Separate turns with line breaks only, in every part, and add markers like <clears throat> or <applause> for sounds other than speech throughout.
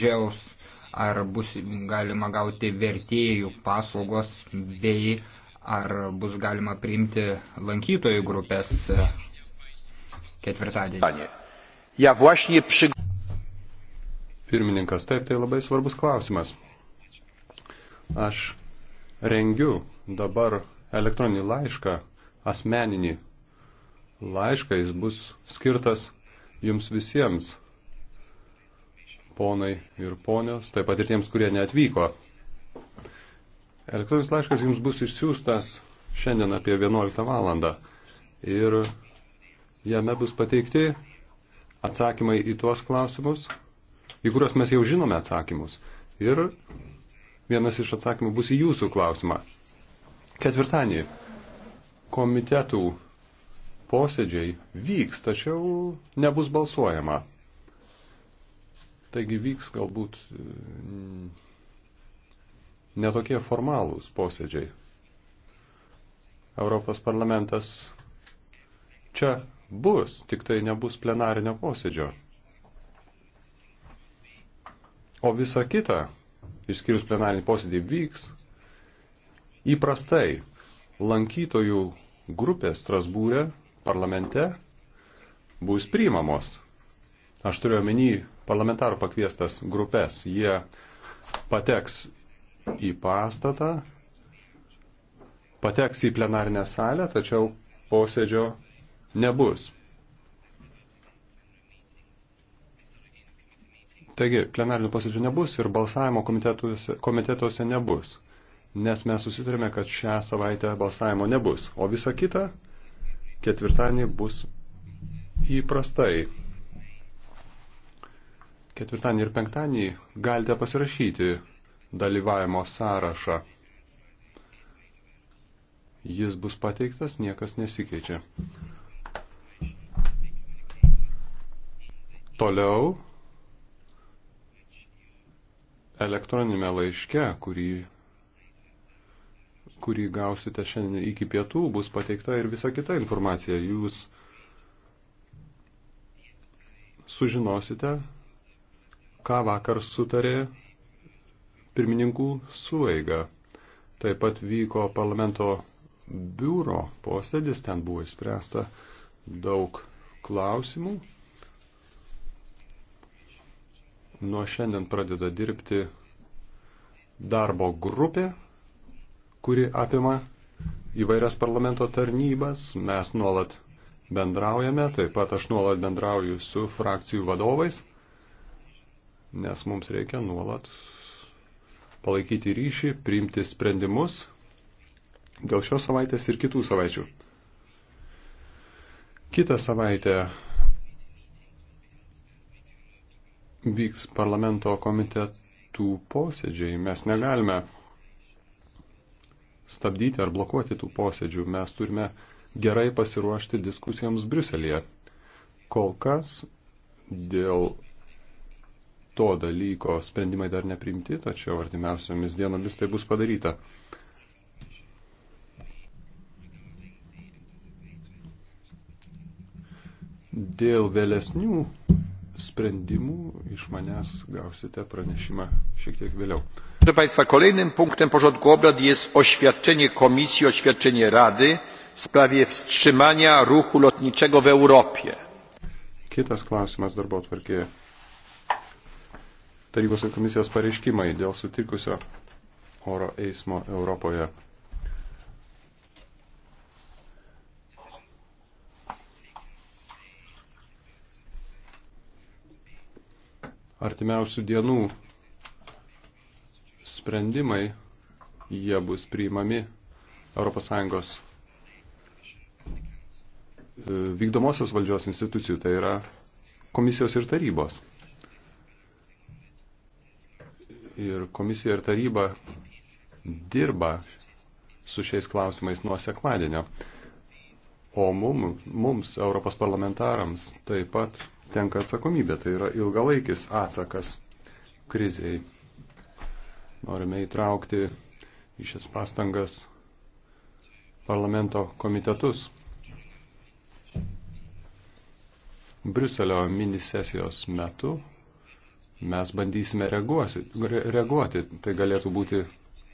džiaus, ar bus galima gauti vertėjų paslaugos, bei ar bus galima priimti lankytojų grupės ketvirtadienį.
Pirmininkas,
taip, tai labai svarbus klausimas. Aš rengiu dabar elektroninį laišką, asmeninį laišką, jis bus skirtas jums visiems ponai ir ponios, taip pat ir tiems, kurie neatvyko. Elektroninis laiškas jums bus išsiųstas šiandien apie 11 valandą ir jame bus pateikti atsakymai į tuos klausimus, į kuriuos mes jau žinome atsakymus. Ir vienas iš atsakymų bus į jūsų klausimą. Ketvirtadienį komitetų posėdžiai vyks, tačiau nebus balsuojama. Taigi vyks galbūt mm, netokie formalūs posėdžiai. Europos parlamentas čia bus, tik tai nebus plenarinio posėdžio. O visa kita, išskyrus plenarinį posėdį, vyks įprastai lankytojų grupės Strasbūrė parlamente bus priimamos. Aš turiu omeny parlamentarų pakviestas grupės. Jie pateks į pastatą, pateks į plenarinę salę, tačiau posėdžio nebus. Taigi, plenarinių posėdžių nebus ir balsavimo komitetuose, komitetuose nebus, nes mes susitarėme, kad šią savaitę balsavimo nebus, o visa kita ketvirtadienį bus įprastai ketvirtadienį ir penktadienį galite pasirašyti dalyvavimo sąrašą. Jis bus pateiktas, niekas nesikeičia. Toliau elektroninėme laiške, kurį, kurį gausite šiandien iki pietų, bus pateikta ir visa kita informacija. Jūs sužinosite ką vakar sutarė pirmininkų suvaiga. Taip pat vyko parlamento biuro posėdis, ten buvo įspręsta daug klausimų. Nuo šiandien pradeda dirbti darbo grupė, kuri apima įvairias parlamento tarnybas. Mes nuolat bendraujame, taip pat aš nuolat bendrauju su frakcijų vadovais nes mums reikia nuolat palaikyti ryšį, priimti sprendimus dėl šios savaitės ir kitų savaičių. Kitą savaitę vyks parlamento komitetų posėdžiai. Mes negalime stabdyti ar blokuoti tų posėdžių. Mes turime gerai pasiruošti diskusijoms Briuselėje. Kol kas dėl to dalyko sprendimai dar neprimti, tačiau artimiausiomis dienomis tai bus padaryta. Dėl vėlesnių sprendimų iš manęs gausite pranešimą šiek tiek vėliau.
Proszę Państwa, kolejnym punktem porządku obrad jest oświadczenie Komisji, oświadczenie Rady w sprawie wstrzymania ruchu lotniczego w Europie.
Kitas klausimas darbo atvarkėje tarybos ir komisijos pareiškimai dėl sutikusio oro eismo Europoje. Artimiausių dienų sprendimai jie bus priimami ES e, vykdomosios valdžios institucijų, tai yra komisijos ir tarybos. ir komisija ir taryba dirba su šiais klausimais nuo sekmadienio. O mum, mums, Europos parlamentarams, taip pat tenka atsakomybė. Tai yra ilgalaikis atsakas kriziai. Norime įtraukti į šias pastangas parlamento komitetus. Briuselio minisesijos metu mes bandysime reaguosi, reaguoti. Tai galėtų būti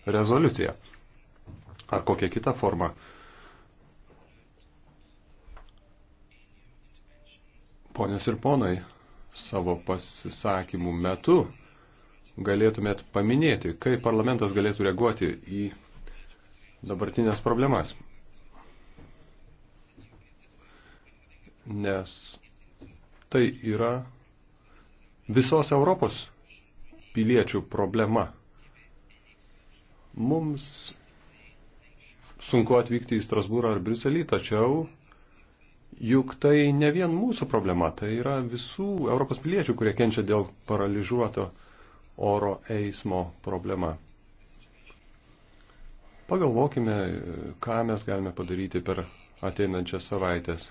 rezoliucija ar kokia kita forma. Ponios ir ponai, savo pasisakymų metu galėtumėt paminėti, kaip parlamentas galėtų reaguoti į dabartinės problemas. Nes tai yra visos Europos piliečių problema. Mums sunku atvykti į Strasbūrą ar Briuselį, tačiau juk tai ne vien mūsų problema, tai yra visų Europos piliečių, kurie kenčia dėl paralyžiuoto oro eismo problema. Pagalvokime, ką mes galime padaryti per ateinančias savaitės.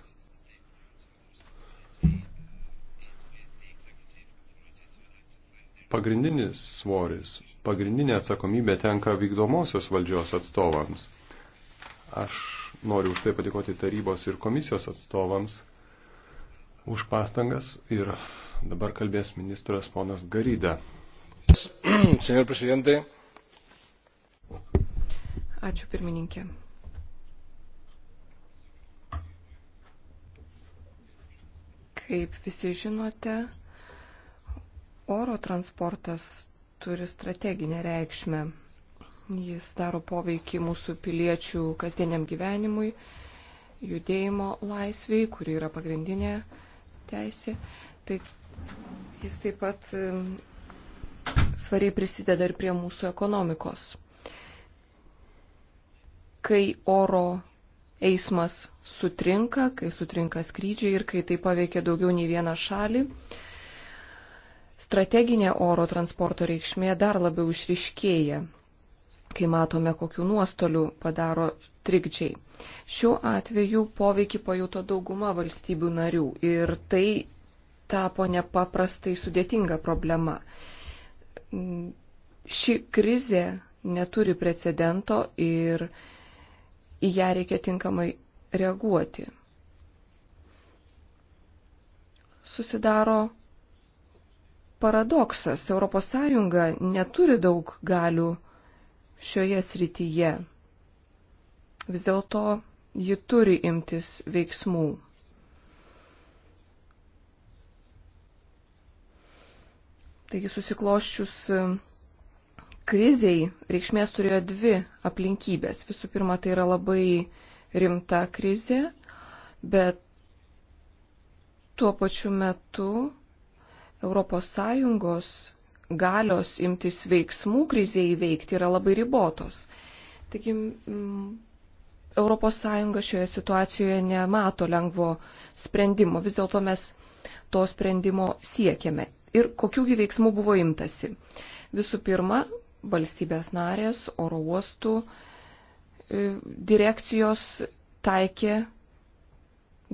pagrindinis svoris, pagrindinė atsakomybė tenka vykdomosios valdžios atstovams. Aš noriu už tai padėkoti tarybos ir komisijos atstovams už pastangas ir dabar kalbės ministras ponas Garyda.
Ačiū pirmininkė. Kaip visi žinote, Oro transportas turi strateginę reikšmę. Jis daro poveikį mūsų piliečių kasdieniam gyvenimui, judėjimo laisviai, kuri yra pagrindinė teisė. Tai jis taip pat svariai prisideda ir prie mūsų ekonomikos. Kai oro eismas sutrinka, kai sutrinka skrydžiai ir kai tai paveikia daugiau nei vieną šalį, strateginė oro transporto reikšmė dar labiau išriškėja, kai matome, kokiu nuostoliu padaro trikdžiai. Šiuo atveju poveikį pajuto dauguma valstybių narių ir tai tapo nepaprastai sudėtinga problema. Ši krizė neturi precedento ir į ją reikia tinkamai reaguoti. Susidaro paradoksas. ES neturi daug galių šioje srityje. Vis dėlto ji turi imtis veiksmų. Taigi susikloščius e, kriziai reikšmės turėjo dvi aplinkybės. Visų pirma, tai yra labai rimta krizė, bet tuo pačiu metu ES galios imtis veiksmų krizėje įveikti yra labai ribotos. Taigi mm, ES šioje situacijoje nemato lengvo sprendimo, vis dėlto mes to sprendimo siekiame. Ir kokiųgi veiksmų buvo imtasi? Visų pirma, valstybės narės, oro uostų e, direkcijos taikė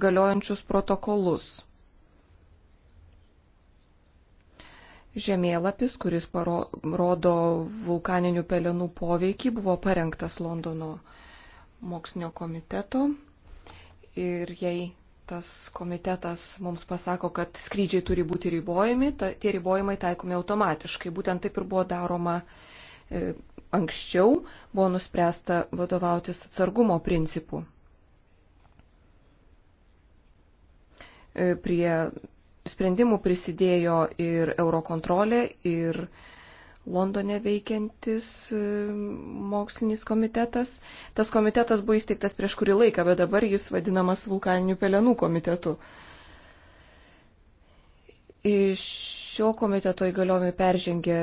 galiojančius protokolus Žemėlapis, kuris paro, rodo vulkaninių pelenų poveikį, buvo parengtas Londono mokslinio komiteto. Ir jei tas komitetas mums pasako, kad skrydžiai turi būti ribojami, ta, tie ribojimai taikomi automatiškai. Būtent taip ir buvo daroma e, anksčiau, buvo nuspręsta vadovautis atsargumo principu. E, prie sprendimų prisidėjo ir Eurokontrolė, ir Londone veikiantis e, mokslinis komitetas. Tas komitetas buvo įsteigtas prieš kurį laiką, bet dabar jis vadinamas vulkaninių pelenų komitetu. Iš šio komiteto įgaliojimai peržengė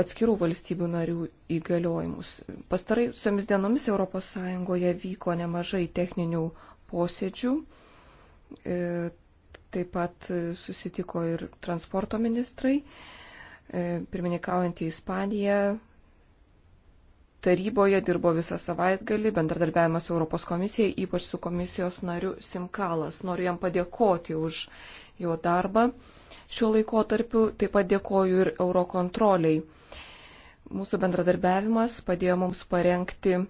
atskirų valstybių narių įgaliojimus. Pastarai dienomis ES vyko nemažai techninių posėdžių. E, Taip pat e, susitiko ir transporto ministrai, e, pirmininkaujantį Ispaniją. Taryboje dirbo visą savaitgalį, bendradarbiavimas su Europos komisija, ypač su komisijos nariu Simkalas. Noriu jam padėkoti už jo darbą šiuo laikotarpiu, taip pat dėkoju ir Eurokontroliai. Mūsų bendradarbiavimas padėjo mums parengti e,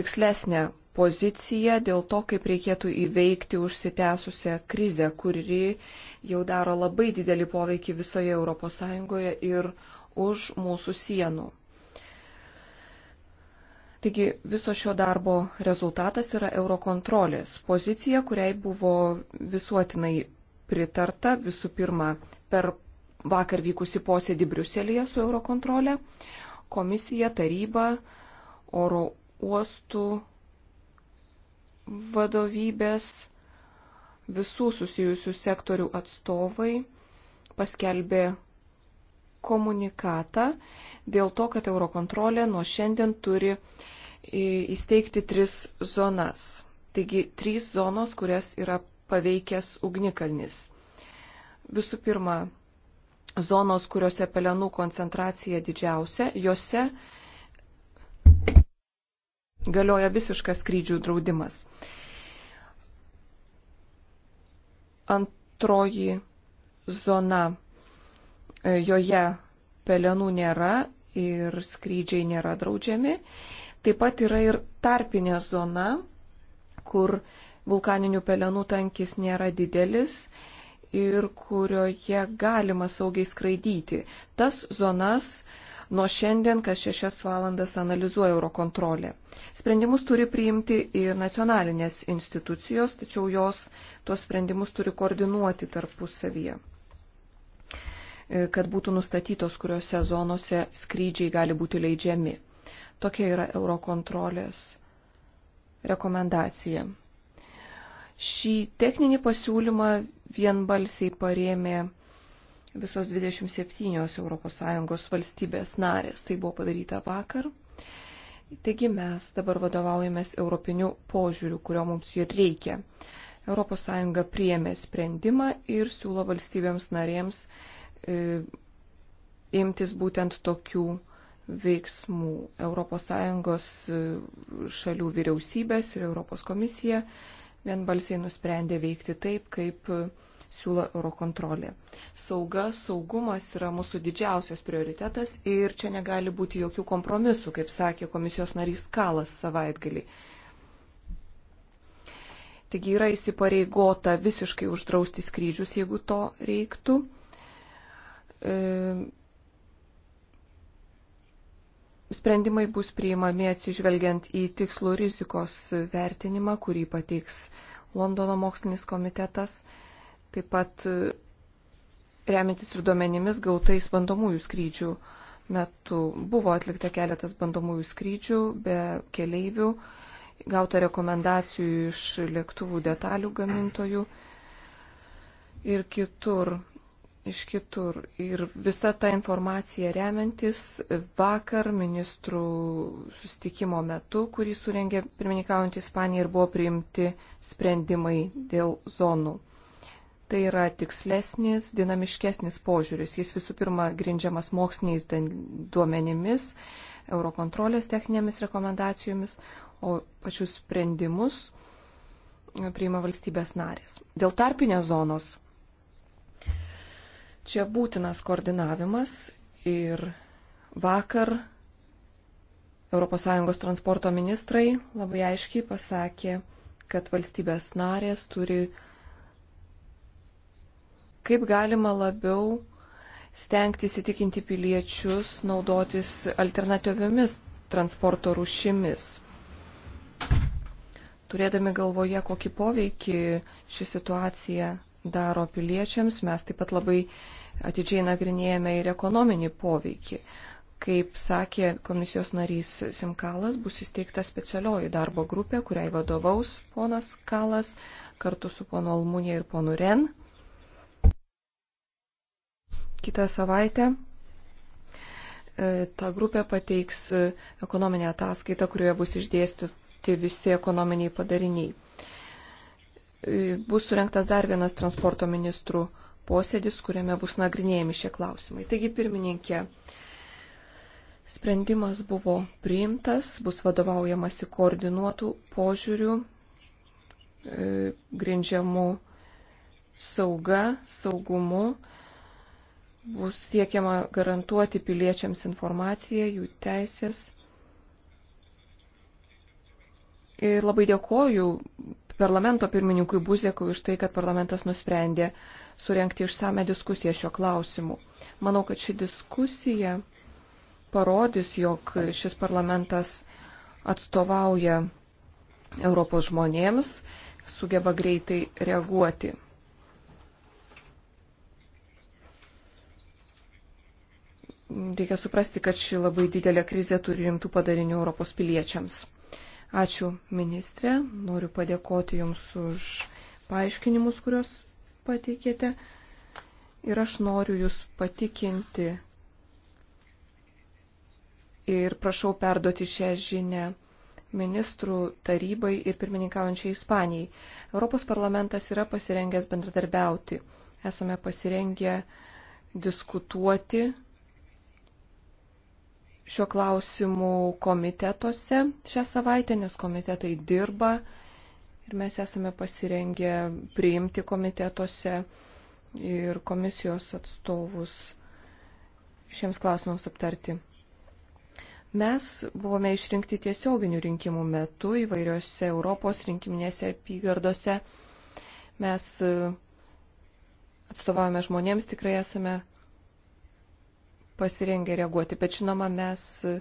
tikslesnę poziciją dėl to, kaip reikėtų įveikti užsitęsusią krizę, kuri jau daro labai didelį poveikį visoje ES ir už mūsų sienų. Taigi viso šio darbo rezultatas yra eurokontrolės pozicija, kuriai buvo visuotinai pritarta visų pirma per vakar vykusi posėdį Briuselėje su eurokontrolė, komisija, taryba, oro uostų vadovybės visų susijusių sektorių atstovai paskelbė komunikatą dėl to, kad Eurokontrolė nuo šiandien turi įsteigti tris zonas. Taigi trys zonos, kurias yra paveikęs ugnikalnis. Visų pirma, zonos, kuriuose pelenų koncentracija didžiausia, jose galioja visiškas skrydžių draudimas. Antroji zona, e, joje pelenų nėra ir skrydžiai nėra draudžiami. Taip pat yra ir tarpinė zona, kur vulkaninių pelenų tankis nėra didelis ir kurioje galima saugiai skraidyti. Tas zonas Nuo šiandien kas šešias valandas analizuoja Eurokontrolė. Sprendimus turi priimti ir nacionalinės institucijos, tačiau jos tuos sprendimus turi koordinuoti tarpusavyje e, kad būtų nustatytos, kuriuose zonose skrydžiai gali būti leidžiami. Tokia yra Eurokontrolės rekomendacija. Šį techninį pasiūlymą vienbalsiai parėmė visos 27 ES valstybės narės. Tai buvo padaryta vakar. Taigi mes dabar vadovaujamės europiniu požiūriu, kurio mums ir reikia. ES priėmė sprendimą ir siūlo valstybėms narėms e, imtis būtent tokių veiksmų. ES e, šalių vyriausybės ir ES komisija vienbalsiai nusprendė veikti taip, kaip e, siūlo Eurokontrolė. Sauga, saugumas yra mūsų didžiausias prioritetas ir čia negali būti jokių kompromisų, kaip sakė komisijos narys Kalas savaitgalį. Taigi yra įsipareigota visiškai uždrausti skrydžius, jeigu to reiktų. E, sprendimai bus priimami atsižvelgiant į tikslų rizikos vertinimą, kurį pateiks Londono mokslinis komitetas. E, Taip pat e, remintis ir duomenimis gautais bandomųjų skrydžių metu buvo atlikta keletas bandomųjų skrydžių be keleivių, gauta rekomendacijų iš lėktuvų detalių gamintojų ir kitur. Iš kitur. Ir visa ta informacija remiantis vakar ministrų sustikimo metu, kurį surengė pirmininkaujant Ispanija ir buvo priimti sprendimai dėl zonų. Tai yra tikslesnis, dinamiškesnis požiūris. Jis visų pirma grindžiamas moksliniais duomenimis, eurokontrolės techninėmis rekomendacijomis, o pačius sprendimus priima valstybės narės. Dėl tarpinės zonos čia būtinas koordinavimas ir vakar ES transporto ministrai labai aiškiai pasakė, kad valstybės narės turi kaip galima labiau stengtis įtikinti piliečius naudotis alternatyviomis transporto rušimis. Turėdami galvoje, kokį poveikį ši situacija daro piliečiams, mes taip pat labai atidžiai nagrinėjame ir ekonominį poveikį. Kaip sakė komisijos narys Simkalas, bus įsteigta specialioji darbo grupė, kuriai vadovaus ponas Kalas kartu su ponu Almunė ir ponu Ren kitą savaitę e, ta grupė pateiks ekonominę ataskaitą, kurioje bus išdėstyti visi ekonominiai padariniai. E, bus surinktas dar vienas transporto ministrų posėdis, kuriame bus nagrinėjami šie klausimai. Taigi, pirmininkė, sprendimas buvo priimtas, bus vadovaujamasi koordinuotų požiūrių, e, grindžiamų sauga, saugumu bus siekiama garantuoti piliečiams informaciją, jų teisės. Ir labai dėkoju parlamento pirmininkui Buzėkui už tai, kad parlamentas nusprendė surenkti išsame diskusiją šio klausimu. Manau, kad ši diskusija parodys, jog šis parlamentas atstovauja Europos žmonėms, sugeba greitai reaguoti. reikia suprasti, kad ši labai didelė krizė turi rimtų padarinių Europos piliečiams. Ačiū, ministrė. Noriu padėkoti Jums už paaiškinimus, kuriuos pateikėte. Ir aš noriu Jūs patikinti ir prašau perduoti šią žinę ministrų tarybai ir pirmininkaujančiai Ispanijai. Europos parlamentas yra pasirengęs bendradarbiauti. Esame pasirengę diskutuoti šiuo klausimu komitetuose šią savaitę, nes komitetai dirba ir mes esame pasirengę priimti komitetuose ir komisijos atstovus šiems klausimams aptarti. Mes buvome išrinkti tiesioginių rinkimų metu įvairiose Europos rinkiminėse apygardose. Mes e, atstovavome žmonėms, tikrai esame pasirengę reaguoti, bet žinoma, mes e,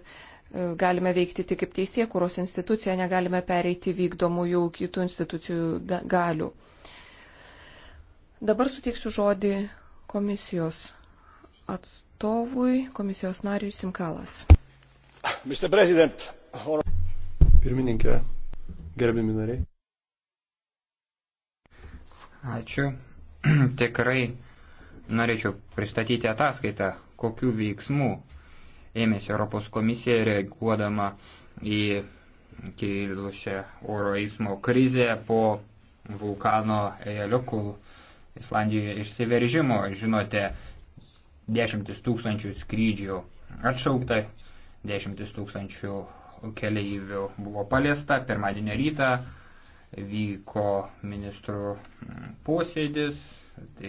galime veikti tik kaip teisė, kuros institucija negalime pereiti vykdomųjų kitų institucijų galių. Dabar suteiksiu žodį komisijos atstovui, komisijos nariui Simkalas.
Pirmininkė,
gerbimi nariai. Ačiū. <clears throat> Tikrai norėčiau pristatyti ataskaitą, kokių veiksmų ėmėsi Europos komisija reaguodama į kilusią oro eismo krizę po vulkano Ejalukul Islandijoje išsiveržimo. Žinote, dešimtis tūkstančių skrydžių atšaukta, dešimtis tūkstančių keleivių buvo paliesta. Pirmadienio rytą vyko ministrų posėdis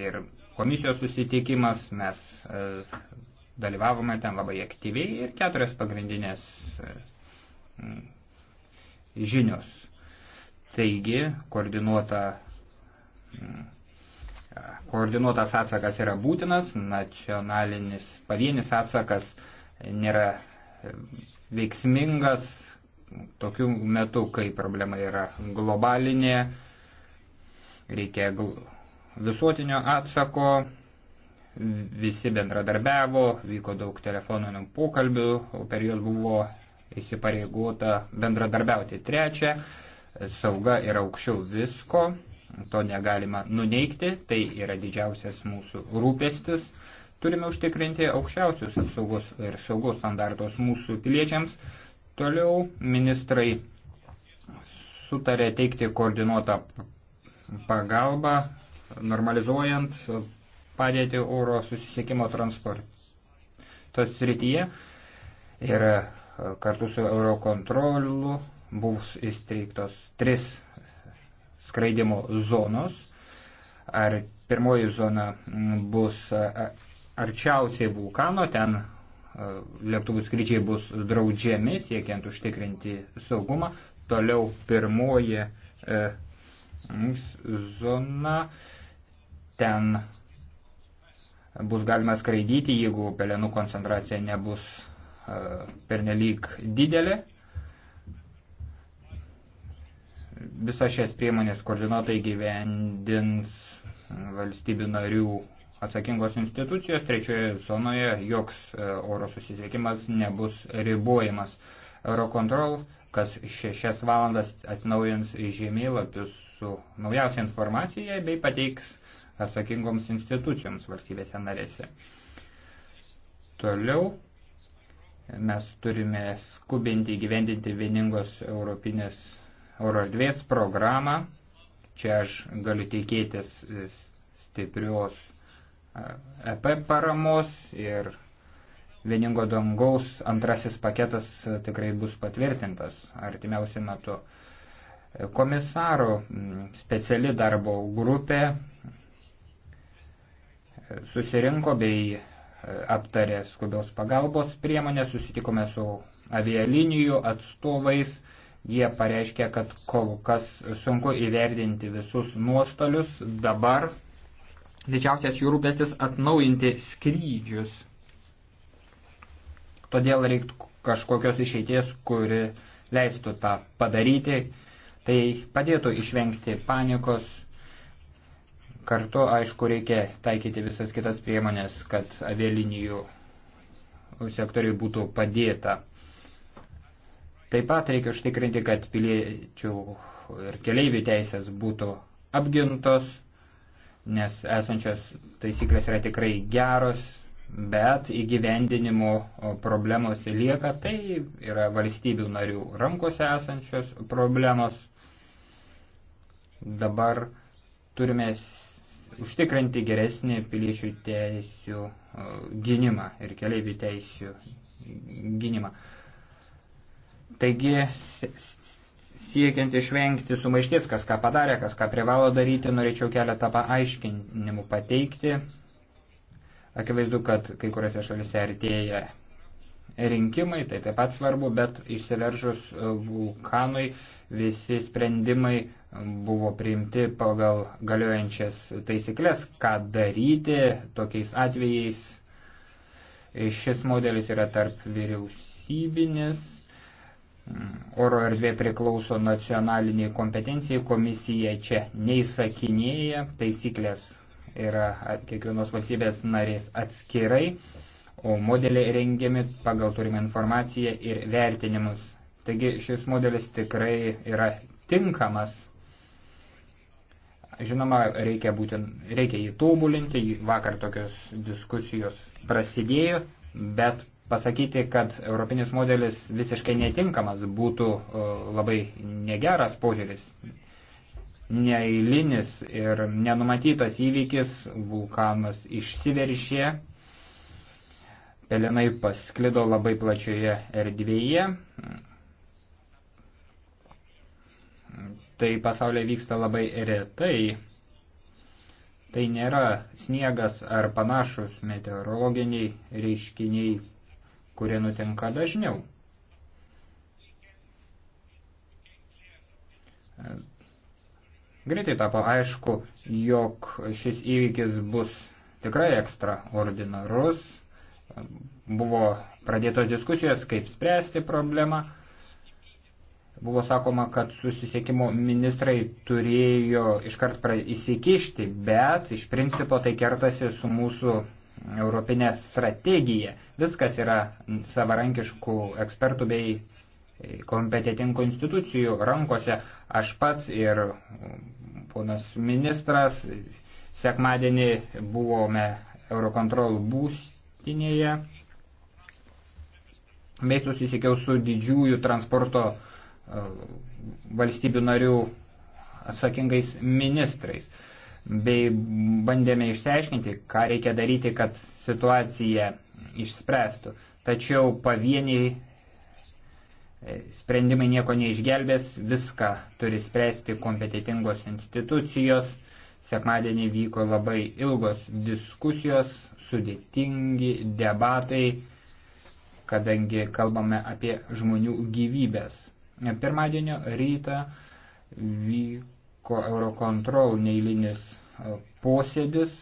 ir komisijos susitikimas, mes e, dalyvavome ten labai aktyviai ir keturias pagrindinės e, žinios. Taigi, koordinuota, koordinuotas atsakas yra būtinas, nacionalinis pavienis atsakas nėra e, veiksmingas tokiu metu, kai problema yra globalinė, reikia gl visuotinio atsako, visi bendradarbiavo, vyko daug telefoninių pokalbių, per juos buvo įsipareigota bendradarbiauti. Trečia, sauga yra aukščiau visko, to negalima nuneikti, tai yra didžiausias mūsų rūpestis. Turime užtikrinti aukščiausius apsaugos ir saugos standartos mūsų piliečiams. Toliau ministrai sutarė teikti koordinuotą pagalbą normalizuojant padėti oro susisiekimo transporte. Tos srityje ir e, kartu su Eurokontrolu bus įsteigtos tris skraidimo zonos. Ar pirmoji zona bus e, arčiausiai vulkano, ten e, lėktuvų skrydžiai bus draudžiami, siekiant užtikrinti saugumą. Toliau pirmoji e, zona. Ten bus galima skraidyti, jeigu pelenų koncentracija nebus e, pernelyg didelė. Visas šias priemonės koordinuotai gyvendins valstybių narių atsakingos institucijos. Trečioje zonoje joks e, oro susisiekimas nebus ribojamas. Eurocontrol kas šešias valandas atnaujins žemėlapius su naujausia informacija bei pateiks atsakingoms institucijoms valstybėse narėse. Toliau mes turime skubinti įgyvendinti vieningos europinės euroardvės programą. Čia aš galiu tikėtis stiprios EP paramos ir vieningo dangaus antrasis paketas tikrai bus patvirtintas artimiausiu metu. Komisaro speciali darbo grupė susirinko bei e, aptarė skubios pagalbos priemonę, susitikome su avialinijų atstovais. Jie pareiškė, kad kol kas sunku įverdinti visus nuostolius. Dabar didžiausias jų rūpestis atnaujinti skrydžius. Todėl reiktų kažkokios išeities, kuri leistų tą padaryti. Tai padėtų išvengti panikos. Kartu, aišku, reikia taikyti visas kitas priemonės, kad avialinijų sektoriai būtų padėta. Taip pat reikia užtikrinti, kad piliečių ir keleivių teisės būtų apgintos, nes esančios taisyklės yra tikrai geros, bet įgyvendinimo problemos lieka, tai yra valstybių narių rankose esančios problemos. Dabar turime užtikrinti geresnį piliečių teisių e, gynimą ir keliaivių teisių gynimą. Taigi, siekiant išvengti sumaišties, kas ką padarė, kas ką privalo daryti, norėčiau keletą paaiškinimų pateikti. Akivaizdu, kad kai kuriuose šalise artėja rinkimai, tai taip pat svarbu, bet išsiveržus vulkanui visi sprendimai buvo priimti pagal galiojančias taisyklės, ką daryti tokiais atvejais. Šis modelis yra tarp vyriausybinis, oro erdvė priklauso nacionaliniai kompetencijai, komisija čia neįsakinėja, taisyklės yra kiekvienos valstybės narės atskirai o modeliai rengiami pagal turimą informaciją ir vertinimus. Taigi šis modelis tikrai yra tinkamas. Žinoma, reikia, būtin, reikia jį tobulinti, vakar tokios diskusijos prasidėjo, bet pasakyti, kad europinis modelis visiškai netinkamas būtų e, labai negeras požiūris neįlinis ir nenumatytas įvykis, vulkanas išsiveržė, pelenai pasklido labai plačioje erdvėje. Tai pasaulyje vyksta labai retai. Tai nėra sniegas ar panašus meteorologiniai reiškiniai, kurie nutinka dažniau. Greitai tapo aišku, jog šis įvykis bus tikrai ekstraordinarus Buvo pradėtos diskusijos, kaip spręsti problemą. Buvo sakoma, kad susisiekimo ministrai turėjo iškart įsikišti, bet iš principo tai kertasi su mūsų europinė strategija. Viskas yra savarankiškų ekspertų bei kompetitinkų institucijų rankose. Aš pats ir ponas ministras sekmadienį buvome Eurocontrol būst Kinėje. Bei susisiekiau su didžiųjų transporto e, valstybių narių atsakingais ministrais. Bei bandėme išsiaiškinti, ką reikia daryti, kad situacija išspręstų. Tačiau pavieniai e, sprendimai nieko neišgelbės, viską turi spręsti kompetitingos institucijos. Sekmadienį vyko labai ilgos diskusijos, sudėtingi debatai, kadangi kalbame apie žmonių gyvybės. Pirmadienio rytą vyko Eurocontrol neįlinis e, posėdis.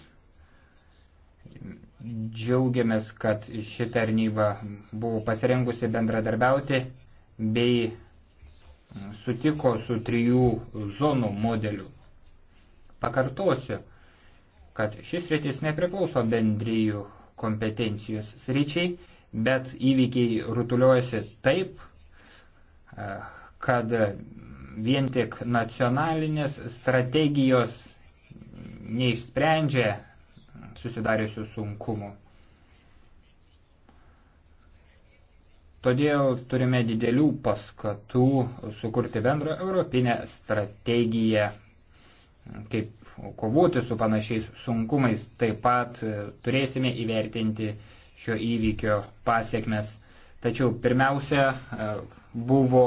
Džiaugiamės, kad ši tarnyba buvo pasirengusi bendradarbiauti bei sutiko su trijų zonų modeliu. Pakartosiu, kad šis rytis nepriklauso bendryjų kompetencijos sričiai, bet įvykiai rutuliuojasi taip, e, kad vien tik nacionalinės strategijos neišsprendžia susidariusių sunkumų. Todėl turime didelių paskatų sukurti bendrą europinę strategiją kaip kovoti su panašiais sunkumais. Taip pat e, turėsime įvertinti šio įvykio pasiekmes. Tačiau pirmiausia e, buvo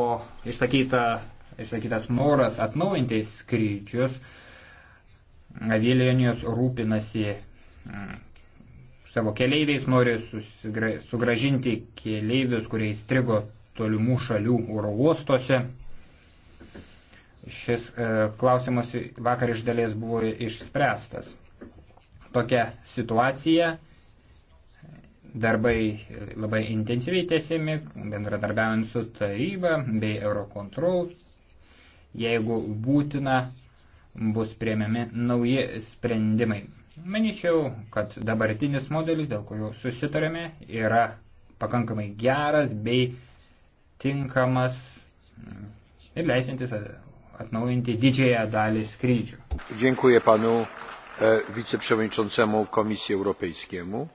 išsakyta, išsakytas noras atnaujinti skrydžius. Avialinijos rūpinasi savo keleiviais, nori susigra, sugražinti keleivius, kurie įstrigo tolimų šalių oro uostuose šis e, klausimas vakar iš dalies buvo išspręstas. Tokia situacija, darbai e, labai intensyviai tęsiami, bendradarbiaujant su taryba bei Eurocontrol. Jeigu būtina, bus priemiami nauji sprendimai. Manyčiau, kad dabartinis modelis, dėl kurio susitarėme, yra pakankamai geras bei tinkamas ir leisintis atnaujinti didžiąją dalį skrydžių.
Dziękuję panu e, viceprzewodniczącemu Komisji Europejskiemu,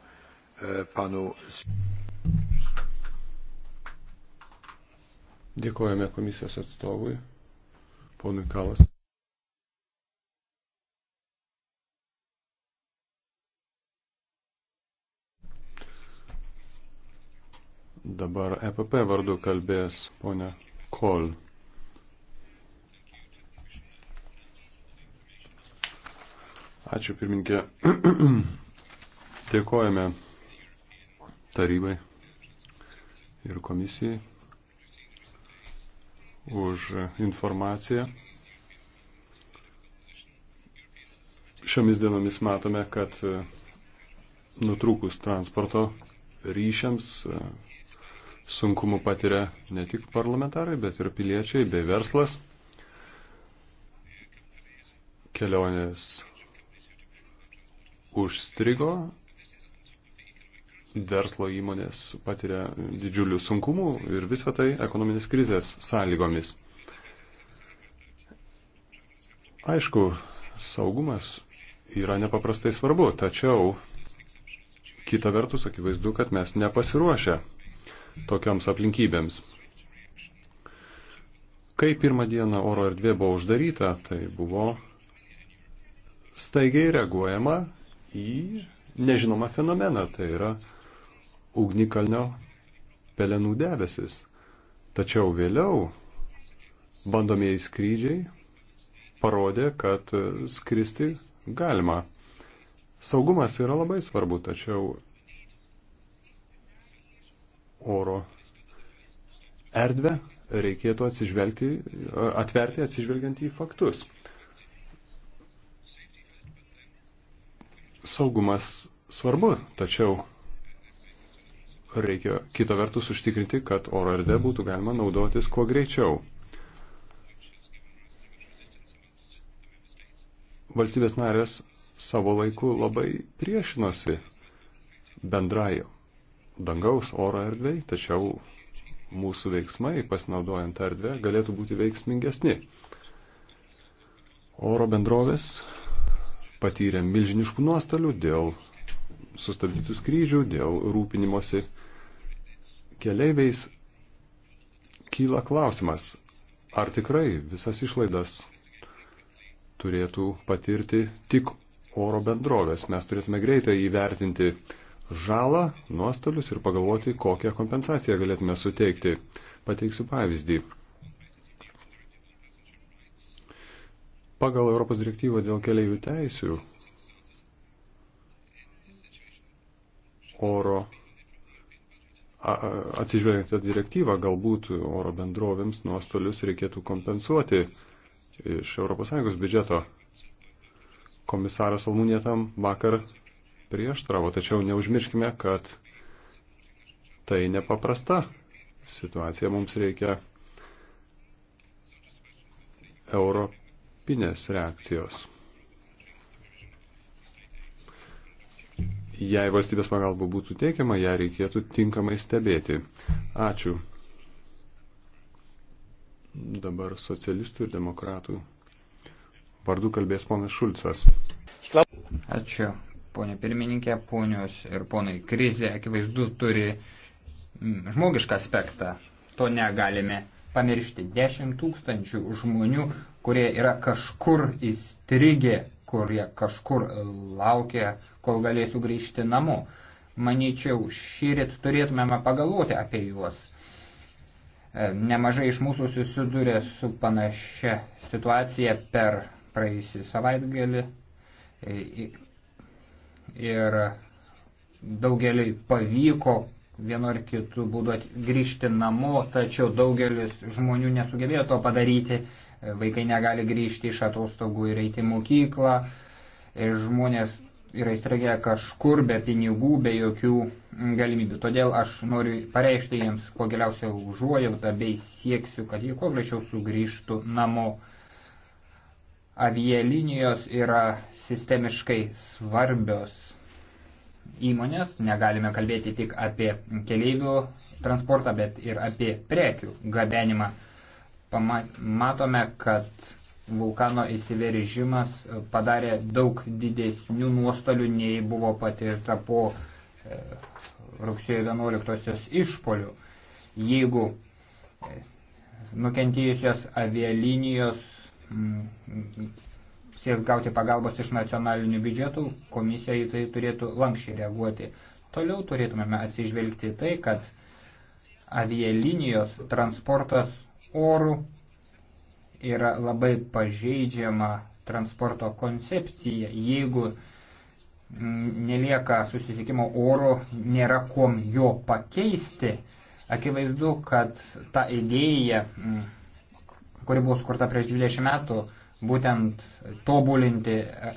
e, panu.
Dėkojame komisijos atstovui, ponui Kalas. Dabar EPP vardu kalbės ponia Kol. Ačiū pirminkė. <clears throat> Dėkojame tarybai ir komisijai už informaciją. Šiomis dienomis matome, kad nutrūkus transporto ryšiams sunkumų patiria ne tik parlamentarai, bet ir piliečiai bei verslas. Kelionės užstrigo, verslo įmonės patiria didžiulių sunkumų ir visą tai ekonominės krizės sąlygomis. Aišku, saugumas yra nepaprastai svarbu, tačiau kita vertus akivaizdu, kad mes nepasiruošę tokiams aplinkybėms. Kai pirmą dieną oro erdvė buvo uždaryta, tai buvo staigiai reaguojama į nežinomą fenomeną, tai yra ugnikalnio pelenų debesis. Tačiau vėliau bandomieji skrydžiai parodė, kad skristi galima. Saugumas yra labai svarbu, tačiau oro erdvę reikėtų atsižvelgti, atverti atsižvelgiant į faktus. Saugumas svarbu, tačiau reikia kitą vertus užtikrinti, kad oro erdvė būtų galima naudotis kuo greičiau. Valstybės narės savo laiku labai priešinosi bendrai dangaus oro erdvei, tačiau mūsų veiksmai, pasinaudojant erdvę, galėtų būti veiksmingesni. Oro bendrovės patyrė milžiniškų nuostolių dėl sustabdytų skrydžių, dėl rūpinimosi keleiviais. Kyla klausimas, ar tikrai visas išlaidas turėtų patirti tik oro bendrovės. Mes turėtume greitai įvertinti žalą, nuostolius ir pagalvoti, kokią kompensaciją galėtume suteikti. Pateiksiu pavyzdį. pagal Europos direktyvą dėl keleivių teisių oro atsižvelgiant į direktyvą, galbūt oro bendrovėms nuostolius reikėtų kompensuoti iš ES biudžeto. Komisaras Almūnė tam vakar prieštravo, tačiau neužmirškime, kad tai nepaprasta situacija. Mums reikia euro europinės reakcijos. Jei valstybės pagalba būtų teikiama, ją reikėtų tinkamai stebėti. Ačiū. Dabar socialistų ir demokratų vardu kalbės ponas Šulcas.
Ačiū, ponė pirmininkė, ponios ir ponai. Krizė akivaizdu turi žmogišką aspektą. To negalime pamiršti. Dešimt tūkstančių žmonių, kurie yra kažkur įstrigę, kurie kažkur laukia, kol galės sugrįžti namo. Manyčiau, šyrit turėtumėme pagalvoti apie juos. E, nemažai iš mūsų susidūrė su panašia situacija per praėjusį savaitgalį e, ir daugeliai pavyko vienu ar kitu būdu grįžti namo, tačiau daugelis žmonių nesugebėjo to padaryti, vaikai negali grįžti iš atostogų ir eiti į mokyklą, ir žmonės yra įstrigę kažkur be pinigų, be jokių galimybių. Todėl aš noriu pareikšti jiems kuo giliausią užuojautą bei sieksiu, kad jie kuo greičiau sugrįžtų namo. Avielinijos yra sistemiškai svarbios įmonės, negalime kalbėti tik apie keleivių transportą, bet ir apie prekių gabenimą. Matome, kad vulkano įsiveržimas padarė daug didesnių nuostolių, nei buvo patirta po e, rugsėjo 11-osios išpolių. Jeigu e, nukentėjusios avialinijos sieks gauti pagalbos iš nacionalinių biudžetų, komisija į tai turėtų lankščiai reaguoti. Toliau turėtumėme atsižvelgti tai, kad avialinijos transportas orų yra labai pažeidžiama transporto koncepcija. Jeigu nelieka susisiekimo oro, nėra kuom jo pakeisti, akivaizdu, kad ta idėja, kuri buvo skurta prieš 20 metų, būtent tobulinti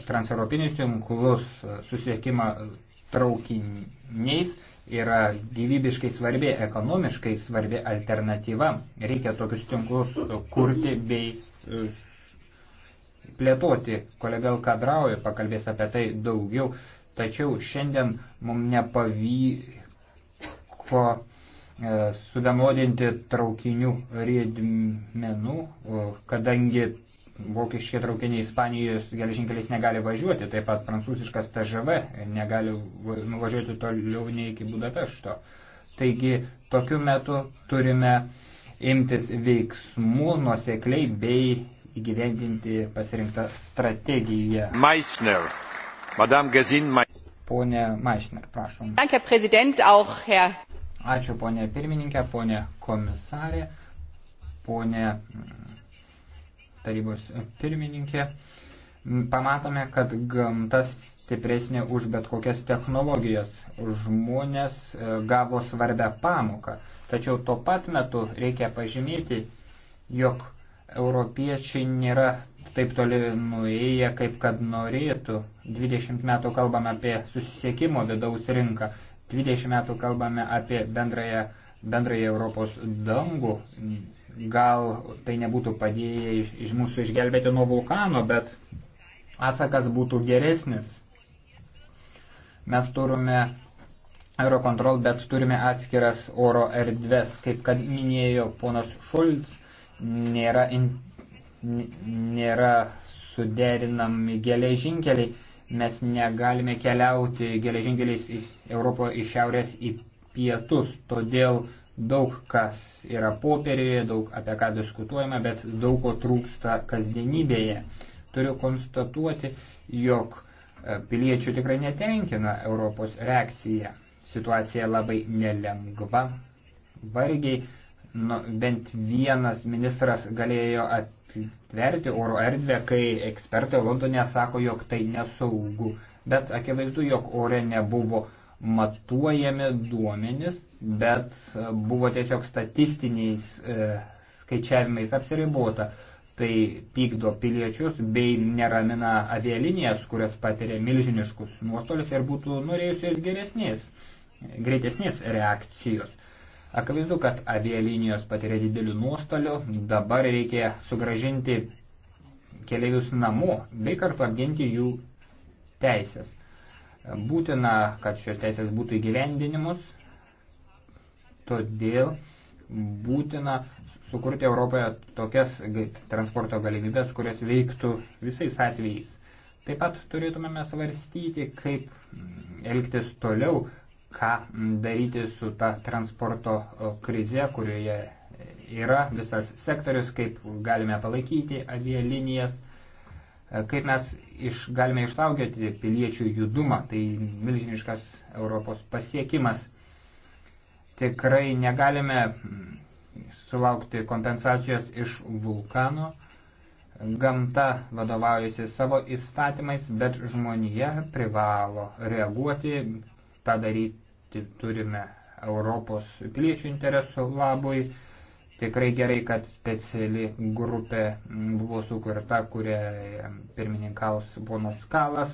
transeuropinius tinklus susiekimą traukiniais yra gyvybiškai svarbi, ekonomiškai svarbi alternatyva. Reikia tokius tinklus kurti bei e, plėtoti. Kolega Alkadrauja pakalbės apie tai daugiau, tačiau šiandien mums nepavyko e, suvienodinti traukinių riedmenų, kadangi vokiškie traukiniai Ispanijos geležinkeliais negali važiuoti, taip pat prancūziškas TŽV negali nuvažiuoti toliau nei iki Budapešto. Taigi tokiu metu turime imtis veiksmų nuosekliai bei įgyvendinti pasirinktą strategiją. Meissner. Madame Gazin Meissner. Pone Meissner, prašom.
Danke, prezident, auch Herr.
Ačiū, ponė pirmininkė, ponė komisarė, ponė tarybos pirmininkė, pamatome, kad gamtas stipresnė už bet kokias technologijas. Žmonės e, gavo svarbę pamoką. Tačiau tuo pat metu reikia pažymėti, jog europiečiai nėra taip toli nuėję, kaip kad norėtų. 20 metų kalbame apie susisiekimo vidaus rinką, 20 metų kalbame apie bendrąją bendrąjį Europos dangų. Gal tai nebūtų padėję iš, iš mūsų išgelbėti nuo vulkano, bet atsakas būtų geresnis. Mes turime Eurocontrol, bet turime atskiras oro erdves, kaip kad minėjo ponas Šulc, nėra, in, nėra suderinami geležinkeliai, mes negalime keliauti geležinkeliais iš Europoje iš šiaurės į pietus, todėl daug kas yra popieriuje, daug apie ką diskutuojama, bet daug ko trūksta kasdienybėje. Turiu konstatuoti, jog e, piliečių tikrai netenkina Europos reakcija. Situacija labai nelengva, vargiai nu, bent vienas ministras galėjo atverti oro erdvę, kai ekspertai Londone sako, jog tai nesaugu. Bet akivaizdu, jog ore nebuvo uh, matuojami duomenys, bet e, buvo tiesiog statistiniais e, skaičiavimais apsiribuota. Tai pykdo piliečius bei neramina avialinijas, kurios patiria milžiniškus nuostolius ir būtų norėjusios geresnės, greitesnės reakcijos. Akivaizdu, kad avialinijos patiria didelių nuostolių, dabar reikia sugražinti keliaivius namo bei kartu apginti jų teisės. Būtina, kad šios teisės būtų įgyvendinimus, todėl būtina sukurti Europoje tokias transporto galimybės, kurios veiktų visais atvejais. Taip pat turėtumėme svarstyti, kaip elgtis toliau, ką daryti su ta transporto krize, kurioje yra visas sektorius, kaip galime palaikyti avia linijas. E, kaip mes iš, galime išsaugoti piliečių judumą, tai milžiniškas Europos pasiekimas. Tikrai negalime mm, sulaukti kompensacijos iš vulkano. Gamta vadovaujasi savo įstatymais, bet žmonija privalo reaguoti, tą daryti turime Europos piliečių interesų labui Tikrai gerai, kad speciali grupė buvo sukurta, kuria pirmininkaus ponas Kalas.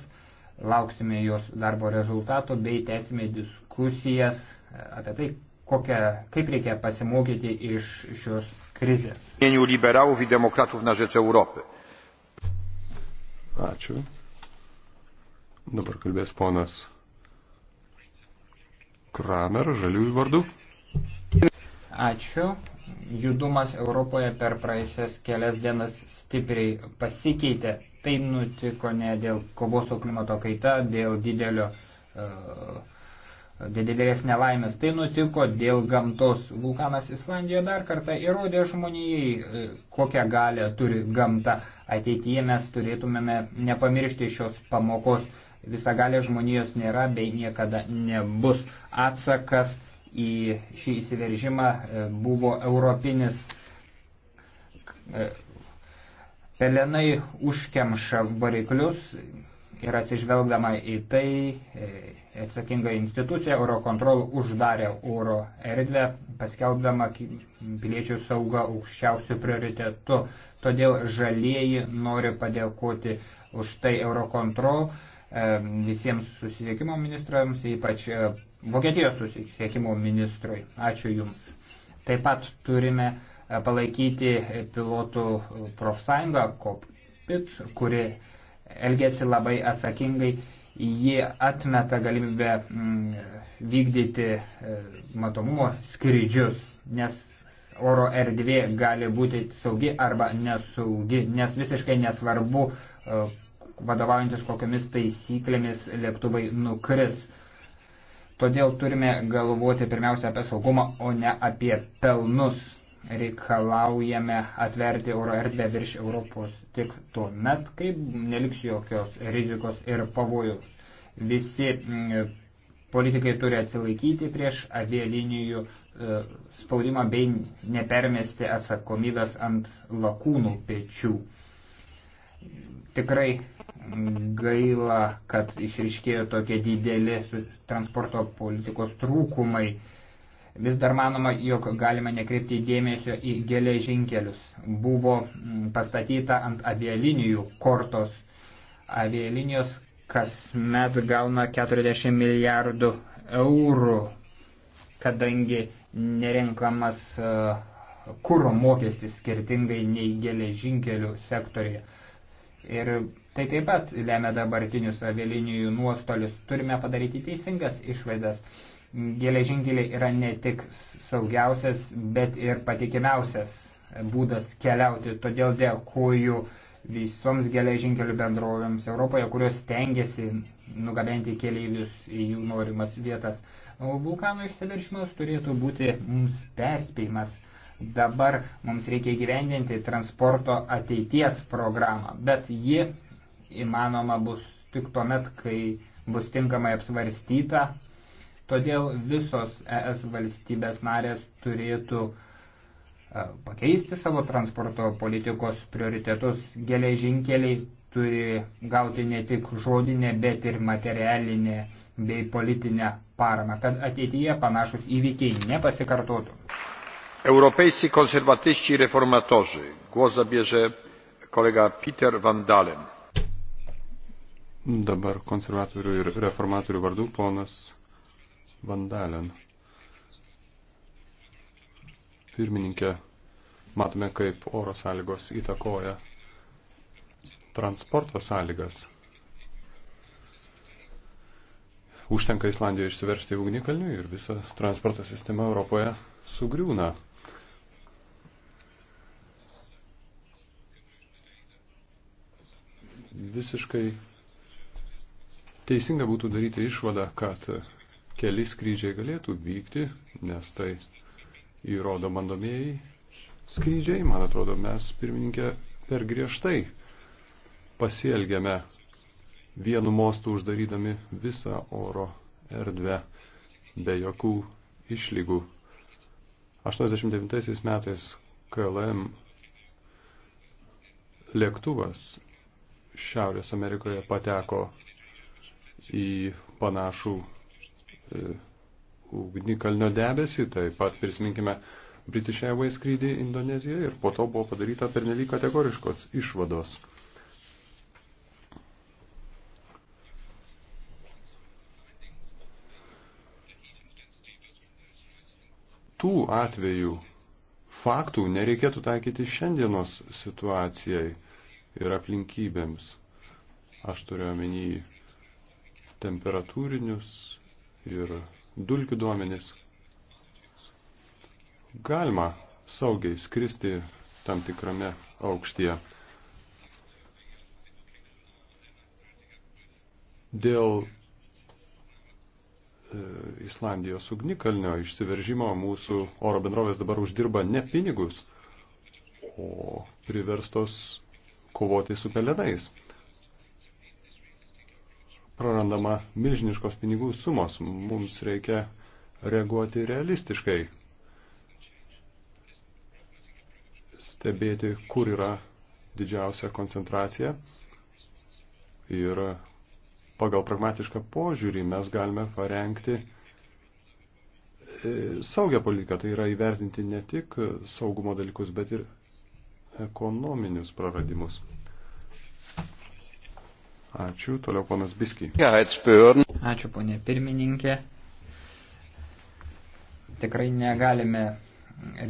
Lauksime jos darbo rezultato bei tęsime diskusijas apie tai, kokią, kaip reikia pasimokyti iš šios krizės. Ačiū.
Dabar kalbės ponas Kramer, žaliųjų vardu.
Ačiū judumas Europoje per praeisias kelias dienas stipriai pasikeitė. Tai nutiko ne dėl kovos su klimato kaita, dėl didelio, dėl e, didelės nelaimės. Tai nutiko dėl gamtos. Vulkanas Islandijoje dar kartą įrodė žmonijai, e, kokią galę turi gamta. Ateityje mes turėtumėme nepamiršti šios pamokos. Visagalė žmonijos nėra bei niekada nebus atsakas į šį įsiveržimą e, buvo europinis e, pelenai užkemša variklius ir atsižvelgdama į tai e, atsakinga institucija Eurocontrol uždarė oro erdvę, paskelbdama piliečių saugą aukščiausių prioritetų. Todėl žalieji nori padėkoti už tai Eurocontrol visiems susisiekimo ministrams, ypač Vokietijos susisiekimo ministrui. Ačiū Jums. Taip pat turime e, palaikyti pilotų e, profsąjungą Kopit, kuri elgesi labai atsakingai. Ji atmeta galimybę vykdyti e, matomumo skrydžius, nes oro erdvė gali būti saugi arba nesaugi, nes visiškai nesvarbu, vadovaujantis kokiamis taisyklėmis lėktuvai nukris. Todėl turime galvoti pirmiausia apie saugumą, o ne apie pelnus. Reikalaujame atverti euro erdvę virš Europos tik tuo met, kai neliks jokios rizikos ir pavojus. Visi mm, politikai turi atsilaikyti prieš avialinijų e, spaudimą bei nepermesti atsakomybės ant lakūnų pečių. Tikrai gaila, kad išriškėjo tokie dideli transporto politikos trūkumai. Vis dar manoma, jog galime nekreipti dėmesio į geležinkelius. Buvo mm, pastatyta ant avialinijų kortos. Avialinijos kasmet gauna 40 milijardų eurų, kadangi nerenkamas e, kūro mokestis skirtingai nei geležinkelių sektorija. Ir Tai taip pat lemia dabartinius avialinijų nuostolius. Turime padaryti teisingas išvaizdas. Geležinkeliai yra ne tik saugiausias, bet ir patikimiausias būdas keliauti. Todėl dėkuoju visoms geležinkelių bendrovėms Europoje, kurios tengiasi nugabenti keleivius į jų norimas vietas. O vulkano išsiveržimas turėtų būti mums perspėjimas. Dabar mums reikia gyvendinti transporto ateities programą, bet ji įmanoma bus tik tuomet, kai bus tinkamai apsvarstyta. Todėl visos ES valstybės narės turėtų e, pakeisti savo transporto politikos prioritetus. Geležinkeliai turi gauti ne tik žodinę, bet ir materialinę bei politinę paramą, kad ateityje panašus įvykiai nepasikartotų.
Europejscy konserwatyści reformatorzy. Głos zabierze kolega Peter Van Dalen.
Dabar konservatorių ir reformatorių vardų ponas Vandalen. Pirmininkė, matome, kaip oro sąlygos įtakoja transporto sąlygas. Užtenka Islandijoje išsiveršti į ugnikalnių ir visa transporto sistema Europoje sugriūna. Visiškai Teisinga būtų daryti išvadą, kad keli skrydžiai galėtų vykti, nes tai įrodo bandomieji skrydžiai. Man atrodo, mes pirmininkė per griežtai pasielgėme vienu mostu uždarydami visą oro erdvę be jokių išlygų. 89 metais KLM lėktuvas Šiaurės Amerikoje pateko į panašų e, ugnikalnio debesį, taip pat prisiminkime British Airways skrydį Indonezijoje ir po to buvo padaryta pernelyg kategoriškos išvados. Tų atvejų faktų nereikėtų taikyti šiandienos situacijai ir aplinkybėms. Aš turiu omenyje temperatūrinius ir dulkių duomenys. Galima saugiai skristi tam tikrame aukštyje. Dėl e, Islandijos ugnikalnio išsiveržimo mūsų oro bendrovės dabar uždirba ne pinigus, o priverstos kovoti su pelenais prarandama milžiniškos pinigų sumos. Mums reikia reaguoti realistiškai, stebėti, kur yra didžiausia koncentracija ir pagal pragmatišką požiūrį mes galime parengti e, saugią politiką, tai yra įvertinti ne tik saugumo dalykus, bet ir ekonominius praradimus. Ačiū. Toliau ponas Biskiai.
Ačiū, ponė pirmininkė. Tikrai negalime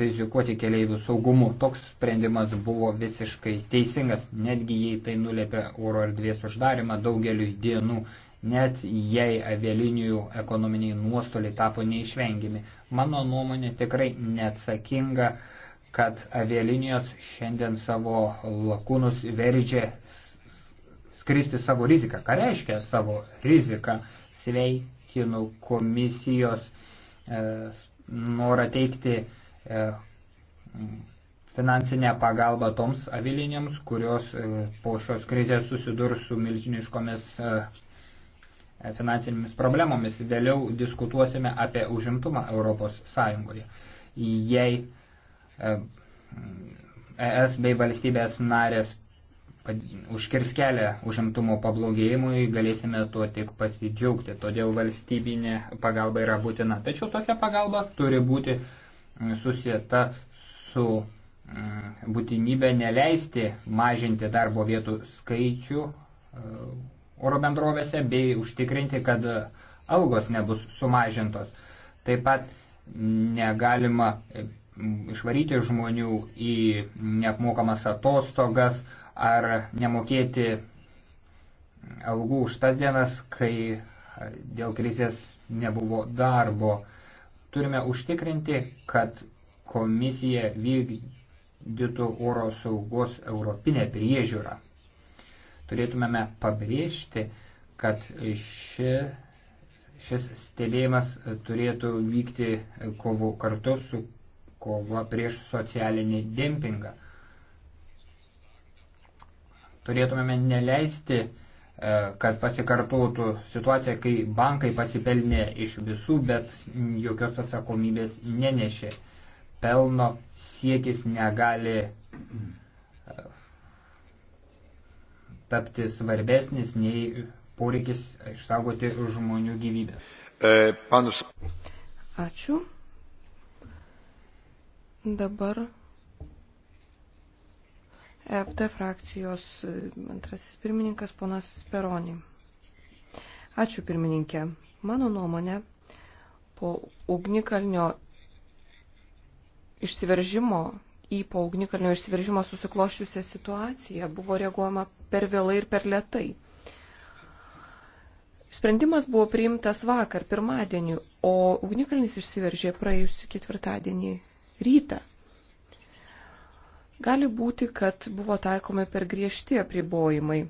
rizikuoti keleivių saugumu. Toks sprendimas buvo visiškai teisingas, netgi jei tai nulėpė oro erdvės uždarimą daugeliu dienų, net jei avialinijų ekonominiai nuostoliai tapo neišvengiami. Mano nuomonė tikrai neatsakinga, kad avialinijos šiandien savo lakūnus veržia kristi savo riziką. Ką reiškia savo riziką? Sveikinu komisijos e, norą teikti e, finansinę pagalbą toms avilinėms, kurios e, po šios krizės susidurs su milžiniškomis e, e finansinėmis problemomis. Vėliau diskutuosime apie užimtumą Europos Sąjungoje. Jei e, ES bei valstybės narės užkirs kelią užimtumo pablogėjimui, galėsime tuo tik pasidžiaugti. Todėl valstybinė pagalba yra būtina. Tačiau tokia pagalba turi būti mm, susieta su mm, būtinybė neleisti mažinti darbo vietų skaičių e, oro bendrovėse bei užtikrinti, kad algos nebus sumažintos. Taip pat negalima mm, išvaryti žmonių į neapmokamas atostogas, ar nemokėti algų už tas dienas, kai dėl krizės nebuvo darbo. Turime užtikrinti, kad komisija vykdytų oro saugos europinę priežiūrą. Turėtumėme pabrėžti, kad ši, šis stebėjimas turėtų vykti kovu kartu su kova prieš socialinį dempingą turėtumėme neleisti, e, kad pasikartotų situacija, kai bankai pasipelnė iš visų, bet jokios atsakomybės nenešė. Pelno siekis negali e, tapti svarbesnis nei poreikis išsaugoti žmonių gyvybę. E, panus.
Ačiū. Dabar EFT frakcijos e, antrasis pirmininkas ponas Speroni. Ačiū pirmininkė. Mano nuomonė, po ugnikalnio išsiveržimo, į po ugnikalnio išsiveržimo susikloščiusią situaciją buvo reaguojama per vėlai ir per lietai. Sprendimas buvo priimtas vakar, pirmadienį, o ugnikalnis išsiveržė praėjusį ketvirtadienį rytą. Gali būti, kad buvo taikomi per griežti apribojimai.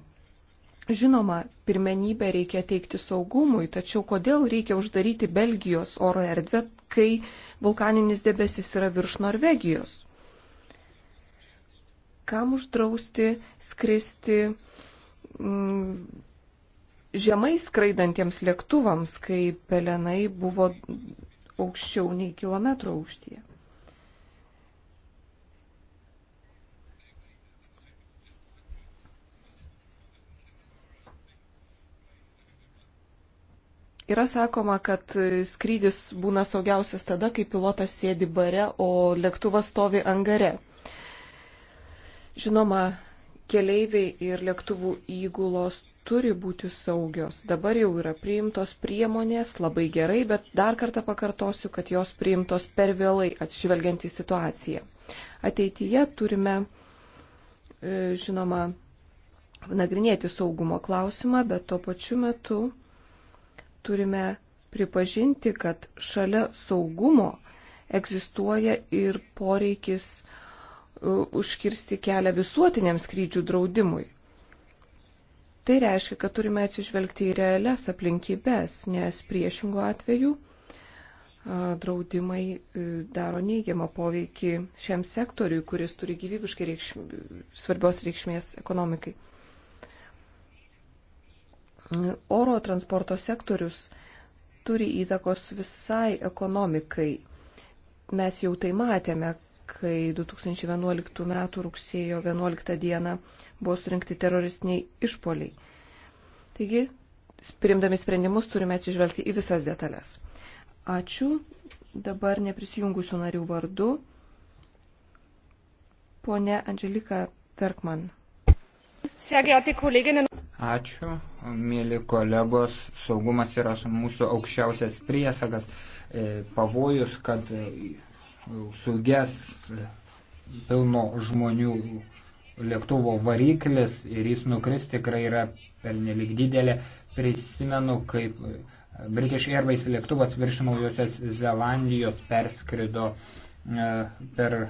Žinoma, pirmenybę reikia teikti saugumui, tačiau kodėl reikia uždaryti Belgijos oro erdvę, kai vulkaninis debesis yra virš Norvegijos? Kam uždrausti skristi mm, žemai skraidantiems lėktuvams, kai pelenai buvo aukščiau nei kilometro aukštyje? Yra sakoma, kad skrydis būna saugiausias tada, kai pilotas sėdi bare, o lėktuvas stovi angare. Žinoma, keleiviai ir lėktuvų įgulos turi būti saugios. Dabar jau yra priimtos priemonės, labai gerai, bet dar kartą pakartosiu, kad jos priimtos per vėlai atšvelgiant į situaciją. Ateityje turime, e, žinoma, nagrinėti saugumo klausimą, bet tuo pačiu metu turime pripažinti, kad šalia saugumo egzistuoja ir poreikis e, užkirsti kelią visuotiniam skrydžių draudimui. Tai reiškia, kad turime atsižvelgti į realias aplinkybės, nes priešingų atveju e, draudimai e, daro neigiamą poveikį šiam sektoriui, kuris turi gyvybiškai reikšm... svarbios reikšmės ekonomikai oro transporto sektorius turi įtakos visai ekonomikai. Mes jau tai matėme, kai 2011 m. rugsėjo 11 d. buvo surinkti teroristiniai išpoliai. Taigi, priimdami sprendimus turime atsižvelgti į visas detalės. Ačiū. Dabar neprisijungusių narių vardu. Pone Angelika Verkman.
Sehr geehrte Kolleginnen
Ačiū, mėly kolegos, saugumas yra mūsų aukščiausias priesagas, e, pavojus, kad e, suges pilno žmonių lėktuvo variklis ir jis nukris tikrai yra pernelik didelė. Prisimenu, kaip British Airways lėktuvas virš Naujosios Zelandijos perskrido e, per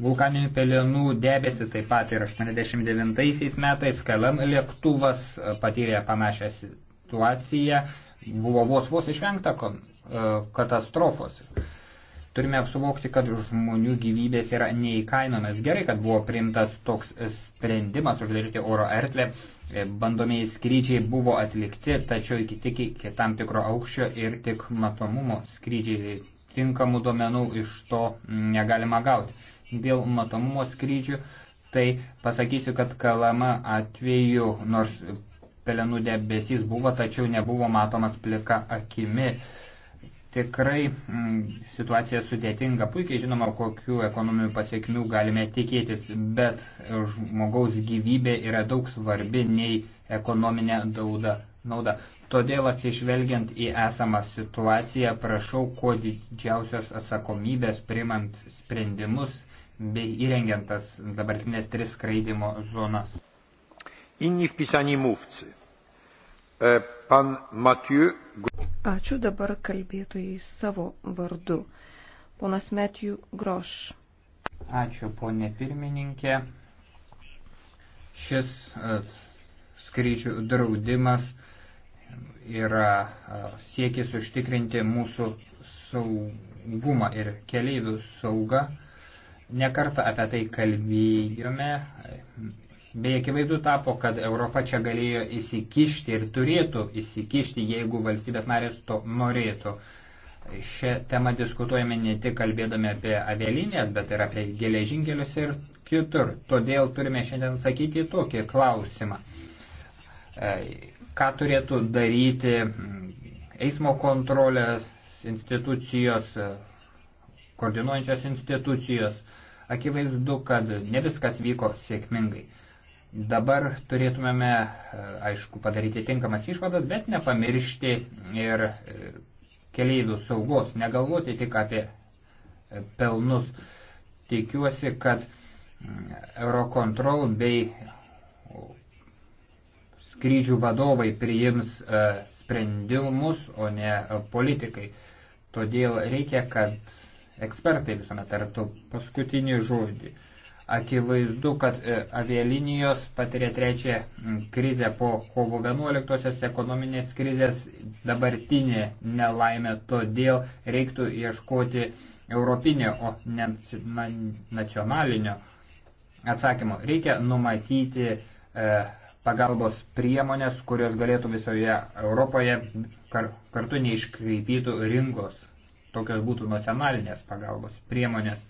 vulkaninių pelenų debesį taip pat ir 89 metais KLM lėktuvas e, patyrė panašią situaciją, buvo vos vos išvengta e, katastrofos. Turime suvokti, kad žmonių gyvybės yra neįkainomis. Gerai, kad buvo priimtas toks sprendimas uždaryti oro ertlę. E, bandomieji skrydžiai buvo atlikti, tačiau iki tik iki tam tikro aukščio ir tik matomumo skrydžiai tinkamų duomenų iš to negalima gauti dėl matomumo skrydžių, tai pasakysiu, kad kalama atveju, nors pelenų debesys buvo, tačiau nebuvo matomas plika akimi. Tikrai m, mm, situacija sudėtinga, puikiai žinoma, kokiu ekonominiu pasiekmių galime tikėtis, bet žmogaus gyvybė yra daug svarbi nei ekonominė dauda, nauda. Todėl atsižvelgiant į esamą situaciją, prašau kuo didžiausios atsakomybės primant sprendimus bei įrengiant tas dabartinės tris skraidimo zonas. Inni wpisani mówcy.
E, pan Mathieu.
Ačiū dabar kalbėtojai savo vardu. Ponas Matthew Groš.
Ačiū, ponė pirmininkė. Šis e, skrydžių draudimas yra e, siekis užtikrinti mūsų saugumą ir keleivių saugą Nekartą apie tai kalbėjome, bei akivaizdu tapo, kad Europa čia galėjo įsikišti ir turėtų įsikišti, jeigu valstybės narės to norėtų. Šią temą diskutuojame ne tik kalbėdami apie avialinijas, bet ir apie geležinkelius ir kitur. Todėl turime šiandien sakyti tokį klausimą. E, ką turėtų daryti eismo kontrolės institucijos, e, koordinuojančios institucijos, Akivaizdu, kad ne viskas vyko sėkmingai. Dabar turėtumėme, e, aišku, padaryti tinkamas išvadas, bet nepamiršti ir e, keleivių saugos, negalvoti tik apie e, pelnus. Tikiuosi, kad mm, Eurocontrol bei skrydžių vadovai priims sprendimus, o ne politikai. Todėl reikia, kad ekspertai visuomet tartų paskutinį žodį. Akivaizdu, kad e, avialinijos patiria trečią krizę po kovo 11-osios ekonominės krizės dabartinė nelaimė, todėl reiktų ieškoti europinio, o ne nacionalinio atsakymo. Reikia numatyti e, pagalbos priemonės, kurios galėtų visoje Europoje kar, kartu neiškreipytų rinkos tokios būtų nacionalinės pagalbos priemonės.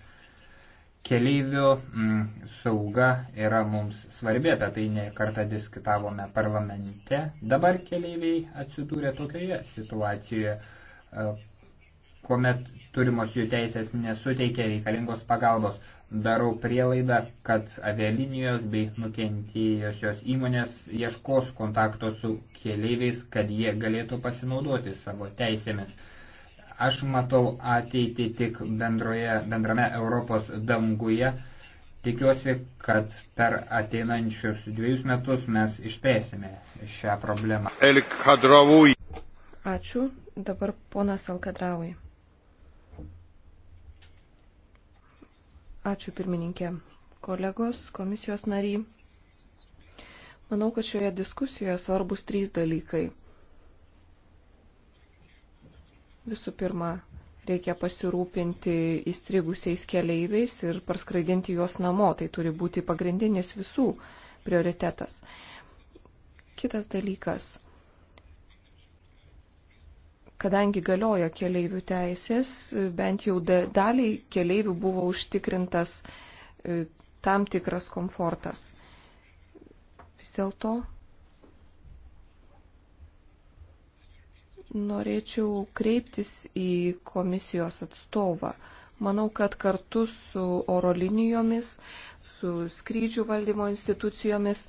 Keleivių m, mm, sauga yra mums svarbi, apie tai ne kartą diskutavome parlamente. Dabar keleiviai atsidūrė tokioje situacijoje, e, kuomet turimos jų teisės nesuteikia reikalingos pagalbos. Darau prielaidą, kad avialinijos bei nukentėjusios įmonės ieškos kontakto su keleiviais, kad jie galėtų pasinaudoti savo teisėmis. Aš matau ateitį tik bendroje, bendrame Europos danguje. Tikiuosi, kad per ateinančius dviejus metus mes išspręsime šią problemą.
Elkadravui.
Ačiū. Dabar ponas Alkadravui. Ačiū pirmininkė. Kolegos, komisijos nariai. Manau, kad šioje diskusijoje svarbus trys dalykai. Visų pirma, reikia pasirūpinti įstrigusiais keleiviais ir parskraidinti juos namo. Tai turi būti pagrindinis visų prioritetas. Kitas dalykas. Kadangi galioja keleivių teisės, bent jau daliai keleivių buvo užtikrintas e, tam tikras komfortas. Vis dėlto Norėčiau kreiptis į komisijos atstovą. Manau, kad kartu su oro linijomis, su skrydžių valdymo institucijomis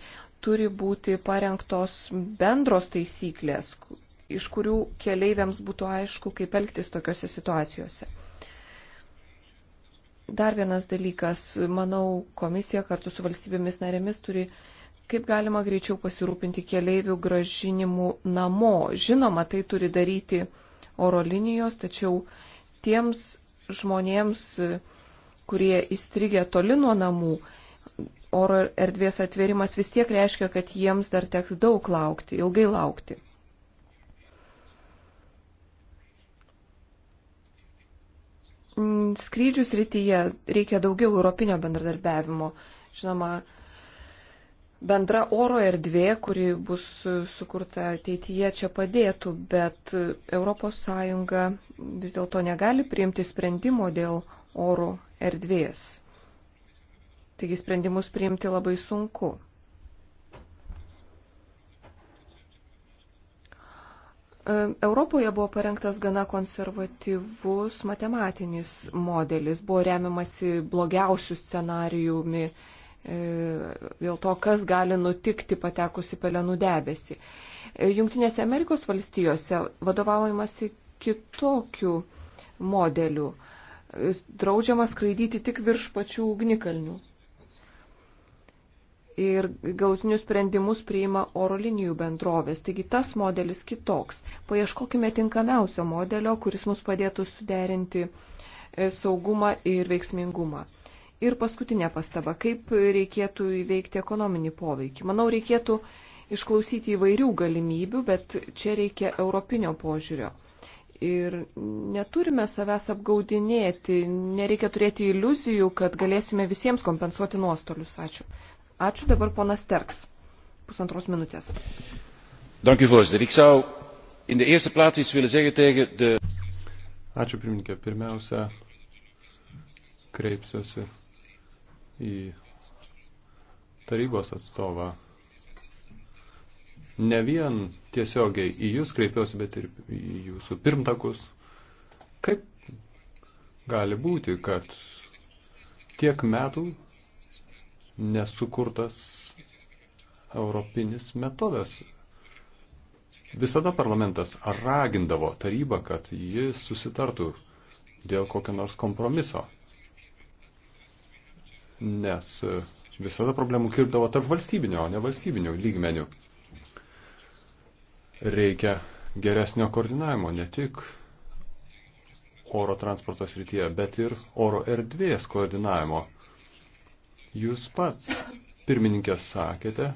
turi būti parengtos bendros taisyklės, iš kurių keleiviams būtų aišku, kaip elgtis tokiuose situacijose. Dar vienas dalykas, manau, komisija kartu su valstybėmis narėmis turi kaip galima greičiau pasirūpinti keleivių gražinimu namo. Žinoma, tai turi daryti oro linijos, tačiau tiems žmonėms, kurie įstrigę toli nuo namų, oro erdvės atvėrimas vis tiek reiškia, kad jiems dar teks daug laukti, ilgai laukti. Skrydžių srityje reikia daugiau europinio bendradarbiavimo. Žinoma, bendra oro erdvė, kuri bus sukurta ateityje, čia padėtų, bet ES vis dėlto negali priimti sprendimo dėl oro erdvės. Taigi sprendimus priimti labai sunku. E, Europoje buvo parengtas gana konservatyvus matematinis modelis, buvo remiamasi blogiausių scenarijumi E, dėl to, kas gali nutikti patekusi pelenų debesį. E, Junktinėse Amerikos valstijose vadovaujamasi kitokių modelių. E, draudžiama skraidyti tik virš pačių ugnikalnių. Ir galutinius sprendimus priima oro linijų bendrovės. Taigi tas modelis kitoks. Paieškokime tinkamiausio modelio, kuris mus padėtų suderinti saugumą ir veiksmingumą. Ir paskutinė pastaba, kaip reikėtų įveikti ekonominį poveikį. Manau, reikėtų išklausyti įvairių galimybių, bet čia reikia europinio požiūrio. Ir neturime savęs apgaudinėti, nereikia turėti iliuzijų, kad galėsime visiems kompensuoti nuostolius. Ačiū. Ačiū dabar ponas Terks. Pusantros minutės.
Dank u voorzitter. Ik zou in de eerste plaats iets willen zeggen tegen de. Ačiū pirmininkė. Pirmiausia, kreipsiuosi į tarybos atstovą. Ne vien tiesiogiai į jūs kreipiuosi, bet ir į jūsų pirmtakus. Kaip gali būti, kad tiek metų nesukurtas europinis metodas Visada parlamentas ragindavo tarybą, kad ji susitartų dėl kokio nors kompromiso nes e, visada problemų kirpdavo tarp valstybinio, o ne valstybinio lygmenių. Reikia geresnio koordinavimo ne tik oro transporto srityje, bet ir oro erdvės koordinavimo. Jūs pats, pirmininkė, sakėte,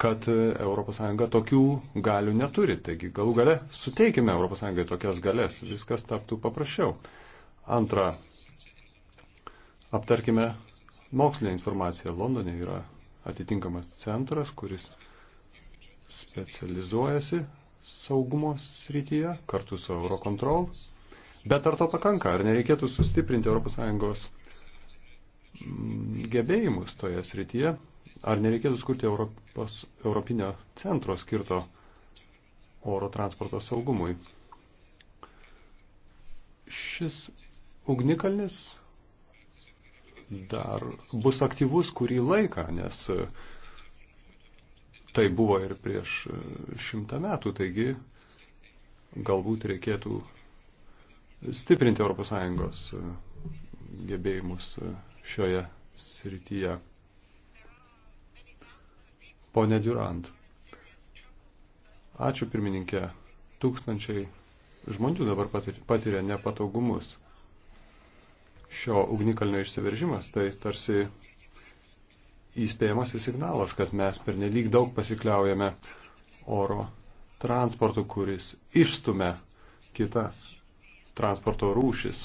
kad ES tokių galių neturi. Taigi galų gale suteikime ES tokias galės, viskas taptų paprasčiau. Antra, aptarkime mokslinę informaciją. Londone yra atitinkamas centras, kuris specializuojasi saugumo srityje kartu su Eurocontrol. Bet ar to pakanka, ar nereikėtų sustiprinti ES mm, gebėjimus toje srityje, ar nereikėtų skurti Europos, Europinio centro skirto oro transporto saugumui. Šis ugnikalnis dar bus aktyvus kurį laiką, nes tai buvo ir prieš šimtą metų, taigi galbūt reikėtų stiprinti ES gebėjimus šioje srityje. Pone Durant, ačiū pirmininkė, tūkstančiai žmonių dabar patiria nepatogumus šio ugnikalnio išsiveržimas, tai tarsi įspėjamasis signalas, kad mes pernelyg daug pasikliaujame oro transportu, kuris išstumia kitas transporto rūšis.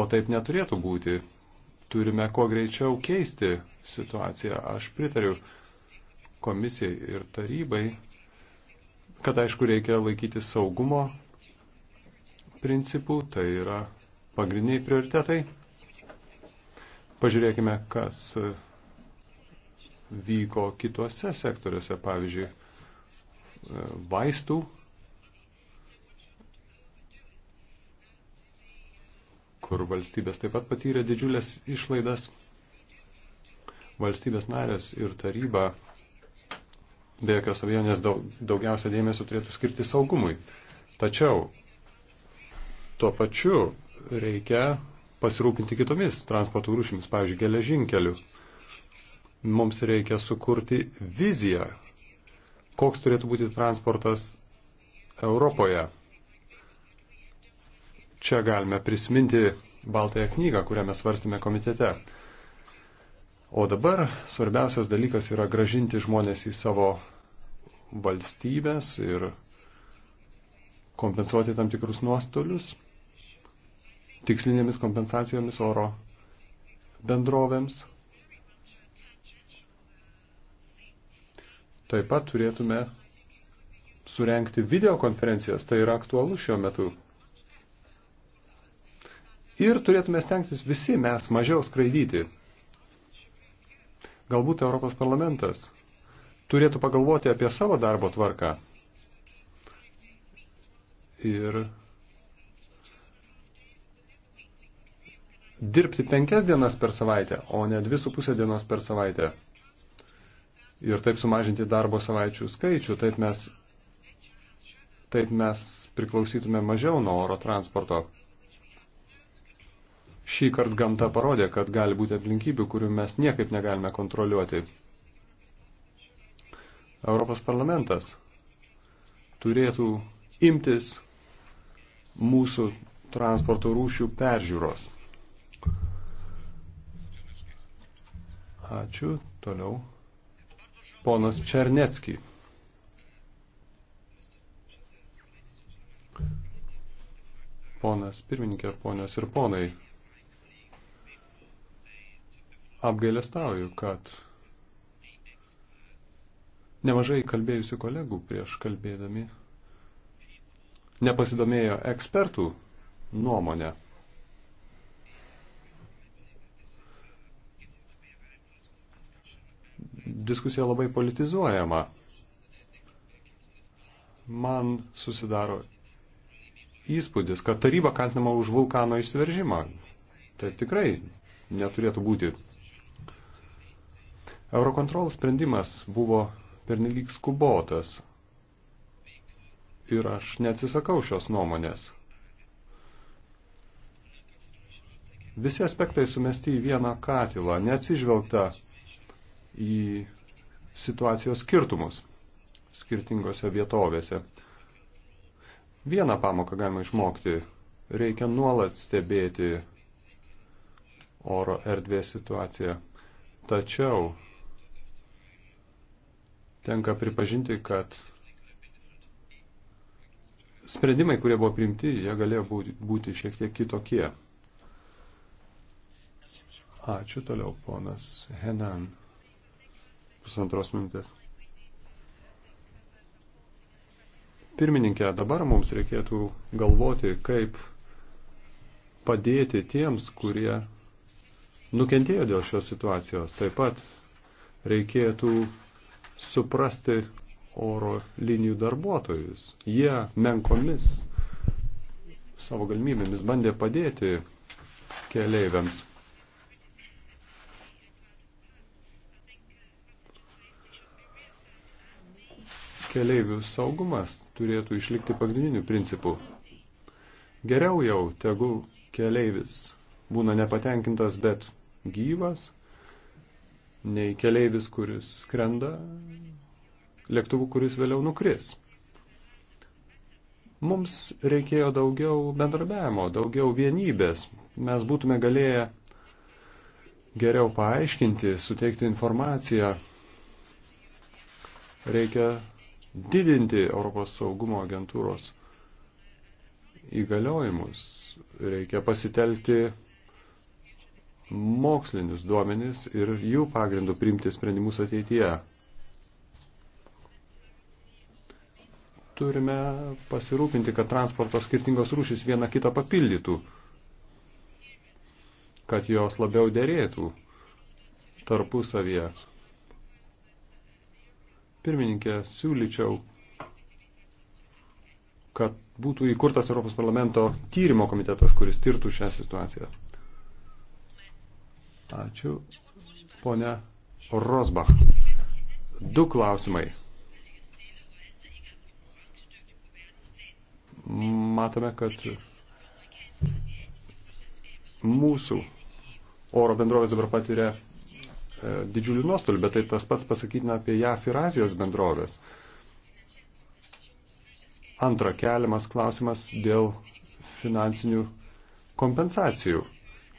O taip neturėtų būti. Turime kuo greičiau keisti situaciją. Aš pritariu komisijai ir tarybai, kad aišku reikia laikyti saugumo principų, tai yra pagrindiniai prioritetai. Pažiūrėkime, kas vyko kitose sektoriuose, pavyzdžiui, vaistų, kur valstybės taip pat patyrė didžiulės išlaidas. Valstybės narės ir taryba be jokios abejonės daug, daugiausia dėmesio turėtų skirti saugumui. Tačiau Tuo pačiu reikia pasirūpinti kitomis transporto rūšimis, pavyzdžiui, geležinkeliu. Mums reikia sukurti viziją, koks turėtų būti transportas Europoje. Čia galime prisiminti Baltąją knygą, kurią mes svarstėme komitete. O dabar svarbiausias dalykas yra gražinti žmonės į savo valstybės ir kompensuoti tam tikrus nuostolius tikslinėmis kompensacijomis oro bendrovėms. Taip pat turėtume surenkti videokonferencijas, tai yra aktualu šiuo metu. Ir turėtume stengtis visi mes mažiau skraidyti. Galbūt Europos parlamentas turėtų pagalvoti apie savo darbo tvarką. Ir dirbti penkias dienas per savaitę, o ne dvi su pusė dienos per savaitę. Ir taip sumažinti darbo savaičių skaičių, taip mes, taip mes priklausytume mažiau nuo oro transporto. Šį kartą gamta parodė, kad gali būti aplinkybių, kurių mes niekaip negalime kontroliuoti. Europos parlamentas turėtų imtis mūsų transporto rūšių peržiūros. Ačiū. Toliau. Ponas Černecki. Ponas pirmininkė, ponios ir ponai. Apgailestauju, kad nemažai kalbėjusių kolegų prieš kalbėdami nepasidomėjo ekspertų nuomonę. diskusija labai politizuojama. Man susidaro įspūdis, kad taryba kaltinama už vulkano išsiveržimą. Taip tikrai neturėtų būti. Eurokontrol sprendimas buvo pernelyg skubotas. Ir aš neatsisakau šios nuomonės. Visi aspektai sumesti į vieną katilą, neatsižvelgta į situacijos skirtumus skirtingose vietovėse. Vieną pamoką galima išmokti. Reikia nuolat stebėti oro erdvės situaciją. Tačiau tenka pripažinti, kad sprendimai, kurie buvo priimti, jie galėjo būti šiek tiek kitokie. Ačiū toliau, ponas Henan pusantros minutės. Pirmininkė, dabar mums reikėtų galvoti, kaip padėti tiems, kurie nukentėjo dėl šios situacijos. Taip pat reikėtų suprasti oro linijų darbuotojus. Jie menkomis savo galimybėmis bandė padėti keleiviams. keleivių saugumas turėtų išlikti pagrindiniu principu. Geriau jau tegu keleivis būna nepatenkintas, bet gyvas, nei keleivis, kuris skrenda lėktuvu, kuris vėliau nukris. Mums reikėjo daugiau bendrabiavimo, daugiau vienybės. Mes būtume galėję geriau paaiškinti, suteikti informaciją. Reikia didinti Europos saugumo agentūros įgaliojimus. Reikia pasitelkti mokslinius duomenis ir jų pagrindų priimti sprendimus ateityje. Turime pasirūpinti, kad transporto skirtingos rūšys viena kitą papildytų, kad jos labiau dėrėtų tarpusavyje. Pirmininkė, siūlyčiau, kad būtų įkurtas Europos parlamento tyrimo komitetas, kuris tirtų šią situaciją. Ačiū. Pone Rosbach. Du klausimai. Matome, kad mūsų oro bendrovės dabar patiria E, didžiulių nuostolių, bet tai tas pats pasakytina apie JAF ir Azijos bendrovės. Antra keliamas klausimas dėl finansinių kompensacijų.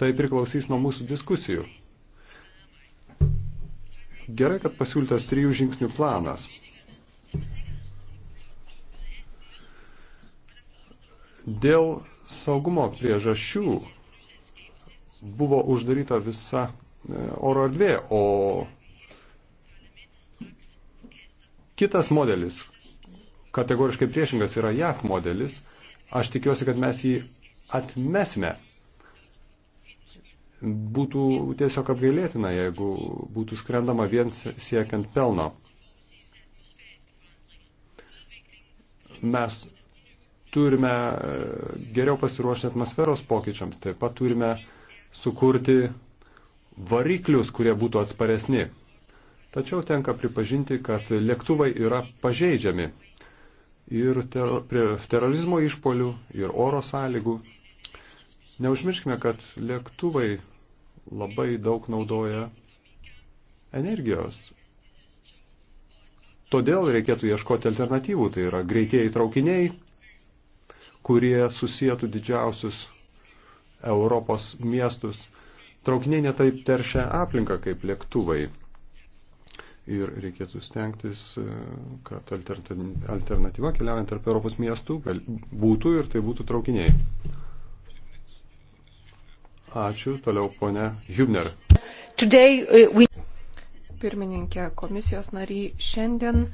Tai priklausys nuo mūsų diskusijų. Gerai, kad pasiūlytas trijų žingsnių planas. Dėl saugumo priežasčių buvo uždaryta visa oro erdvė, o kitas modelis, kategoriškai priešingas, yra JAF modelis. Aš tikiuosi, kad mes jį atmesime. Būtų tiesiog apgailėtina, jeigu būtų skrendama vien siekiant pelno. Mes turime e, geriau pasiruošti atmosferos pokyčiams, taip pat turime sukurti variklius, kurie būtų atsparesni. Tačiau tenka pripažinti, kad lėktuvai yra pažeidžiami ir ter prie terorizmo išpolių, ir oro sąlygų. Neužmirškime, kad lėktuvai labai daug naudoja energijos. Todėl reikėtų ieškoti alternatyvų, tai yra greitieji traukiniai, kurie susijėtų didžiausius Europos miestus traukiniai netaip teršia aplinką kaip lėktuvai. Ir reikėtų stengtis, e, kad alternatyva keliaujant tarp Europos miestų būtų ir tai būtų traukiniai. Ačiū. Toliau ponė Hübner.
Today, e, we... Pirmininkė komisijos nariai šiandien.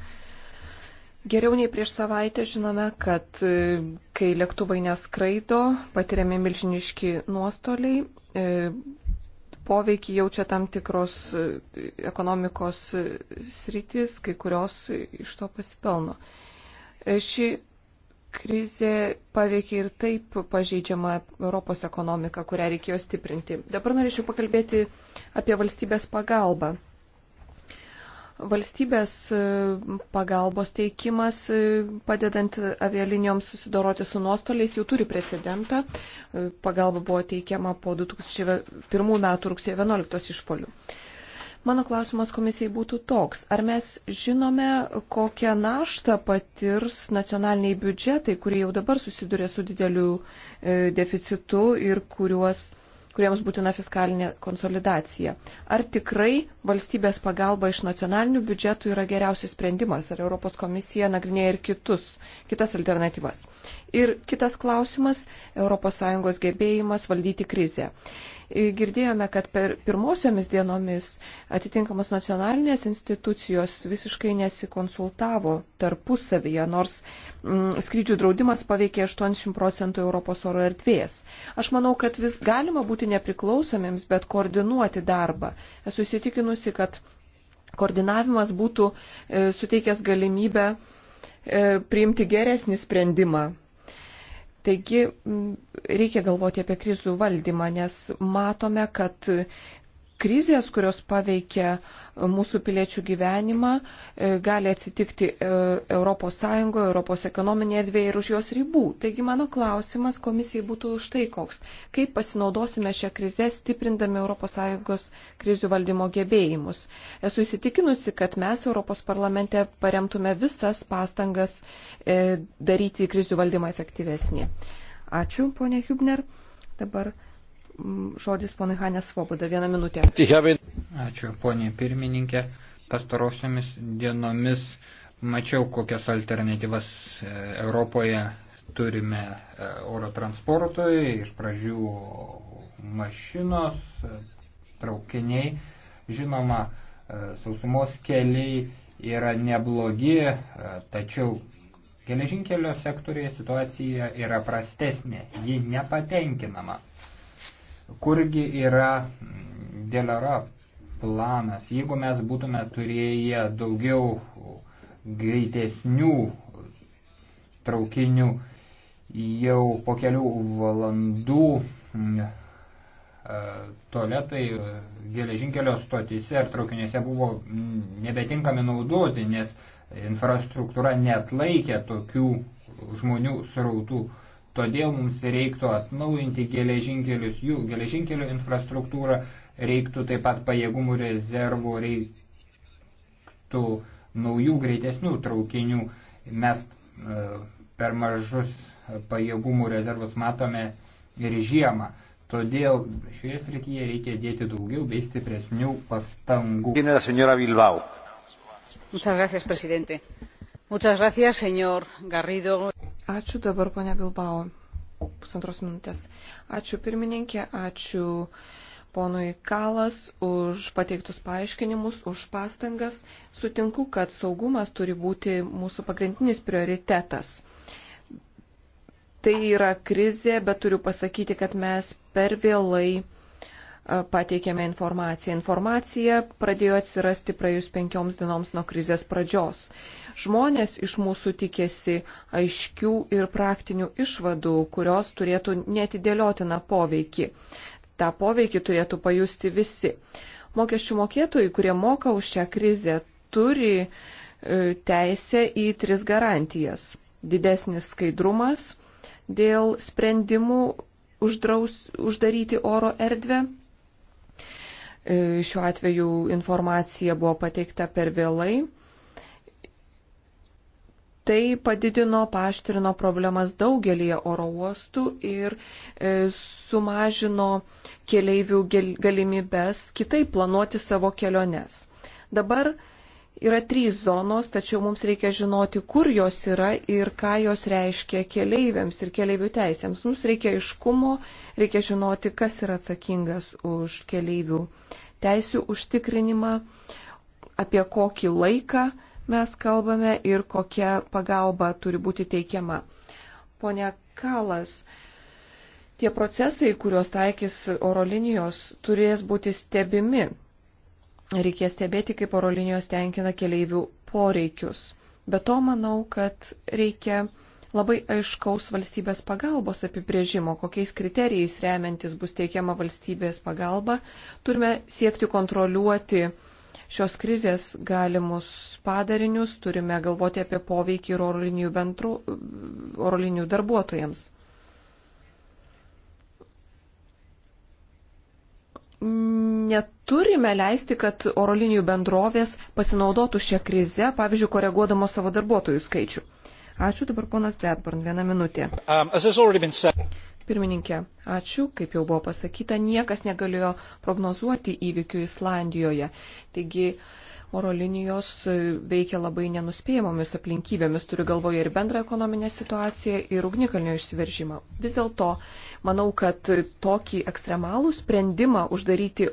Geriau nei prieš savaitę žinome, kad e, kai lėktuvai neskraido, patiriami milžiniški nuostoliai, poveikį jaučia tam tikros e, ekonomikos e, sritis, kai kurios iš to pasipelno. E, ši krizė paveikė ir taip pažeidžiamą Europos ekonomiką, kurią reikėjo stiprinti. Dabar norėčiau pakalbėti apie valstybės pagalbą valstybės e, pagalbos teikimas, e, padedant avialinijoms susidoroti su nuostoliais, jau turi precedentą. E, pagalba buvo teikiama po 2001 metų rugsėjo 11 išpolių. Mano klausimas komisijai būtų toks. Ar mes žinome, kokią naštą patirs nacionaliniai biudžetai, kurie jau dabar susiduria su dideliu deficitu ir kuriuos kuriems būtina fiskalinė konsolidacija. Ar tikrai valstybės pagalba iš nacionalinių biudžetų yra geriausias sprendimas, ar Europos komisija nagrinėja ir kitus, kitas alternatyvas? Ir kitas klausimas - ES gebėjimas valdyti krizę girdėjome, kad per pirmosiomis dienomis atitinkamos nacionalinės institucijos visiškai nesikonsultavo tarpusavyje, nors mm, skrydžių draudimas paveikė 80 procentų Europos oro erdvės. Aš manau, kad vis galima būti nepriklausomiems, bet koordinuoti darbą. Esu įsitikinusi, kad koordinavimas būtų e, suteikęs galimybę e, priimti geresnį sprendimą Taigi reikia galvoti apie krizių valdymą, nes matome, kad krizės, kurios paveikia mūsų piliečių gyvenimą, e, gali atsitikti ES, ES ekonominėje erdvėje ir už jos ribų. Taigi mano klausimas komisijai būtų štai koks. Kaip pasinaudosime šią krizę stiprindami ES krizių valdymo gebėjimus? Esu įsitikinusi, kad mes ES parlamente paremtume visas pastangas e, daryti krizių valdymą efektyvesnį. Ačiū, ponė Hubner. Dabar žodis ponai Hanės Svoboda. Vieną minutę.
Ačiū, ponė pirmininkė. Pastarosiomis dienomis mačiau, kokias alternatyvas e, Europoje turime e, oro transportui, iš pradžių mašinos, e, traukiniai. Žinoma, sausumos keliai yra neblogi, tačiau Geležinkelio sektorėje situacija yra prastesnė, ji nepatenkinama. Kurgi yra dėlera planas? Jeigu mes būtume turėję daugiau greitesnių traukinių, jau po kelių valandų e, tualetai geležinkelio stotise ar traukinėse buvo nebetinkami naudoti, nes infrastruktūra netlaikė tokių žmonių srautų. Todėl mums reiktų atnaujinti geležinkelius, jų geležinkelių infrastruktūrą, reiktų taip pat pajėgumų rezervų, reiktų naujų greitesnių traukinių. Mes e, per mažus pajėgumų rezervus matome ir žiemą. Todėl šioje srityje reikia dėti daugiau bei stipresnių pastangų.
Muchas gracias, presidente. Muchas gracias, señor Garrido.
Ačiū dabar, ponia Bilbao. Pusantros minutės. Ačiū pirmininkė, ačiū ponui Kalas už pateiktus paaiškinimus, už pastangas. Sutinku, kad saugumas turi būti mūsų pagrindinis prioritetas. Tai yra krizė, bet turiu pasakyti, kad mes per vėlai pateikėme informaciją. Informacija pradėjo atsirasti praėjus penkioms dienoms nuo krizės pradžios. Žmonės iš mūsų tikėsi aiškių ir praktinių išvadų, kurios turėtų netidėliotiną poveikį. Ta poveikį turėtų pajusti visi. Mokesčių mokėtojai, kurie moka už šią krizę, turi e, teisę į tris garantijas. Didesnis skaidrumas dėl sprendimų uždraus, uždaryti oro erdvę. E, šiuo atveju informacija buvo pateikta per vėlai. Tai padidino, paštrino problemas daugelį oro uostų ir e, sumažino keleivių galimybės kitaip planuoti savo keliones. Dabar yra trys zonos, tačiau mums reikia žinoti, kur jos yra ir ką jos reiškia keleiviams ir keleivių teisėms. Mums reikia iškumo, reikia žinoti, kas yra atsakingas už keleivių teisų užtikrinimą, apie kokį laiką mes kalbame ir kokia pagalba turi būti teikiama. Pone Kalas, tie procesai, kuriuos taikys oro linijos, turės būti stebimi. Reikės stebėti, kaip oro linijos tenkina keleivių poreikius. Be to, manau, kad reikia labai aiškaus valstybės pagalbos apibrėžimo, kokiais kriterijais remiantis bus teikiama valstybės pagalba. Turime siekti kontroliuoti šios krizės galimus padarinius, turime galvoti apie poveikį ir oro linijų, bendru, oro linijų darbuotojams. Neturime leisti, kad oro linijų bendrovės pasinaudotų šią krizę, pavyzdžiui, koreguodamos savo darbuotojų skaičių. Ačiū dabar ponas Bradburn, vieną minutę. Um, Pirmininkė, ačiū, kaip jau buvo pasakyta, niekas negalėjo prognozuoti įvykių Islandijoje. Taigi oro linijos e, veikia labai nenuspėjamomis aplinkybėmis, turiu galvoje ir bendrą ekonominę situaciją, ir ugnikalnio išsiveržimą. Vis dėlto, manau, kad tokį ekstremalų sprendimą uždaryti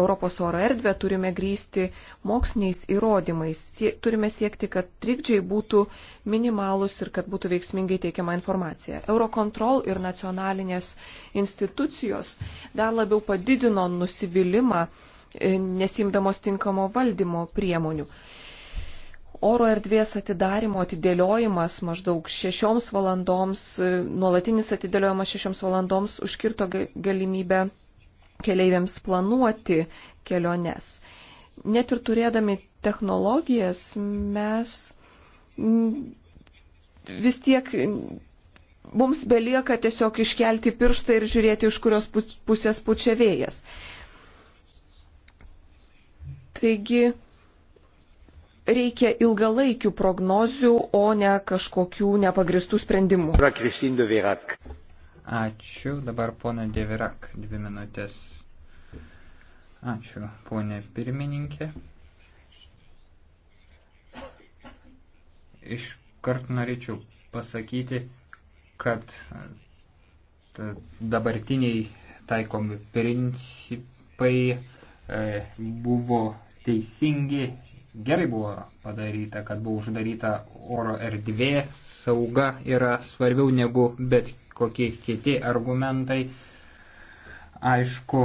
Europos oro erdvę turime grįsti moksliniais įrodymais. Turime siekti, kad trikdžiai būtų minimalus ir kad būtų veiksmingai teikiama informacija. Eurocontrol ir nacionalinės institucijos dar labiau padidino nusivylimą e, nesimdamos tinkamo valdymo priemonių. Oro erdvės atidarimo atidėliojimas maždaug šešioms valandoms, e, nuolatinis atidėliojimas šešioms valandoms užkirto galimybę keleiviams planuoti keliones. Net ir turėdami technologijas mes vis tiek mums belieka tiesiog iškelti pirštą ir žiūrėti, iš kurios pusės pučia vėjas. Taigi reikia ilgalaikių prognozių, o ne kažkokių nepagristų sprendimų.
Ačiū. Dabar pona Devirak, dvi minutės. Ačiū, ponė pirmininkė. Iškart norėčiau pasakyti, kad e, dabartiniai taikomi principai e, buvo teisingi, gerai buvo padaryta, kad buvo uždaryta oro erdvė, sauga yra svarbiau negu bet kokie kiti argumentai. Aišku,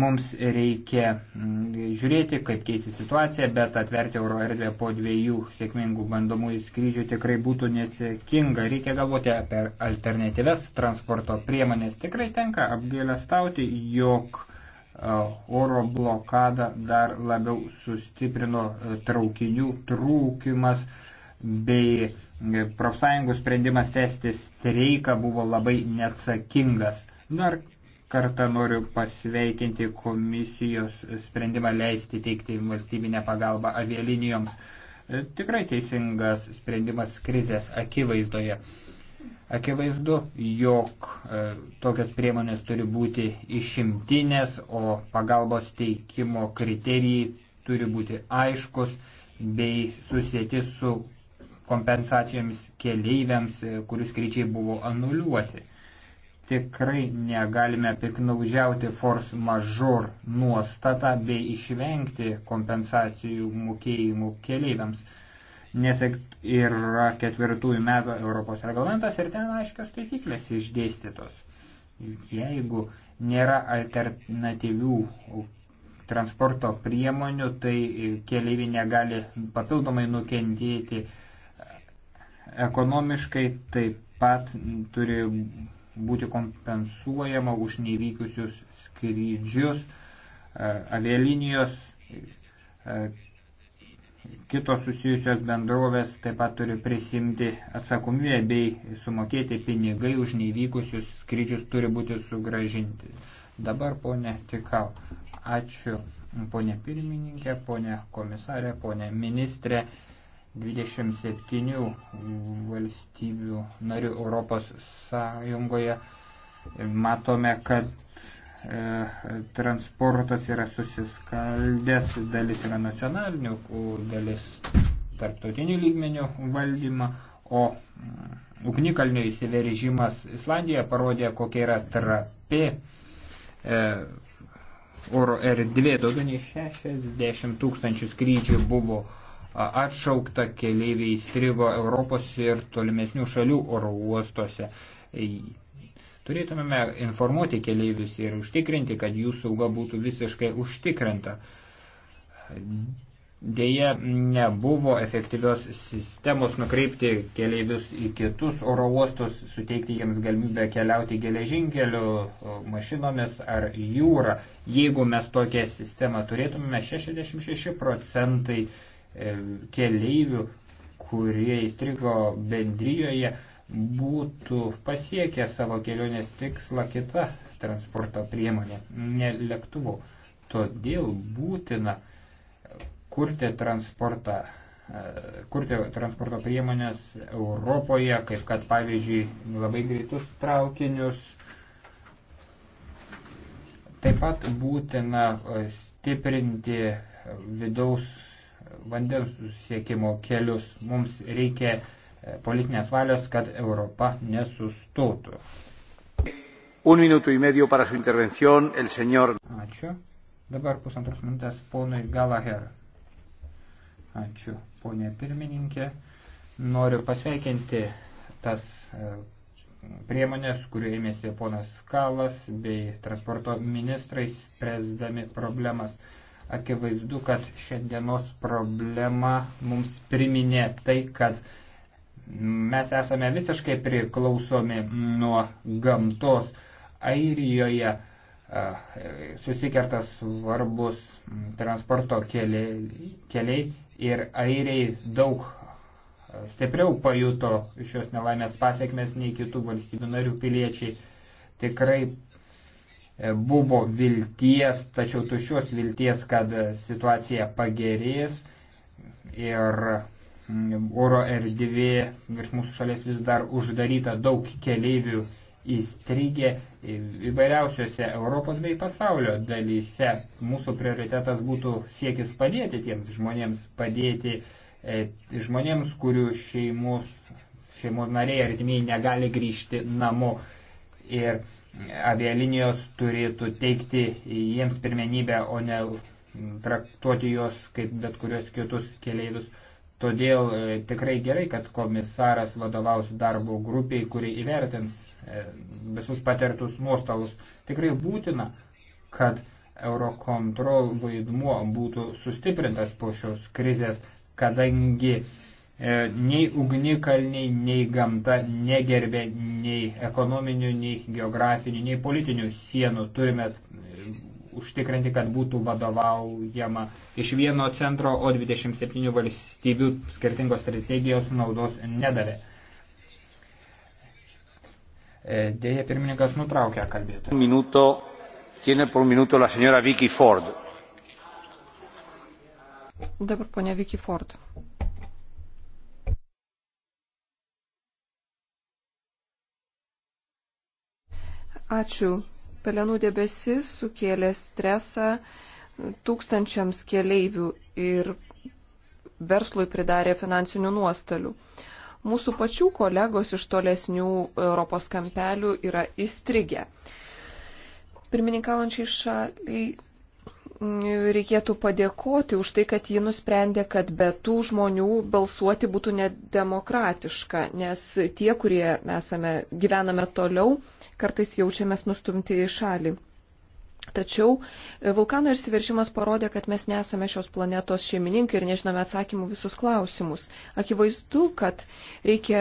mums reikia mm, žiūrėti, kaip keisi situacija, bet atverti euro erdvę po dviejų sėkmingų bandomųjų skrydžių tikrai būtų nesėkinga. Reikia galvoti apie alternatyves transporto priemonės. Tikrai tenka apgailestauti, jog e, oro blokadą dar labiau sustiprino e, traukinių trūkimas bei e, profsąjungų sprendimas tęsti streiką buvo labai neatsakingas. Dar kartą noriu pasveikinti komisijos sprendimą leisti teikti valstybinę pagalbą avialinijoms. E, tikrai teisingas sprendimas krizės akivaizdoje. Akivaizdu, jog e, tokios priemonės turi būti išimtinės, o pagalbos teikimo kriterijai turi būti aiškus bei susijęti su kompensacijomis keleiviams, kurių skrydžiai buvo anuliuoti. Tikrai negalime piknaudžiauti force majeure nuostatą bei išvengti kompensacijų mokėjimų keleiviams, nes yra ketvirtųjų metų Europos reglamentas ir ten aiškios taisyklės išdėstytos. Jeigu nėra alternatyvių transporto priemonių, tai keleiviai negali papildomai nukentėti Ekonomiškai taip pat turi būti kompensuojama už nevykusius skrydžius, e, avialinijos, e, kitos susijusios bendrovės taip pat turi prisimti atsakomybę bei sumokėti pinigai už nevykusius skrydžius turi būti sugražinti. Dabar, ponė Tikau, ačiū ponė pirmininkė, ponė komisarė, ponė ministrė. 27 valstybių narių Europos Sąjungoje matome, kad e, transportas yra susiskaldęs, dalis yra nacionalinių, dalis tarptautinių lygmenių valdymą, o mm, ugnikalnio įsiveržimas Islandijoje parodė, kokia yra trapi e, oro erdvė. Daugiau nei 60 tūkstančių skrydžių buvo e, atšaukta, keleiviai įstrigo Europos ir tolimesnių šalių oro uostuose. Turėtumėme informuoti keleivius ir užtikrinti, kad jų sauga būtų visiškai užtikrinta. Deja, nebuvo efektyvios sistemos nukreipti keleivius į kitus oro uostus, suteikti jiems galimybę keliauti geležinkeliu, mašinomis ar jūra. Jeigu mes tokią sistemą turėtume, 66 procentai E, keleivių, kurie įstrigo bendryjoje, būtų pasiekę savo kelionės tikslą kita transporto priemonė, ne lėktuvu. Todėl būtina kurti transportą e, kurti transporto priemonės Europoje, kaip kad pavyzdžiui labai greitus traukinius. Taip pat būtina stiprinti vidaus vandens susiekimo kelius. Mums reikia e, politinės valios, kad Europa nesustotų.
Un minuto y medio para su intervención, el señor.
Ačiū. Dabar pusantros minutės ponui Galaher. Ačiū, ponė pirmininkė. Noriu pasveikinti tas e, priemonės, kuriuo ėmėsi ponas Kalas bei transporto ministrais, presdami problemas. Akivaizdu, kad šiandienos problema mums priminė tai, kad mes esame visiškai priklausomi nuo gamtos. Airijoje susikerta svarbus transporto keliai, keliai ir airiai daug stipriau pajuto šios nelaimės pasiekmes nei kitų valstybių narių piliečiai. Tikrai E, buvo vilties, tačiau tušios vilties, kad situacija pagerės ir mm, oro erdvė virš mūsų šalies vis dar uždaryta daug keleivių įstrigė įvairiausiose Europos bei pasaulio dalyse. Mūsų prioritetas būtų siekis padėti tiems žmonėms, padėti e, žmonėms, kurių šeimos, šeimos nariai artimiai negali grįžti namo. Ir avialinijos turėtų teikti jiems pirmenybę, o ne traktuoti juos kaip bet kurios kitus keleivius. Todėl e, tikrai gerai, kad komisaras vadovaus darbo grupiai, kuri įvertins e, visus patirtus nuostalus. Tikrai būtina, kad Eurocontrol vaidmuo būtų sustiprintas po šios krizės, kadangi E, nei ugnikalniai, nei gamta negerbė nei ekonominių, nei geografinių, nei politinių sienų. Turime e, užtikrinti, kad būtų vadovaujama iš vieno centro, o 27 valstybių skirtingos strategijos naudos nedavė. E, dėja, pirmininkas nutraukė kalbėtą.
Minuto, tiene por minuto la señora Vicky Ford.
Dabar ponia Vicky Ford.
Ačiū. Pelenų debesis sukėlė stresą tūkstančiams keleivių ir verslui pridarė finansinių nuostolių. Mūsų pačių kolegos iš tolesnių Europos kampelių yra įstrigę. Pirmininkaujančiai šaliai reikėtų padėkoti už tai, kad ji nusprendė, kad be tų žmonių balsuoti būtų nedemokratiška, nes tie, kurie esame, gyvename toliau, kartais jaučiamės nustumti į šalį. Tačiau e, vulkano išsiveržimas parodė, kad mes nesame šios planetos šeimininkai ir nežinome atsakymų visus klausimus. Akivaizdu, kad reikia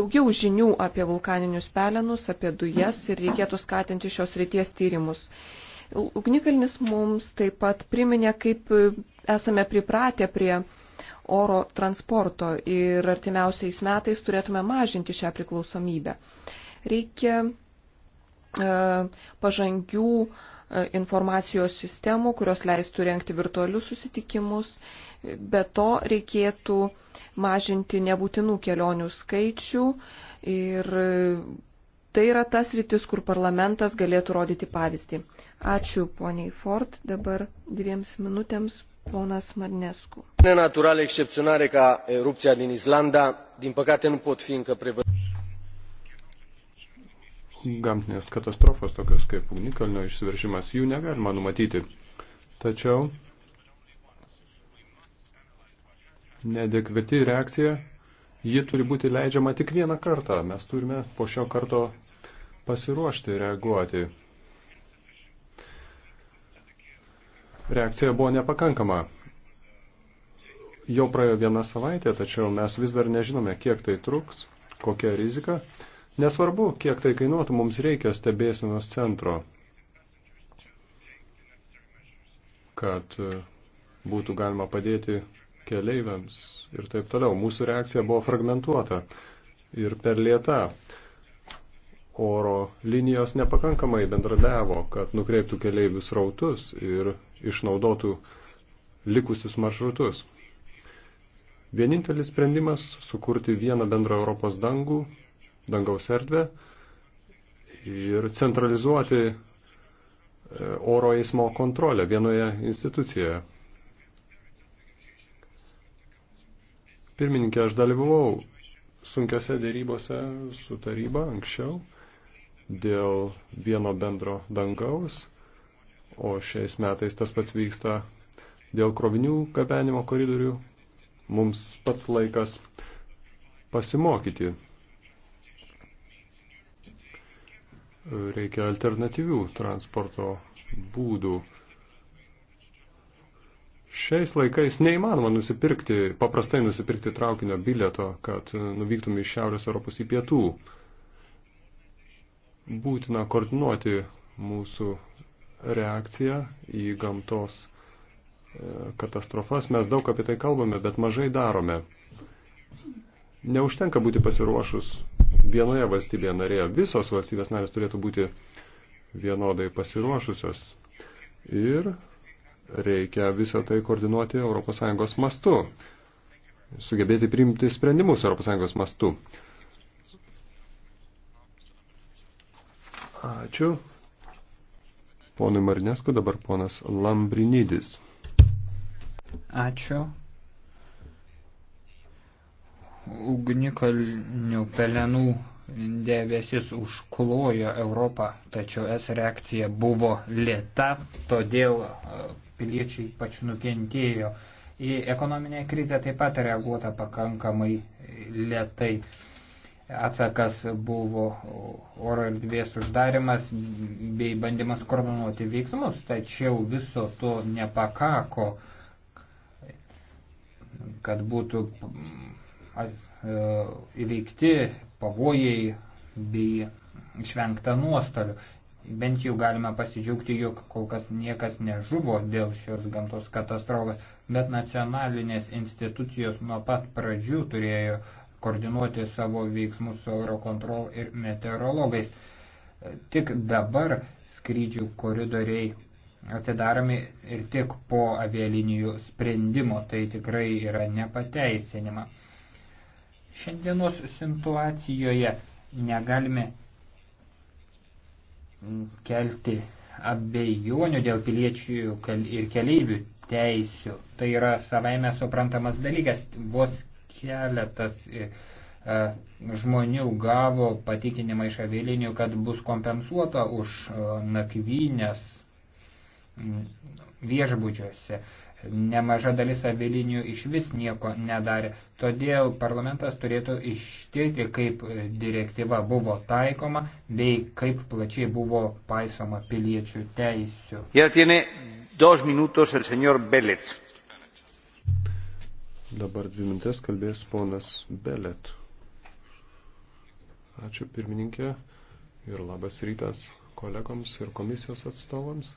daugiau žinių apie vulkaninius pelenus, apie dujas ir reikėtų skatinti šios ryties tyrimus. Ugnikalnis mums taip pat priminė, kaip esame pripratę prie oro transporto ir artimiausiais metais turėtume mažinti šią priklausomybę. Reikia e, pažangių e, informacijos sistemų, kurios leistų renkti virtualius susitikimus. Be to reikėtų mažinti nebūtinų kelionių skaičių ir tai yra tas rytis, kur parlamentas galėtų rodyti pavyzdį. Ačiū poniai Ford, dabar dviems minutėms ponas Marnescu.
Naturale excepționare ca erupția din Islanda, din păcate nu pot fi încă prevăzute.
Gamtinės katastrofos, tokios kaip ugnikalnio išsiveržimas, jų negalima numatyti. Tačiau nedekveti reakcija, ji turi būti leidžiama tik vieną kartą. Mes turime po šio karto pasiruošti reaguoti. Reakcija buvo nepakankama. Jau praėjo viena savaitė, tačiau mes vis dar nežinome, kiek tai truks, kokia rizika. Nesvarbu, kiek tai kainuotų, mums reikia stebėsinos centro, kad e, būtų galima padėti keleiviams ir taip toliau. Mūsų reakcija buvo fragmentuota ir per lieta oro linijos nepakankamai bendradarbiavo, kad nukreiptų keleivius rautus ir išnaudotų likusius maršrutus. Vienintelis sprendimas - sukurti vieną bendrą Europos dangų, dangaus erdvę ir centralizuoti e, oro eismo kontrolę vienoje institucijoje. Pirmininkė, aš dalyvavau sunkiose dėrybose su taryba anksčiau dėl vieno bendro dangaus, o šiais metais tas pats vyksta dėl krovinių gabenimo koridorių. Mums pats laikas pasimokyti. Reikia alternatyvių transporto būdų. Šiais laikais neįmanoma nusipirkti, paprastai nusipirkti traukinio bileto, kad nuvyktum iš Šiaurės Europos į Pietų būtina koordinuoti mūsų reakciją į gamtos e, katastrofas. Mes daug apie tai kalbame, bet mažai darome. Neužtenka būti pasiruošus vienoje valstybėje narėje. Visos valstybės narės turėtų būti vienodai pasiruošusios. Ir reikia visą tai koordinuoti ES mastu. Sugebėti priimti sprendimus ES mastu. Ačiū. Ponui Marinesku dabar ponas Lambrinidis.
Ačiū. Ugnikalnių pelenų debesis užklojo Europą, tačiau es reakcija buvo lėta, todėl e, piliečiai ypač nukentėjo. Į ekonominę krizę taip pat reaguota pakankamai lėtai. Atsakas buvo oro erdvės uždarimas bei bandymas koordinuoti veiksmus, tačiau viso to nepakako, kad būtų e, įveikti pavojai bei išvengta nuostolių. Bent jau galime pasidžiaugti, jog kol kas niekas nežuvo dėl šios gamtos katastrofos, bet nacionalinės institucijos nuo pat pradžių turėjo koordinuoti savo veiksmus su Eurocontrol ir meteorologais. Tik dabar skrydžių koridoriai atidaromi ir tik po avialinijų sprendimo, tai tikrai yra nepateisinima. Šiandienos situacijoje negalime kelti abejonių dėl piliečių ir keleivių teisių. Tai yra savaime suprantamas dalykas. Vos keletas e, e, žmonių gavo patikinimą iš avialinių, kad bus kompensuota už e, nakvynės viešbučiuose. Nemaža dalis avialinių iš vis nieko nedarė. Todėl parlamentas turėtų ištirti, kaip direktyva buvo taikoma bei kaip plačiai buvo paisoma piliečių teisių.
Ja tiene dos minutos el señor Bellet. Dabar
dvi mintes kalbės ponas Belet. Ačiū pirmininkė ir labas rytas kolegoms ir komisijos atstovams.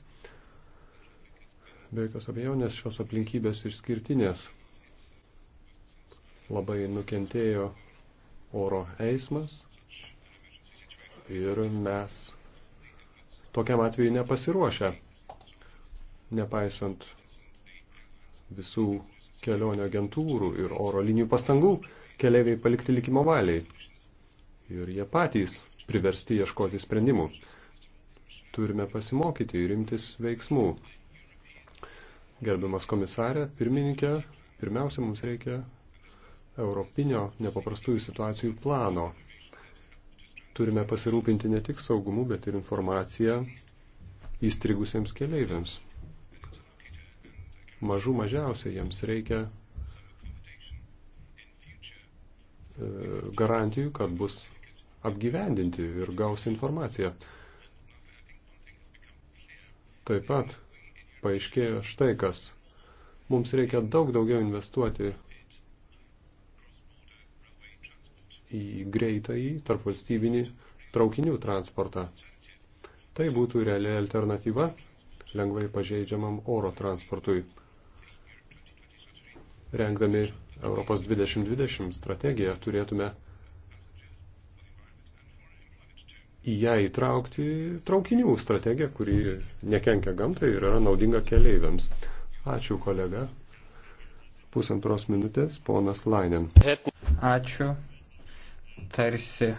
Be jokios abejonės šios aplinkybės išskirtinės. Labai nukentėjo oro eismas ir mes tokiam atveju nepasiruošę, nepaisant visų kelionio agentūrų ir oro linijų pastangų keliaiviai palikti likimo valiai. Ir jie patys priversti ieškoti sprendimų. Turime pasimokyti ir imtis veiksmų. Gerbiamas komisarė, pirmininkė, pirmiausia, mums reikia europinio nepaprastųjų situacijų plano. Turime pasirūpinti ne tik saugumu, bet ir informaciją įstrigusiems keleiviams mažų mažiausiai jiems reikia e, garantijų, kad bus apgyvendinti ir gaus informaciją. Taip pat paaiškėjo štai kas. Mums reikia daug daugiau investuoti į greitąjį tarpvalstybinį traukinių transportą. Tai būtų reali alternatyva lengvai pažeidžiamam oro transportui rengdami Europos 2020 strategiją, turėtume į ją įtraukti traukinių strategiją, kuri nekenkia gamtai ir yra naudinga keleiviams. Ačiū, kolega. Pusantros minutės, ponas Lainen.
Ačiū. Tarsi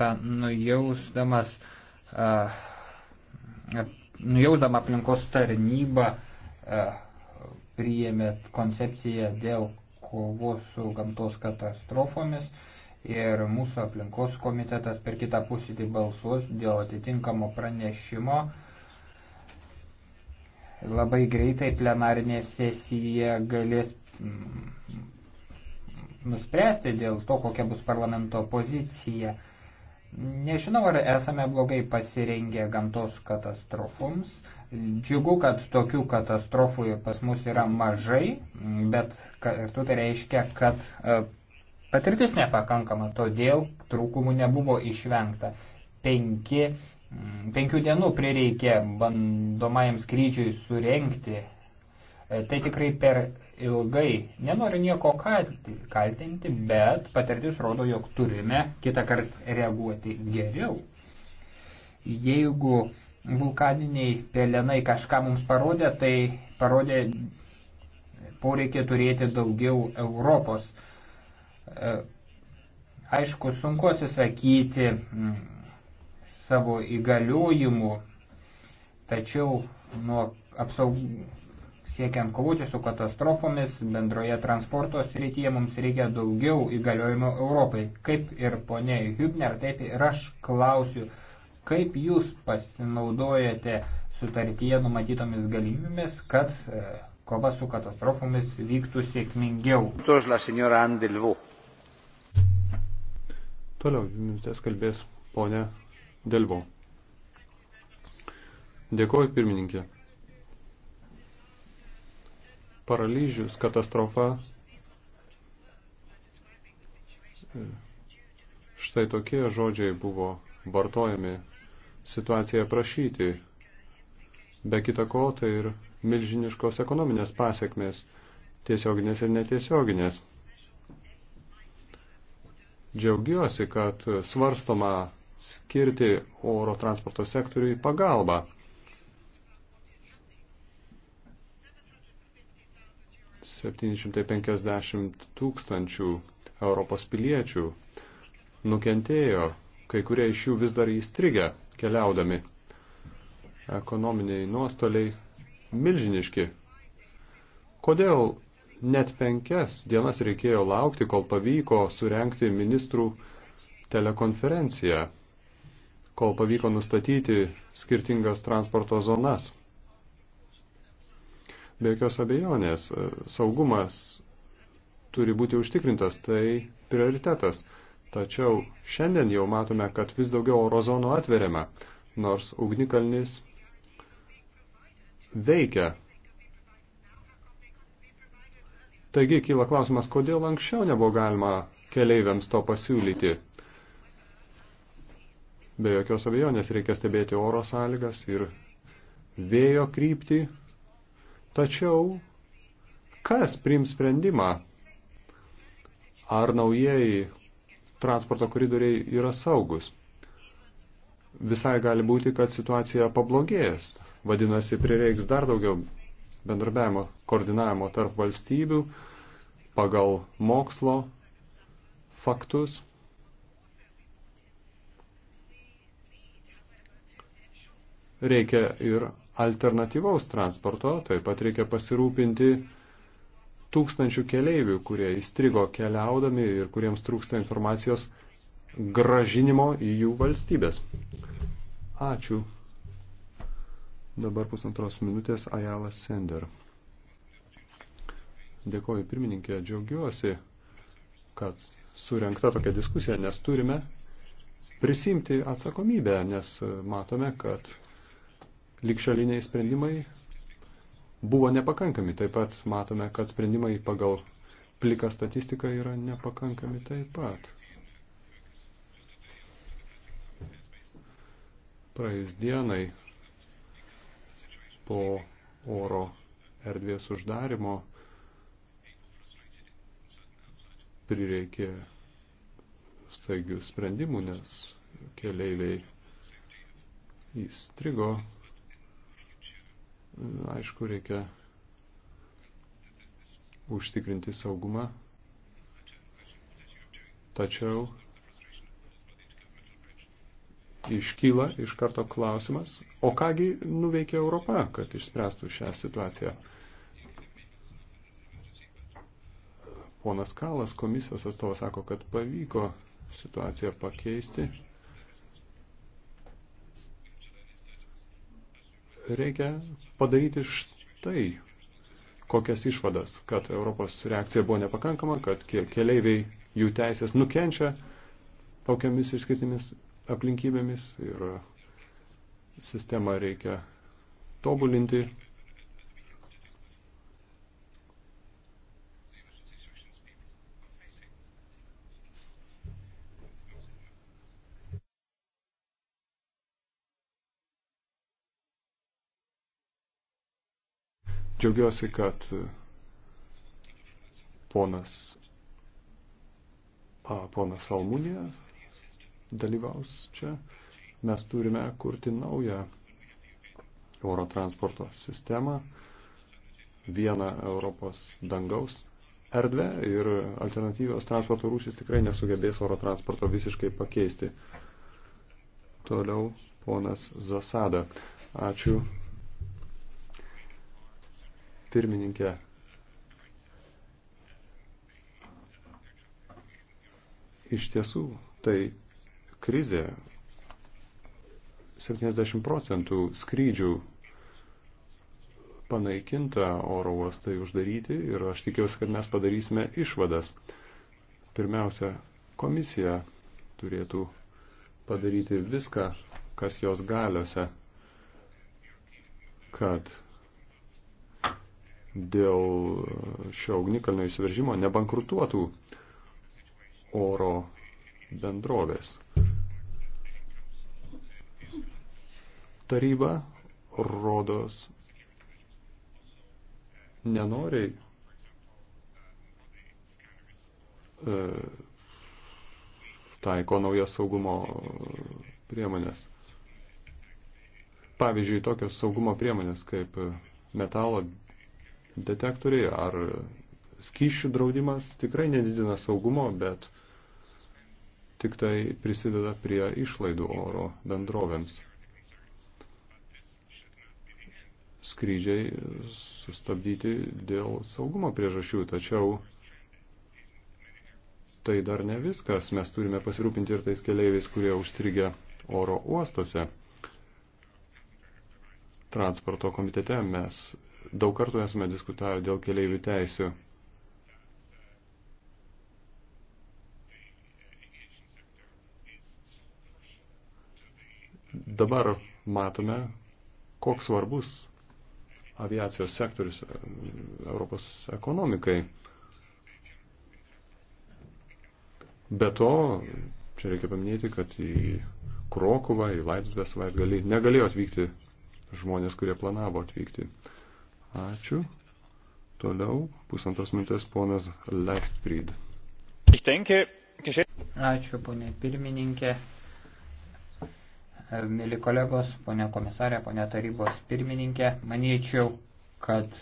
tą nujausdamas, uh, nujausdama aplinkos tarnybą uh, priėmė koncepciją dėl kovos su gamtos katastrofomis ir mūsų aplinkos komitetas per kitą pusėdį balsuos dėl atitinkamo pranešimo. Labai greitai plenarinė sesija galės mm, nuspręsti dėl to, kokia bus parlamento pozicija. Nežinau, ar esame blogai pasirengę gamtos katastrofoms, Džiugu, kad tokių katastrofų pas mus yra mažai, bet kartu tai reiškia, kad e, patirtis nepakankama, todėl trūkumų nebuvo išvengta. Penki, penkių dienų prireikė bandomajam skrydžiui surenkti. E, tai tikrai per ilgai. Nenoriu nieko kaltinti, bet patirtis rodo, jog turime kitą kartą reaguoti geriau. Jeigu vulkaniniai pelenai kažką mums parodė, tai parodė poreikį turėti daugiau Europos. E, aišku, sunku atsisakyti savo įgaliojimų, tačiau nuo apsaug... siekiant kovoti su katastrofomis bendroje transporto srityje mums reikia daugiau įgaliojimų Europai. Kaip ir ponė Hübner, taip ir aš klausiu Kaip jūs pasinaudojate sutartyje numatytomis galimybėmis, kad e, kova su katastrofomis vyktų sėkmingiau?
Toliau minutės kalbės ponė Delvo. Dėkuoju pirmininkė. Paralyžius katastrofa. E, štai tokie žodžiai buvo vartojami situaciją prašyti. Be kita ko, tai ir milžiniškos ekonominės pasiekmes, tiesioginės ir netiesioginės. Džiaugiuosi, kad svarstoma skirti oro transporto sektoriui pagalbą. 750 tūkstančių Europos piliečių nukentėjo, kai kurie iš jų vis dar įstrigę keliaudami. Ekonominiai nuostoliai milžiniški. Kodėl net penkias dienas reikėjo laukti, kol pavyko surenkti ministrų telekonferenciją, kol pavyko nustatyti skirtingas transporto zonas? Be jokios abejonės, saugumas turi būti užtikrintas, tai prioritetas. Tačiau šiandien jau matome, kad vis daugiau orozono atveriame, nors ugnikalnis veikia. Taigi kyla klausimas, kodėl anksčiau nebuvo galima keleiviams to pasiūlyti. Be jokios abejonės reikia stebėti oro sąlygas ir vėjo kryptį. Tačiau kas prims sprendimą? Ar naujieji transporto koridoriai yra saugus. Visai gali būti, kad situacija pablogės. Vadinasi, prireiks dar daugiau bendrabiavimo, koordinavimo tarp valstybių pagal mokslo faktus. Reikia ir alternatyvaus transporto, taip pat reikia pasirūpinti tūkstančių keleivių, kurie įstrigo keliaudami ir kuriems trūksta informacijos gražinimo į jų valstybės. Ačiū. Dabar pusantros minutės Ajala Sender. Dėkoju pirmininkė, džiaugiuosi, kad surenkta tokia diskusija, nes turime prisimti atsakomybę, nes matome, kad likšaliniai sprendimai buvo nepakankami. Taip pat matome, kad sprendimai pagal pliką statistiką yra nepakankami taip pat. Praėjus dienai po oro erdvės uždarimo prireikė staigių sprendimų, nes keleiviai įstrigo Aišku, reikia užtikrinti saugumą, tačiau iškyla iš karto klausimas, o kągi nuveikia Europa, kad išspręstų šią situaciją. Ponas Kalas, komisijos atstovas, sako, kad pavyko situaciją pakeisti. reikia padaryti štai kokias išvadas, kad Europos reakcija buvo nepakankama, kad keleiviai jų teisės nukenčia tokiamis išskirtimis aplinkybėmis ir sistemą reikia tobulinti, Džiaugiuosi, kad e, ponas, a, ponas Almūnė dalyvaus čia. Mes turime kurti naują oro transporto sistemą, vieną Europos dangaus erdvę ir alternatyvios transporto rūšys tikrai nesugebės oro transporto visiškai pakeisti. Toliau ponas Zasada. Ačiū pirmininkė. Iš tiesų, tai krizė 70 procentų skrydžių panaikinta oro uostai uždaryti ir aš tikiuosi, kad mes padarysime išvadas. Pirmiausia, komisija turėtų padaryti viską, kas jos galiuose, kad dėl šio ugnikalnio įsiveržimo nebankrutuotų oro bendrovės. Taryba rodos nenoriai e, taiko naujas saugumo priemonės. Pavyzdžiui, tokios saugumo priemonės kaip metalo detektoriai ar skyšių draudimas tikrai nedidina saugumo, bet tik tai prisideda prie išlaidų oro bendrovėms. Skrydžiai sustabdyti dėl saugumo priežasčių, tačiau tai dar ne viskas. Mes turime pasirūpinti ir tais keleiviais, kurie užstrigia oro uostose. Transporto komitete mes daug kartų esame diskutavę dėl keliaivių teisių. Dabar matome, koks svarbus aviacijos sektorius e, Europos ekonomikai. Be to, čia reikia paminėti, kad į Krokuvą, į Laidvę savaitgalį negalėjo atvykti žmonės, kurie planavo atvykti. Ačiū. Toliau pusantros minutės ponas Leichtfried.
Ačiū, ponė pirmininkė. E, Mili kolegos, ponė komisarė, ponė tarybos pirmininkė, manyčiau, kad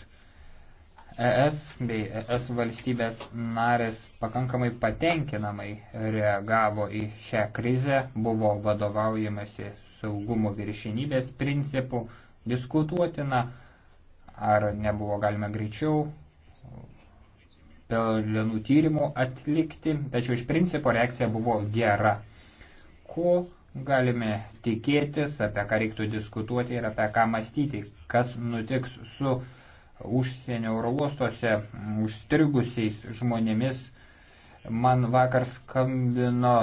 ES bei ES valstybės narės pakankamai patenkinamai reagavo į šią krizę, buvo vadovaujamasi saugumo viršinybės principų, diskutuotina, ar nebuvo galima greičiau pelenų tyrimų atlikti, tačiau iš principo reakcija buvo gera. Ko galime tikėtis, apie ką reiktų diskutuoti ir apie ką mąstyti, kas nutiks su užsienio oro uostuose užstrigusiais žmonėmis. Man vakar skambino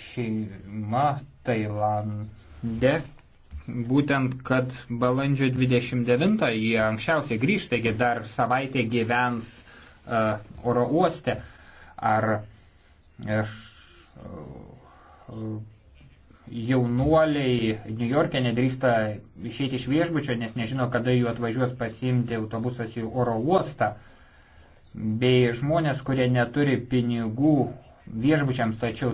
šeima Tailande, būtent, kad balandžio 29 jie anksčiausiai grįžta, taigi dar savaitę gyvens uh, oro uoste. Ar aš, uh, jaunuoliai New York'e nedrįsta išeiti iš viešbučio, nes nežino, kada jų atvažiuos pasiimti autobusas į oro uostą. Bei žmonės, kurie neturi pinigų viešbučiams, tačiau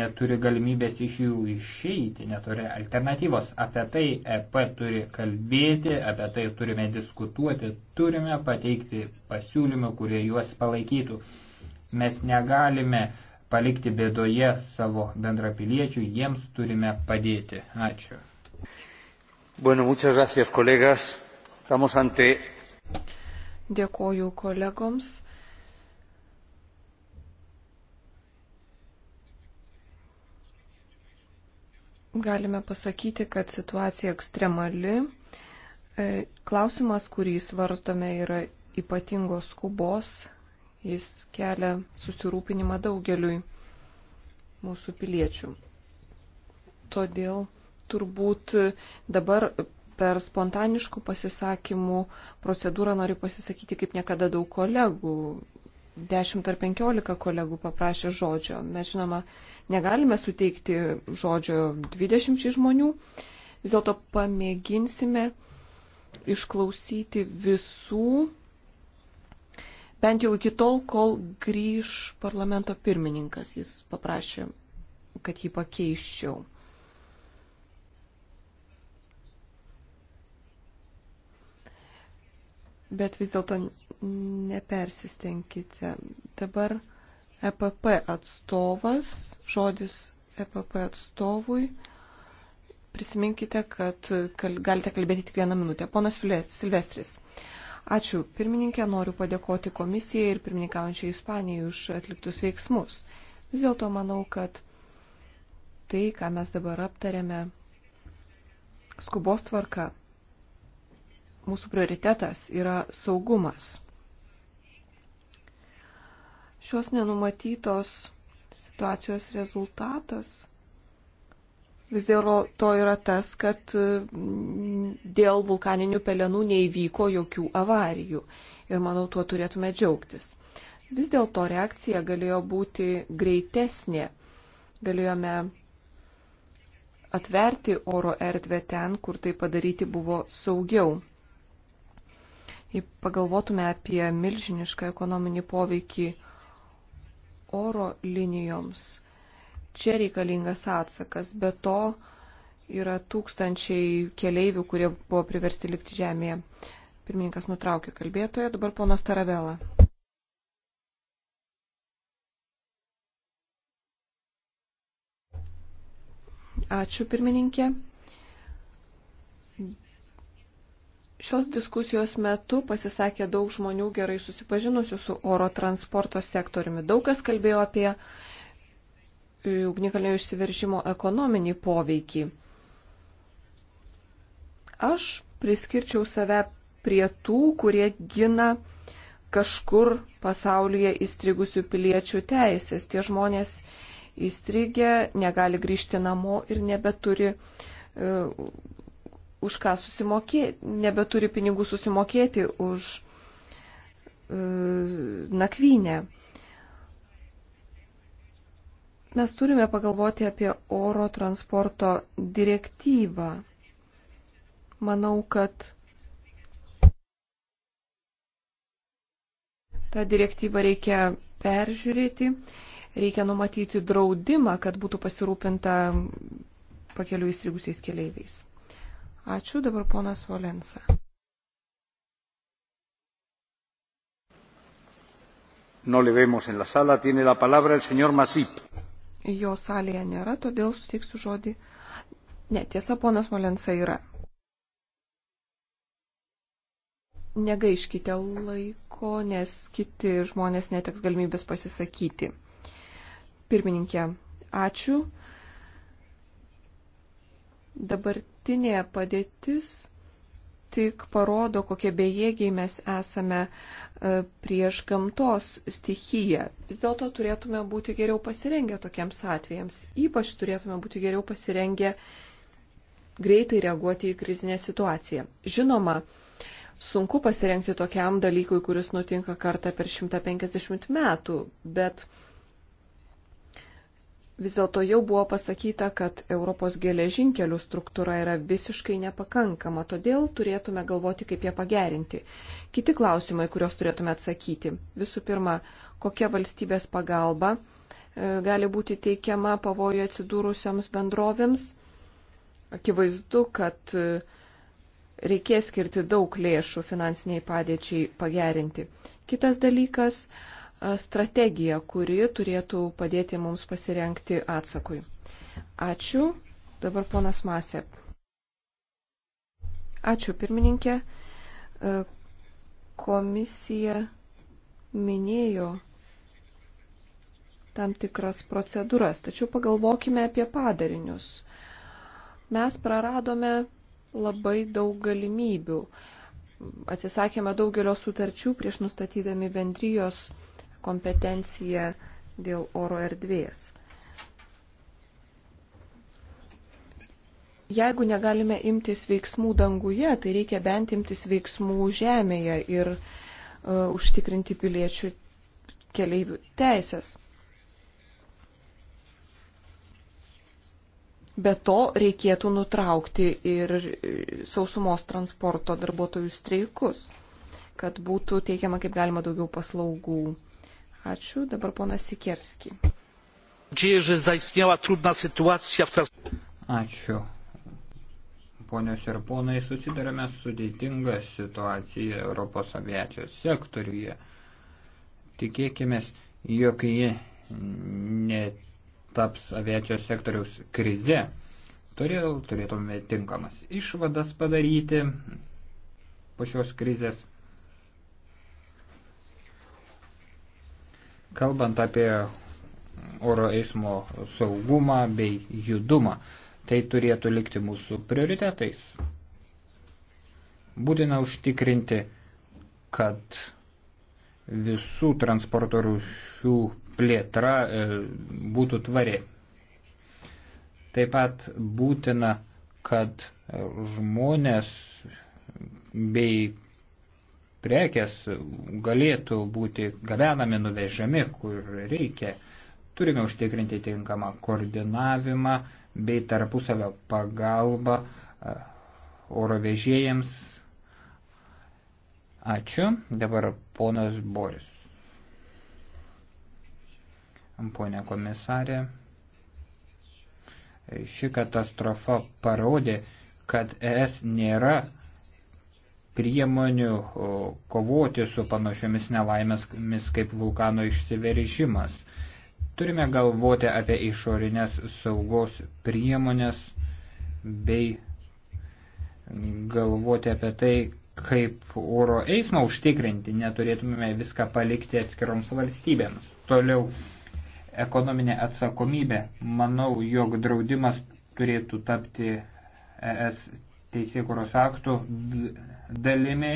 neturi galimybės iš jų išeiti, neturi alternatyvos. Apie tai EP turi kalbėti, apie tai turime diskutuoti, turime pateikti pasiūlymų, kurie juos palaikytų. Mes negalime palikti bėdoje savo bendrapiliečių, jiems turime padėti. Ačiū.
Bueno, muchas gracias, colegas. Estamos ante.
Dėkoju kolegoms. galime pasakyti, kad situacija ekstremali. E, klausimas, kurį svarstome, yra ypatingos skubos. Jis kelia susirūpinimą daugeliui mūsų piliečių. Todėl turbūt dabar per spontaniškų pasisakymų procedūrą noriu pasisakyti kaip niekada daug kolegų. 10 ar 15 kolegų paprašė žodžio. Mes žinoma negalime suteikti žodžio 20 žmonių. Vis dėlto pamėginsime išklausyti visų, bent jau iki tol, kol grįž parlamento pirmininkas. Jis paprašė, kad jį pakeiščiau. Bet vis dėlto nepersistengkite. Dabar EPP atstovas, žodis EPP atstovui. Prisiminkite, kad galite kalbėti tik vieną minutę. Ponas Silvestris. Ačiū. Pirmininkė, noriu padėkoti komisijai ir pirmininkaujančiai Ispanijai už atliktus veiksmus. Vis dėlto manau, kad tai, ką mes dabar aptarėme, skubos tvarka, mūsų prioritetas yra saugumas. Šios nenumatytos situacijos rezultatas vis dėlto yra tas, kad mm, dėl vulkaninių pelenų neįvyko jokių avarijų. Ir manau, tuo turėtume džiaugtis. Vis dėlto reakcija galėjo būti greitesnė. Galėjome atverti oro erdvę ten, kur tai padaryti buvo saugiau. Jei pagalvotume apie milžinišką ekonominį poveikį oro linijoms. Čia reikalingas atsakas, bet to yra tūkstančiai keleivių, kurie buvo priversti likti žemėje. Pirmininkas nutraukė kalbėtoją, dabar ponas Taravela. Ačiū pirmininkė. Šios diskusijos metu pasisakė daug žmonių gerai susipažinusių su oro transporto sektoriumi. Daug kas kalbėjo apie e, ugnikalnio išsiveržimo ekonominį poveikį. Aš priskirčiau save prie tų, kurie gina kažkur pasaulyje įstrigusių piliečių teisės. Tie žmonės įstrigę negali grįžti namo ir nebeturi e, už ką susimokėti, nebeturi pinigų susimokėti už e, nakvynę. Mes turime pagalvoti apie oro transporto direktyvą. Manau, kad tą direktyvą reikia peržiūrėti, reikia numatyti draudimą, kad būtų pasirūpinta pakeliu įstrigusiais keleiviais. Ačiū dabar ponas Valensa.
No le vemos en la sala, tiene la palabra el señor Masip.
Jo salėje nėra, todėl suteiksiu žodį. Ne, tiesa, ponas Valensa yra. Negaiškite laiko, nes kiti žmonės neteks galimybės pasisakyti. Pirmininkė, ačiū. Dabar dabartinė padėtis tik parodo, kokie bejėgiai mes esame e, prieš gamtos stichiją. Vis dėlto turėtume būti geriau pasirengę tokiems atvejams. Ypač turėtume būti geriau pasirengę greitai reaguoti į krizinę situaciją. Žinoma, sunku pasirengti tokiam dalykui, kuris nutinka kartą per 150 metų, bet Vis dėlto jau buvo pasakyta, kad Europos geležinkelių struktūra yra visiškai nepakankama, todėl turėtume galvoti, kaip ją pagerinti. Kiti klausimai, kuriuos turėtume atsakyti. Visų pirma, kokia valstybės pagalba e, gali būti teikiama pavojo atsidūrusioms bendrovėms. Akivaizdu, kad e, reikės skirti daug lėšų finansiniai padėčiai pagerinti. Kitas dalykas strategiją, kuri turėtų padėti mums pasirenkti atsakui. Ačiū. Dabar ponas Masė. Ačiū, pirmininkė. E, komisija minėjo tam tikras procedūras, tačiau pagalvokime apie padarinius. Mes praradome labai daug galimybių. Atsisakėme daugelio sutarčių prieš nustatydami bendrijos kompetenciją dėl oro erdvės. Jeigu negalime imtis veiksmų danguje, tai reikia bent imtis veiksmų žemėje ir uh, užtikrinti piliečių keleivių teisės. Be to reikėtų nutraukti ir sausumos transporto darbuotojų streikus, kad būtų teikiama kaip galima daugiau paslaugų. Ačiū. Dabar ponas Sikerski.
Ačiū.
Ponios ir ponai, susidarėme sudėtingą situaciją Europos aviacijos sektoriuje. Tikėkime, jog ji netaps aviacijos sektoriaus krize. Todėl turėtume tinkamas išvadas padaryti po šios krizės Kalbant apie oro eismo saugumą bei judumą, tai turėtų likti mūsų prioritetais. Būtina užtikrinti, kad visų transporto rūšių plėtra e, būtų tvari. Taip pat būtina, kad žmonės bei prekes galėtų būti gabenami, nuvežami, kur reikia. Turime užtikrinti tinkamą koordinavimą bei tarpusavio pagalbą e, oro vežėjams. Ačiū. Dabar ponas Boris. Pone komisarė, ši katastrofa parodė, kad ES nėra priemonių kovoti su panašiomis nelaimėmis kaip vulkano išsiveržimas. Turime galvoti apie išorinės saugos priemonės bei galvoti apie tai, kaip oro eismą užtikrinti, neturėtumėme viską palikti atskiroms valstybėms. Toliau ekonominė atsakomybė. Manau, jog draudimas turėtų tapti ES teisėkuros aktų dalimi.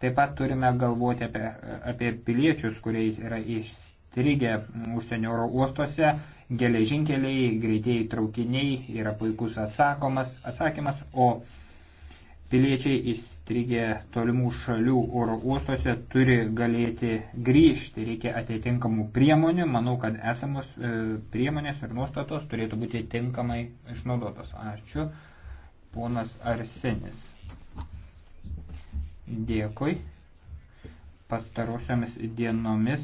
Taip pat turime galvoti apie, apie piliečius, kurie yra įstrigę užsienio oro uostuose. Geležinkeliai, greitieji traukiniai yra puikus atsakomas, atsakymas, o piliečiai įstrigę tolimų šalių oro uostuose turi galėti grįžti. Reikia atitinkamų priemonių. Manau, kad esamos e, priemonės ir nuostatos turėtų būti tinkamai išnaudotos. Ačiū ponas Arsenis. Dėkui. Pastarosiomis dienomis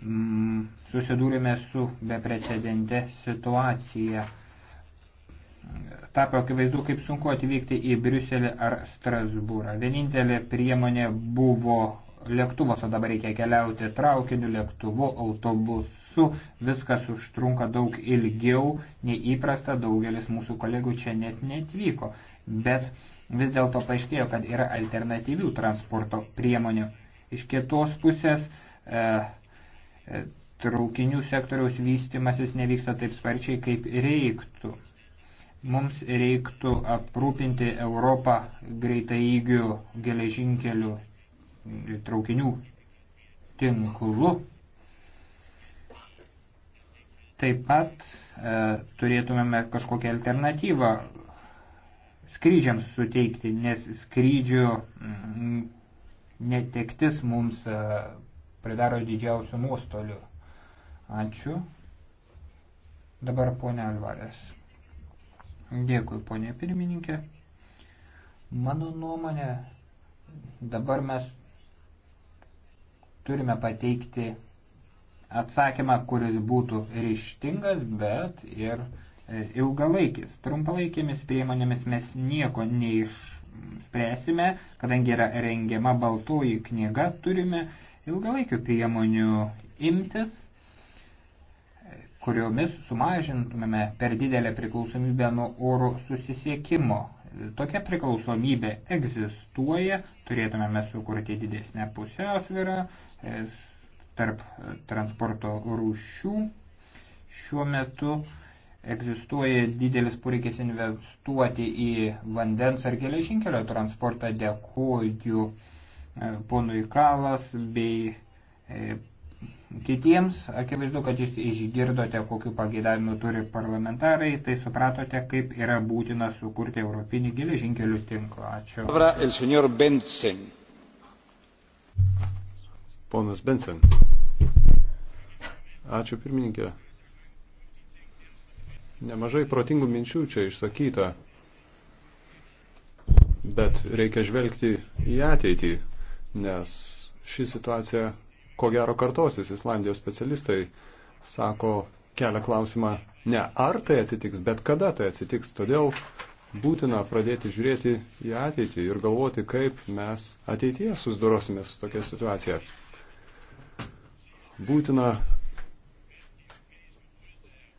mm, susidūrėme su beprecedente situacija. Tapo akivaizdu, kaip sunku atvykti į Briuselį ar Strasbūrą. Vienintelė priemonė buvo lėktuvas, o dabar reikia keliauti traukiniu, lėktuvu, autobusu su, viskas užtrunka daug ilgiau nei įprasta, daugelis mūsų kolegų čia net netvyko. Bet vis dėlto paaiškėjo, kad yra alternatyvių transporto priemonių. Iš kitos pusės e, e, traukinių sektoriaus vystimasis nevyksta taip sparčiai, kaip reiktų. Mums reiktų aprūpinti Europą greitaigių geležinkelių traukinių tinklu Taip pat e, turėtumėme kažkokią alternatyvą skrydžiams suteikti, nes skrydžių mm, netektis mums e, pridaro didžiausių nuostolių. Ačiū. Dabar ponia Alvarės. Dėkui, ponia pirmininkė. Mano nuomonė, dabar mes turime pateikti atsakymą, kuris būtų ryštingas, bet ir e, ilgalaikis. Trumpalaikėmis priemonėmis mes nieko neišspręsime, kadangi yra rengiama baltoji knyga, turime ilgalaikių priemonių imtis, e, kuriomis sumažintumėme per didelę priklausomybę nuo oro susisiekimo. Tokia priklausomybė egzistuoja, turėtumėme sukurti didesnę pusiausvyrą, e, tarp e, transporto rūšių. Šiuo metu egzistuoja didelis poreikis investuoti į vandens ar geležinkelio transportą. Dėkuoju e, ponui Kalas bei e, kitiems. Akivaizdu, kad jūs išgirdote, kokiu pageidavimu turi parlamentarai, tai supratote, kaip yra būtina sukurti Europinį geležinkelių tinklą.
Ačiū.
Ponas Bensen.
Ačiū pirmininkė. Nemažai protingų minčių čia išsakyta, bet reikia žvelgti į ateitį, nes ši situacija ko gero kartosis. Islandijos specialistai sako, kelia klausimą ne ar tai atsitiks, bet kada tai atsitiks. Todėl būtina pradėti žiūrėti į ateitį ir galvoti, kaip mes ateityje susidorosime su tokia situacija. Būtina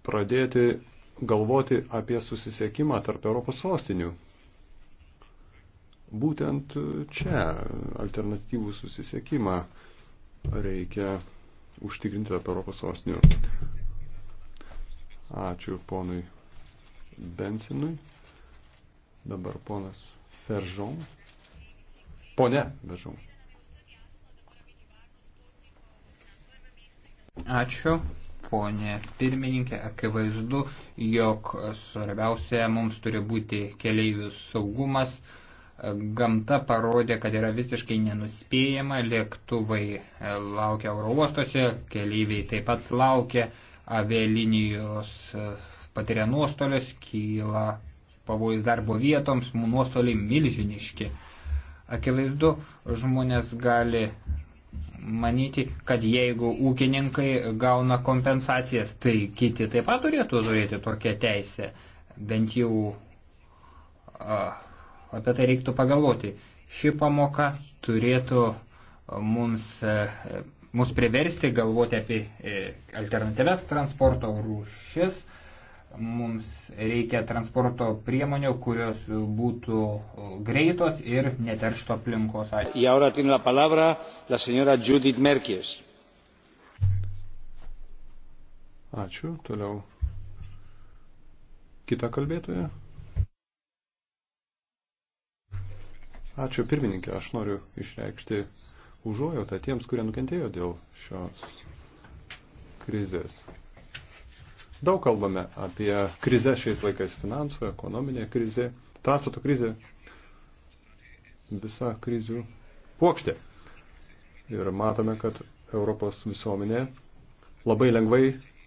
pradėti galvoti apie susisiekimą tarp Europos sostinių. Būtent čia alternatyvų susisiekimą reikia užtikrinti tarp Europos sostinių. Ačiū ponui Bensinui. Dabar ponas Feržon. Pone Feržon.
Ačiū ponė pirmininkė. Akivaizdu, jog svarbiausia mums turi būti keleivių saugumas. Gamta parodė, kad yra visiškai nenuspėjama, lėktuvai laukia oro uostose, keleiviai taip pat laukia, avialinijos patiria nuostolius, kyla pavojus darbo vietoms, nuostoliai milžiniški. Akivaizdu, žmonės gali manyti, kad jeigu ūkininkai gauna kompensacijas, tai kiti taip pat turėtų turėti tokią teisę. Bent jau a, apie tai reiktų pagalvoti. Ši pamoka turėtų mums, a, mums priversti galvoti apie e, alternatyves transporto rūšis. Mums reikia transporto priemonių, kurios būtų e, greitos ir neteršto aplinkos. Ačiū.
Ačiū. Toliau. Kita kalbėtoja. Ačiū pirmininkė, aš noriu išreikšti užuojautą tiems, kurie nukentėjo dėl šios krizės. Daug kalbame apie krizę šiais laikais - finansų, ekonominė krizė, transporto krizė, visa krizių puokštė. Ir matome, kad Europos visuomenė labai lengvai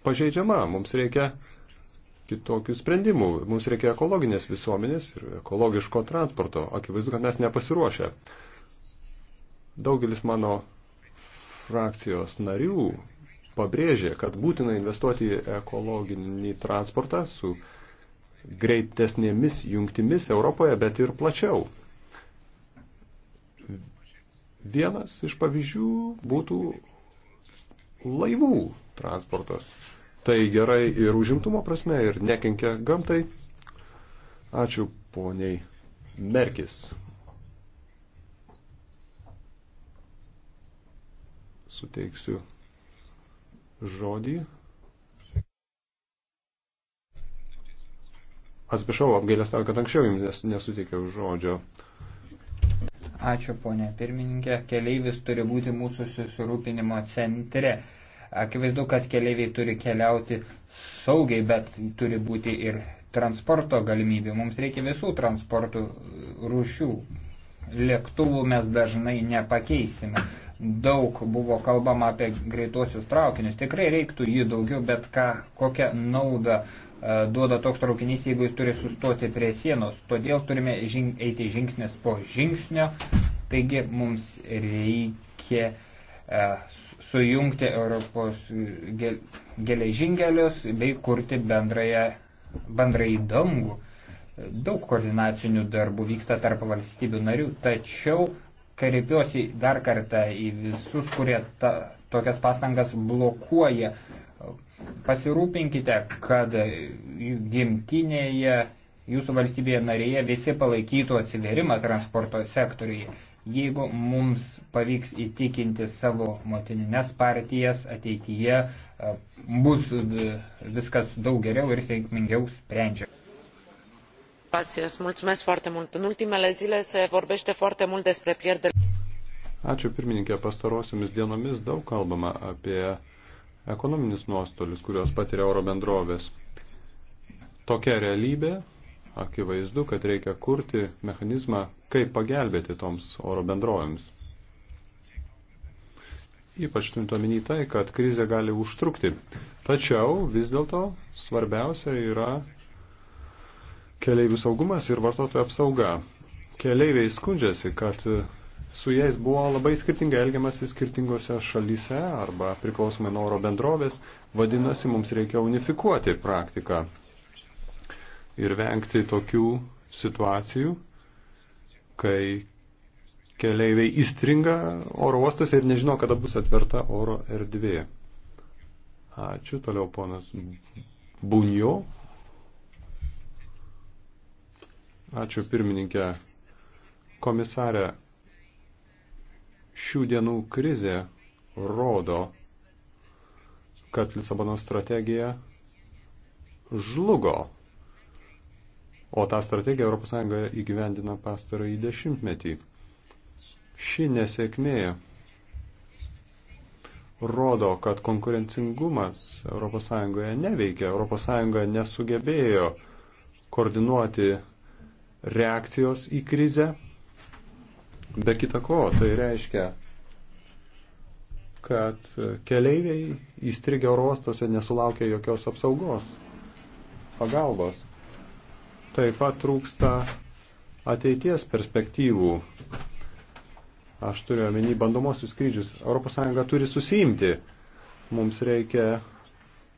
pažeidžiama. Mums reikia kitokių sprendimų. Mums reikia ekologinės visuomenės ir ekologiško transporto. Akivaizdu, kad mes nepasiruošę. Daugelis mano frakcijos narių pabrėžė, kad būtina investuoti į ekologinį transportą su greitesnėmis jungtimis Europoje, bet ir plačiau. Vienas iš pavyzdžių būtų laivų transportas. Tai gerai ir užimtumo prasme, ir nekenkia gamtai. Ačiū poniai Merkis. Suteiksiu žodį. Atsiprašau, apgailestau, kad anksčiau jums nesuteikiau žodžio.
Ačiū, ponė pirmininkė. Keleivis turi būti mūsų susirūpinimo centre. Akivaizdu, kad keleiviai turi keliauti saugiai, bet turi būti ir transporto galimybių. Mums reikia visų transportų rūšių. Lėktuvų mes dažnai nepakeisime daug buvo kalbama apie greituosius traukinius. Tikrai reiktų jį daugiau, bet ką, kokią naudą e, duoda toks traukinys, jeigu jis turi sustoti prie sienos. Todėl turime žing, eiti žingsnis po žingsnio. Taigi mums reikia e, sujungti Europos ge, geležinkelius bei kurti bendrąją, bendrąjį dangų. Daug koordinacinių darbų vyksta tarp valstybių narių, tačiau kreipiuosi dar kartą į visus, kurie ta, tokias pastangas blokuoja. Pasirūpinkite, kad gimtinėje, jūsų valstybėje narėje visi palaikytų atsiverimą transporto sektoriuje. Jeigu mums pavyks įtikinti savo motininės partijas, ateityje e, bus e, viskas daug geriau ir sėkmingiau sprendžia
în ultimele zile se vorbete foarte mult despre pierderile.
Ačiū pirmininkė, pastarosiomis dienomis daug kalbama apie ekonominius nuostolius, kuriuos patiria oro bendrovės. Tokia realybė, akivaizdu, kad reikia kurti mechanizmą, kaip pagelbėti toms oro bendrovėms. Ypač turintuomenį tai, kad krizė gali užtrukti. Tačiau vis dėlto svarbiausia yra Keleivių saugumas ir vartotojų apsauga. Keleiviai skundžiasi, kad su jais buvo labai skirtingai elgiamasi skirtingose šalyse arba priklausomai nuo oro bendrovės, vadinasi, mums reikia unifikuoti praktiką ir vengti tokių situacijų, kai keleiviai įstringa oro uostose ir nežino, kada bus atverta oro erdvė. Ačiū, toliau ponas Bunjo, Ačiū pirmininkė. Komisarė, šių dienų krizė rodo, kad Lisabono strategija žlugo, o tą strategiją ES įgyvendina pastarąjį dešimtmetį. Ši nesėkmė rodo, kad konkurencingumas ES neveikia, ES nesugebėjo koordinuoti reakcijos į krizę. Be kita ko, tai reiškia, kad keleiviai įstrigę orostose nesulaukia jokios apsaugos, pagalbos. Taip pat trūksta ateities perspektyvų. Aš turiu omeny bandomosius skrydžius. ES turi susiimti. Mums reikia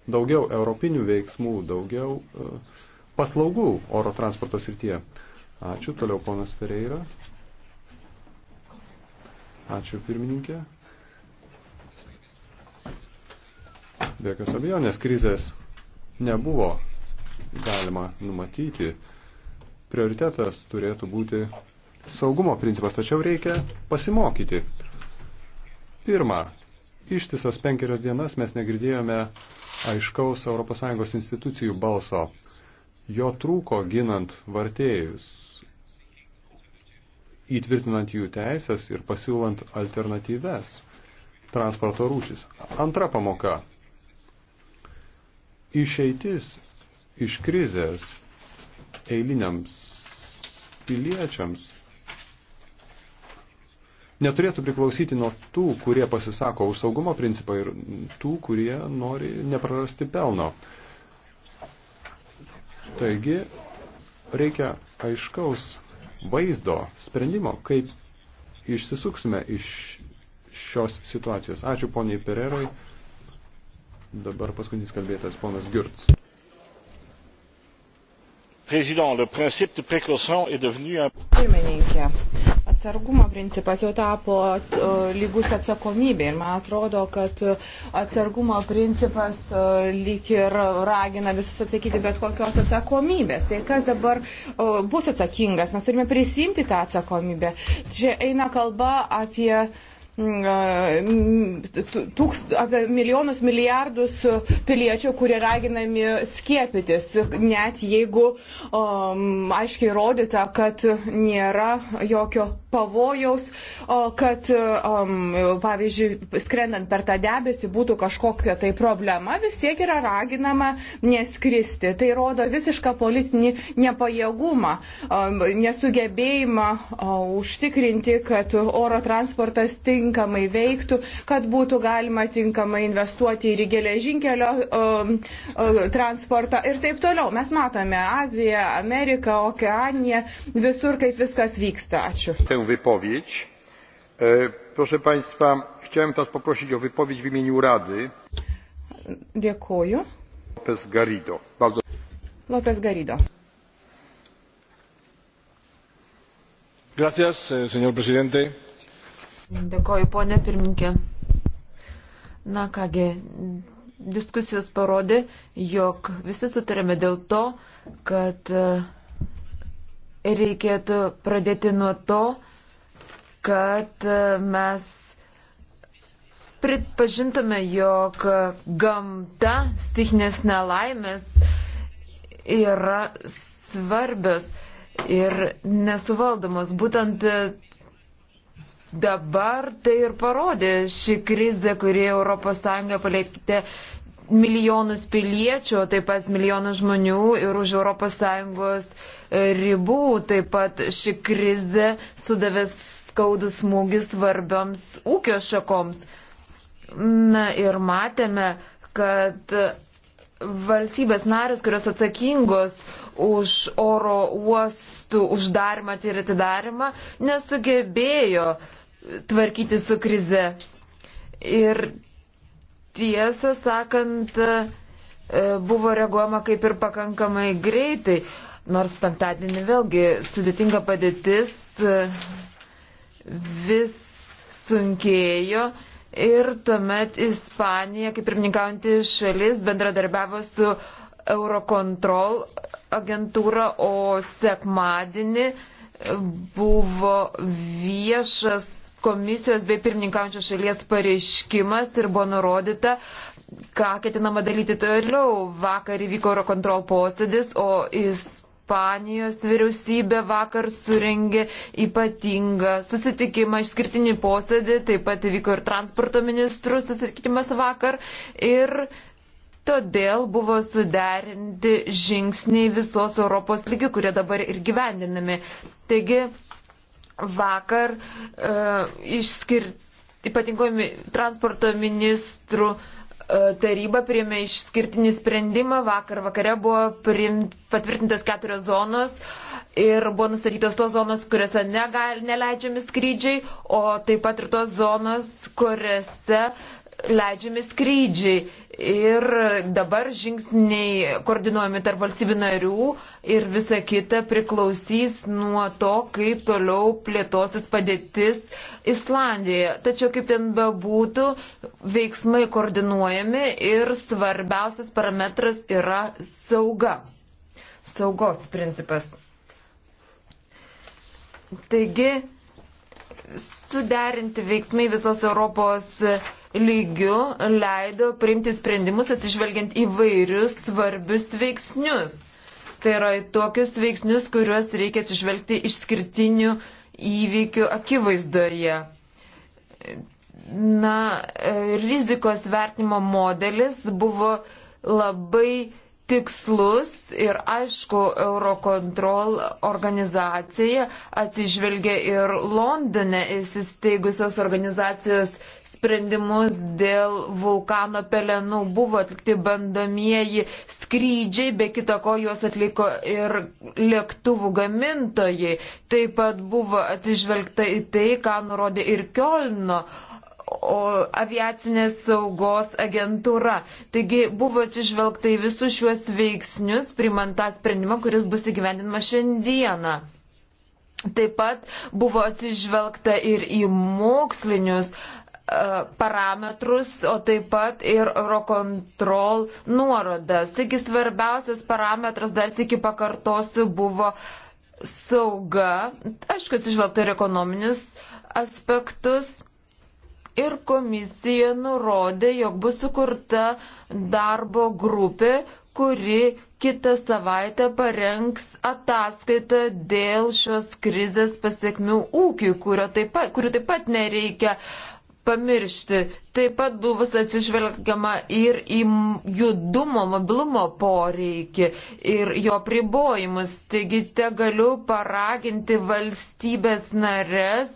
daugiau europinių veiksmų, daugiau e, paslaugų oro transporto srityje. Ačiū. Toliau ponas Pereira. Ačiū pirmininkė. Be jokios abejonės krizės nebuvo galima numatyti. Prioritetas turėtų būti saugumo principas, tačiau reikia pasimokyti. Pirma, ištisas penkerias dienas mes negirdėjome aiškaus ES institucijų balso jo trūko ginant vartėjus, įtvirtinant jų teisės ir pasiūlant alternatyves transporto rūšis. Antra pamoka. Išeitis iš krizės eiliniams piliečiams neturėtų priklausyti nuo tų, kurie pasisako už saugumo principą ir tų, kurie nori neprarasti pelno. Taigi reikia aiškaus vaizdo sprendimo, kaip išsisuksime iš šios situacijos. Ačiū poniai Pereroj. Dabar paskutinis
kalbėtas ponas Gürts. Président, le principe
de précaution est devenu un...
Pirmininkė, Atsargumo principas jau tapo e, lygus atsakomybė ir man atrodo, kad atsargumo principas e, lyg ir ragina visus atsakyti bet kokios atsakomybės. Tai kas dabar e, bus atsakingas? Mes turime prisimti tą atsakomybę. Čia eina kalba apie tūks, apie milijonus milijardus piliečių, kurie raginami skiepytis, net jeigu um, aiškiai rodyta, kad nėra jokio pavojaus, kad, e, pavyzdžiui, skrendant per tą debesį būtų kažkokia tai problema, vis tiek yra raginama neskristi. Tai rodo visišką politinį nepajėgumą, nesugebėjimą užtikrinti, kad oro transportas tinkamai veiktų, kad būtų galima tinkamai investuoti ir į geležinkelio transportą ir taip toliau. Mes matome Aziją, Ameriką, Okeaniją, visur kaip viskas vyksta.
Ačiū tę wypowiedź. E, proszę Państwa, chciałem teraz poprosić o wypowiedź w imieniu Rady.
Dziękuję.
López Garrido. Bardzo...
López Garrido.
Gracias, eh, señor presidente.
Dėkoju, ponė pirminkė. Na kągi, diskusijos parodė, jog visi sutarėme dėl to, kad uh, reikėtų pradėti nuo to, kad e, mes pripažintume, jog gamta, stichinės nelaimės yra svarbios ir nesuvaldomos. Būtent e, dabar tai ir parodė ši krizė, kuri ES palėkite milijonus piliečių, taip pat milijonus žmonių ir už ES ribų. Taip pat ši krizė sudavė skaudus smūgis svarbioms ūkio šakoms. Na ir matėme, kad valstybės narės, kurios atsakingos už oro uostų uždarimą ir atidarimą, nesugebėjo tvarkyti su krize. Ir tiesą sakant, e, buvo reaguojama kaip ir pakankamai greitai. Nors penktadienį vėlgi sudėtinga padėtis vis sunkėjo ir tuomet Ispanija, kaip pirmininkaujanti šalis, bendradarbiavo su Eurocontrol agentūra, o sekmadienį buvo viešas komisijos bei pirmininkaujančios šalies pareiškimas ir buvo nurodyta, ką ketinama daryti toliau. Vakar įvyko Eurocontrol posėdis, o jis Ispanijos vyriausybė vakar suringė ypatingą susitikimą, išskirtinį posėdį, taip pat įvyko ir transporto ministrų susitikimas vakar ir todėl buvo suderinti žingsniai visos Europos lygių, kurie dabar ir gyvendinami. Taigi vakar uh, e, išskirti ypatingojami transporto ministrų uh, E, taryba priėmė išskirtinį sprendimą. Vakar vakare buvo priimt, patvirtintos keturios zonos ir buvo nustatytos tos zonos, kuriuose negal, neleidžiami skrydžiai, o taip pat ir tos zonos, kuriuose leidžiami skrydžiai. Ir dabar žingsniai koordinuojami tarp valstybių narių ir visa kita priklausys nuo to, kaip toliau plėtosis padėtis uh, Islandijoje. Tačiau kaip ten bebūtų, veiksmai koordinuojami ir svarbiausias parametras yra sauga. Saugos principas. Taigi, suderinti veiksmai visos Europos lygių leido priimti sprendimus atsižvelgiant įvairius svarbius veiksnius. Tai yra tokius veiksnius, kuriuos reikia atsižvelgti išskirtinių iš įvykių akivaizdoje. Na, e, rizikos vertimo modelis buvo labai tikslus ir aišku, Eurocontrol organizacija atsižvelgia ir Londone įsisteigusios organizacijos sprendimus dėl vulkano pelenų. Buvo atlikti bandomieji skrydžiai, be kita ko juos atliko ir lėktuvų gamintojai. Taip pat buvo atsižvelgta į tai, ką nurodė ir Kielno o aviacinės saugos agentūra. Taigi buvo atsižvelgta į visus šiuos veiksnius, primant tą sprendimą, kuris bus įgyvendinamas šiandieną. Taip pat buvo atsižvelgta ir į mokslinius uh, parametrus, o taip pat ir Eurocontrol nuorodas. Taigi svarbiausias parametras, dar sėki pakartosiu, buvo sauga, aišku, atsižvelgta ir ekonominius aspektus. Ir komisija nurodė, jog bus sukurta darbo grupė, kuri kitą savaitę parengs ataskaitą dėl šios krizės pasiekmių ūkiui, taip pat, kurių taip pat nereikia uh, pamiršti. Taip pat bus atsižvelgiama ir į judumo, mobilumo poreikį ir jo pribojimus. Taigi te galiu paraginti valstybės narės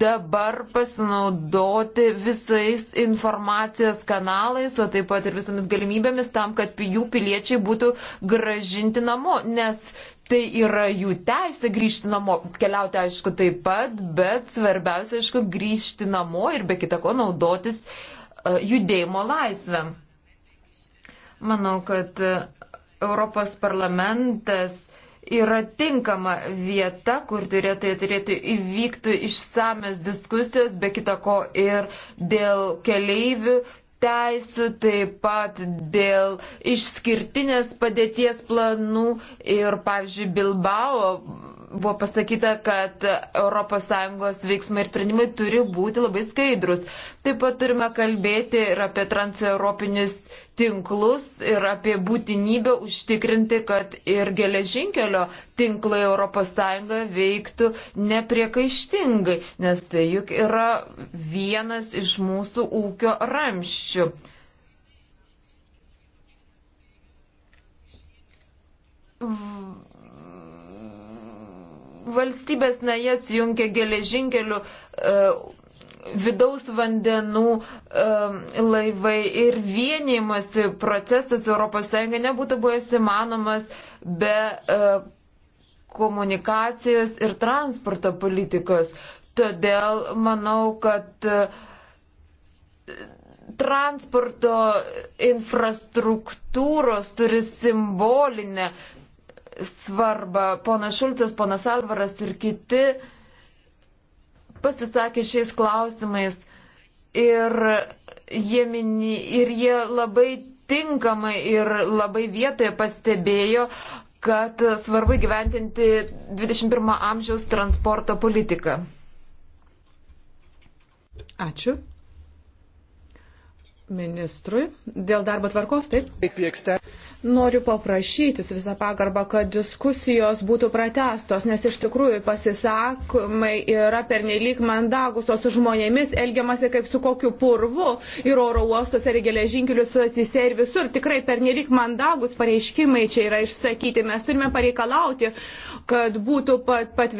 dabar pasinaudoti visais informacijos kanalais, o taip pat ir visomis galimybėmis tam, kad jų piliečiai būtų gražinti namo, nes Tai yra jų teisė grįžti namo, keliauti aišku taip pat, bet svarbiausia aišku grįžti namo ir be kita ko naudotis uh, judėjimo laisvę. Manau, kad e, Europos parlamentas yra tinkama vieta, kur turėtų, turėtų įvykti išsamios diskusijos, be kita ko ir dėl keleivių teisų, taip pat dėl išskirtinės padėties planų ir, pavyzdžiui, Bilbao buvo pasakyta, kad ES veiksmai ir sprendimai turi būti labai skaidrus. Taip pat turime kalbėti ir apie transeuropinius tinklus ir apie būtinybę užtikrinti, kad ir geležinkelio tinklai ES veiktų nepriekaištingai, nes tai juk yra vienas iš mūsų ūkio ramščių. V valstybės najas jungia geležinkelių e, vidaus vandenų e, laivai ir vienimasi procesas ES nebūtų buvęs įmanomas be e, komunikacijos ir transporto politikos. Todėl manau, kad transporto infrastruktūros turi simbolinę svarbą. Pona Šulcas, ponas Alvaras ir kiti pasisakė šiais klausimais ir jie, mini, ir jie labai tinkamai ir labai vietoje pastebėjo, kad svarbu gyventinti 21 amžiaus transporto politiką.
Ačiū. Ministrui. Dėl darbo tvarkos, taip? Taip, Noriu paprašyti su visą pagarbą, kad diskusijos būtų pratestos, nes iš tikrųjų pasisakomai yra pernelyg mandagus, o su žmonėmis elgiamasi kaip su kokiu purvu ir oro uostose, ir geležinkelių sutartyse, ir visur. Tikrai pernelyg mandagus pareiškimai čia yra išsakyti. Mes turime pareikalauti, kad būtų pat, pat,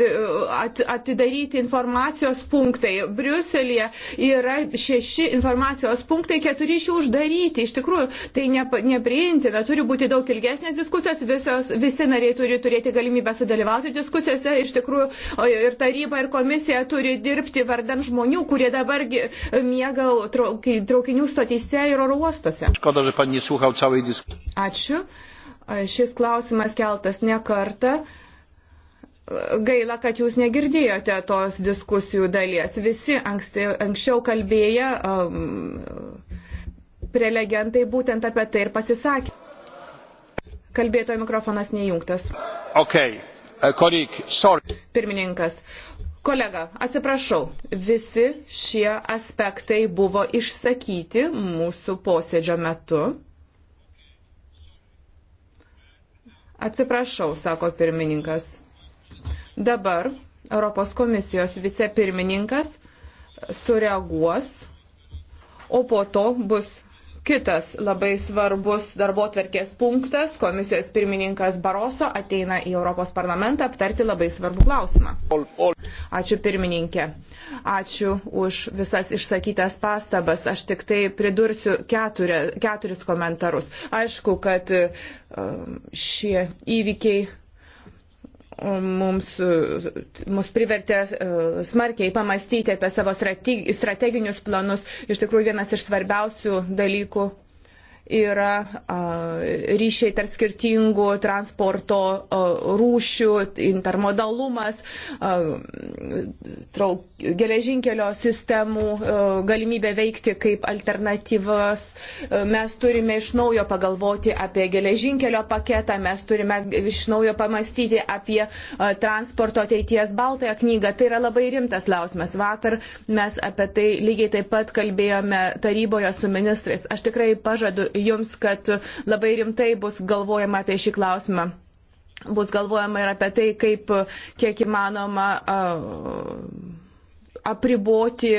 at, atidaryti informacijos punktai. Briuselėje yra šeši informacijos punktai, keturi iš jų uždaryti. Iš tikrųjų, tai ne, nepriimtina. Turi būti daug ilgesnės diskusijos, visos, visi nariai turi turėti galimybę sudalyvauti diskusijose, iš tikrųjų ir taryba, ir komisija turi dirbti vardan žmonių, kurie dabar miega traukinių stotyse ir oro uostose.
Škoda, že pan nesūchau całej diskusijos.
Ačiū. Šis klausimas keltas ne kartą. Gaila, kad jūs negirdėjote tos diskusijų dalies. Visi anksti, anksčiau kalbėję um, prelegentai būtent apie tai ir pasisakė. Kalbėtojo mikrofonas neįjungtas.
Okay. Uh,
Pirmininkas. Kolega, atsiprašau, visi šie aspektai buvo išsakyti mūsų posėdžio metu. Atsiprašau, sako pirmininkas. Dabar Europos komisijos vicepirmininkas sureaguos, o po to bus Kitas labai svarbus darbo tvarkės punktas - komisijos pirmininkas Baroso ateina į Europos parlamentą aptarti labai svarbų klausimą. Ačiū pirmininkė. Ačiū už visas išsakytas pastabas. Aš tik tai pridursiu keturi, keturis komentarus. Aišku, kad um, šie įvykiai mums, mus privertė e, smarkiai pamastyti apie savo strateginius planus. Iš tikrųjų, vienas iš svarbiausių dalykų yra ryšiai tarp skirtingų transporto rūšių, intermodalumas, geležinkelio sistemų galimybė veikti kaip alternatyvas. Mes turime iš naujo pagalvoti apie geležinkelio paketą, mes turime iš naujo pamastyti apie transporto ateities baltąją knygą. Tai yra labai rimtas klausimas. Vakar mes apie tai lygiai taip pat kalbėjome taryboje su ministrais. Aš tikrai pažadu jums, kad labai rimtai bus galvojama apie šį klausimą bus galvojama ir apie tai, kaip kiek įmanoma apriboti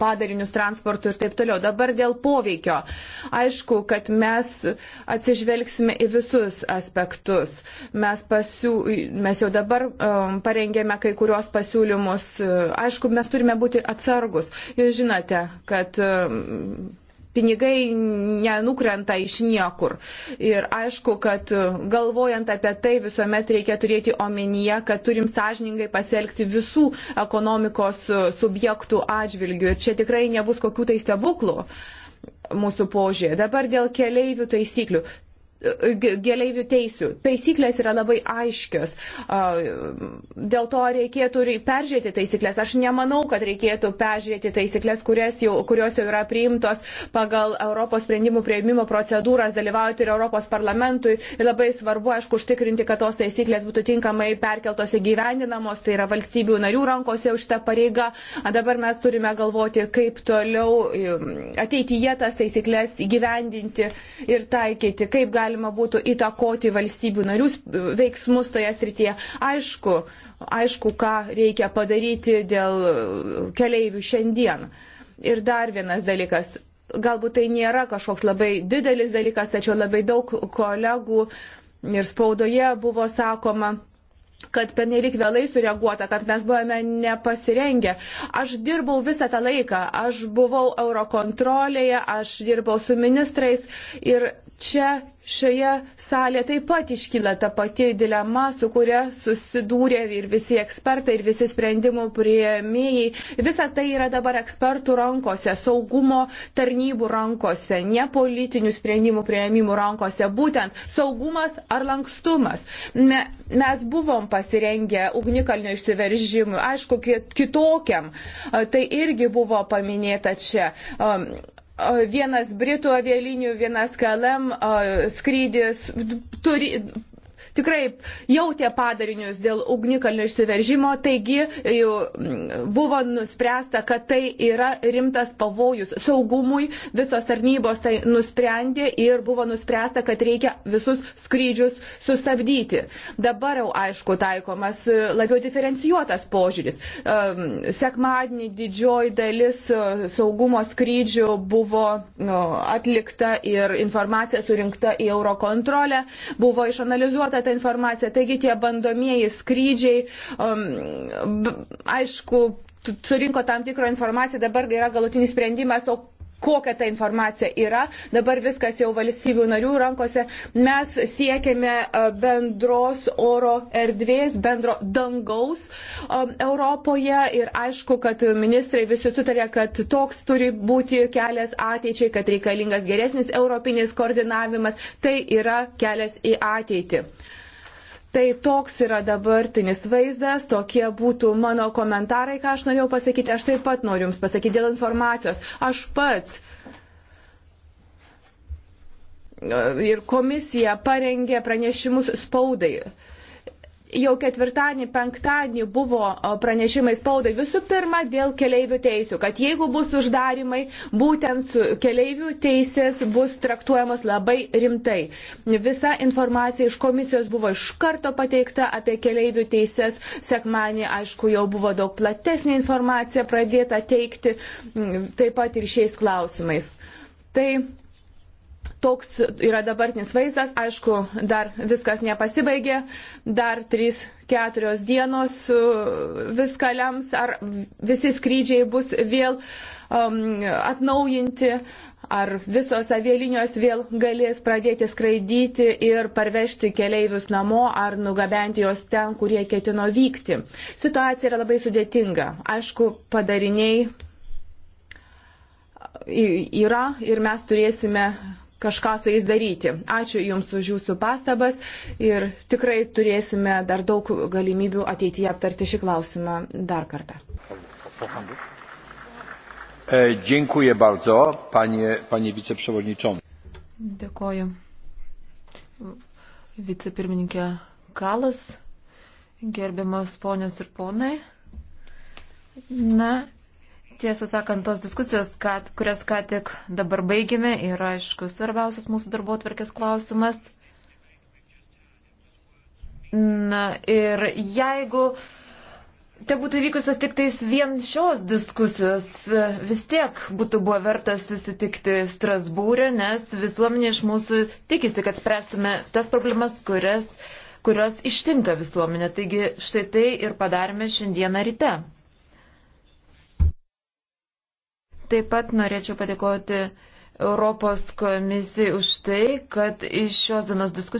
padarinius transportų ir taip toliau. Dabar dėl poveikio. Aišku, kad mes atsižvelgsime į visus aspektus. Mes, pasiū, mes jau dabar parengėme kai kurios pasiūlymus. Aišku, mes turime būti atsargus. Jūs žinote, kad pinigai nenukrenta iš niekur. Ir aišku, kad galvojant apie tai visuomet reikia turėti omenyje, kad turim sąžiningai pasielgti visų ekonomikos subjektų atžvilgių. Ir čia tikrai nebus kokių tai stebuklų mūsų požiūrė. Dabar dėl keleivių taisyklių gėleivių teisių. Taisyklės yra labai aiškios. Dėl to reikėtų peržiūrėti taisyklės. Aš nemanau, kad reikėtų peržiūrėti taisyklės, jau, kurios jau yra priimtos pagal Europos sprendimų prieimimo procedūras, dalyvauti ir Europos parlamentui. Ir labai svarbu, aišku, užtikrinti, kad tos taisyklės būtų tinkamai perkeltos į gyvendinamos. Tai yra valstybių narių rankose už tą pareigą. A dabar mes turime galvoti, kaip toliau ateityje tas taisyklės įgyvendinti ir taikyti. Kaip galime galima būtų įtakoti valstybių narių veiksmus toje srityje. Aišku, aišku, ką reikia padaryti dėl keleivių šiandien. Ir dar vienas dalykas. Galbūt tai nėra kažkoks labai didelis dalykas, tačiau labai daug kolegų ir spaudoje buvo sakoma, kad pernelik vėlai sureaguota, kad mes buvome nepasirengę. Aš dirbau visą tą laiką, aš buvau eurokontrolėje, aš dirbau su ministrais ir čia šioje salėje taip pat iškyla ta pati dilema, su kuria susidūrė ir visi ekspertai, ir visi sprendimų prieimėjai. Visa tai yra dabar ekspertų rankose, saugumo tarnybų rankose, ne politinių sprendimų prieimimų rankose, būtent saugumas ar lankstumas. Me, mes buvom pasirengę ugnikalnio išsiveržimui, aišku, kitokiam, tai irgi buvo paminėta čia. Um, vienas Britų avialinių, vienas KLM skrydis turi, tikrai jautė padarinius dėl ugnikalnio išsiveržimo, taigi mm, buvo nuspręsta, kad tai yra rimtas pavojus saugumui, visos tarnybos tai nusprendė ir buvo nuspręsta, kad reikia visus skrydžius sustabdyti. Dabar jau aišku taikomas labiau diferencijuotas požiūris. Ehm, sekmadienį didžioji dalis e, saugumo skrydžių buvo nu, atlikta ir informacija surinkta į Eurokontrolę, buvo išanalizuota tą informaciją. Taigi tie bandomieji skrydžiai, um, aišku, surinko tam tikrą informaciją, dabar yra galutinis sprendimas, o kokia ta informacija yra. Dabar viskas jau valstybių narių rankose. Mes siekiame e, bendros oro erdvės, bendro dangaus e, Europoje ir aišku, kad ministrai visi sutarė, kad toks turi būti kelias ateičiai, kad reikalingas geresnis europinis koordinavimas. Tai yra kelias į ateitį. Tai toks yra dabartinis vaizdas, tokie būtų mano komentarai, ką aš norėjau pasakyti. Aš taip pat noriu Jums pasakyti dėl informacijos. Aš pats e, ir komisija parengė pranešimus spaudai jau ketvirtadienį, penktadienį buvo pranešimai spaudai visų pirma dėl keleivių teisų, kad jeigu bus uždarimai, būtent keleivių teisės bus traktuojamos labai rimtai. Visa informacija iš komisijos buvo iš karto pateikta apie keleivių teisės. Sekmanį, aišku, jau buvo daug platesnė informacija pradėta teikti taip pat ir šiais klausimais. Tai Toks yra dabartinis vaizdas, aišku, dar viskas nepasibaigė, dar 3-4 dienos uh, viską lems, ar visi skrydžiai bus vėl um, atnaujinti, ar visos avialinijos vėl galės pradėti skraidyti ir parvežti keleivius namo, ar nugabenti juos ten, kurie ketino vykti. Situacija yra labai sudėtinga. Aišku, padariniai uh, yra ir mes turėsime kažką su jais daryti. Ačiū Jums už Jūsų pastabas ir tikrai turėsime dar daug galimybių ateityje aptarti šį klausimą dar kartą.
E, dziękuję bardzo, panie, panie wiceprzewodniczący.
Dėkoju.
Vicepirmininkė Kalas, gerbiamas ponios ir ponai. Na, Tiesą sakant, tos diskusijos, kad, kurias ką tik dabar baigėme, yra aišku svarbiausias mūsų darbo atvarkės klausimas. Na ir jeigu te būtų vykusios tik tais vien šios diskusijos, vis tiek būtų buvo vertas susitikti Strasbūrė, nes visuomenė iš mūsų tikisi, kad spręstume tas problemas, kurias, kurios ištinka visuomenė. Taigi štai tai ir padarėme šiandieną ryte. Taip pat norėčiau padėkoti Europos komisijai už tai, kad iš šios dienos diskusijos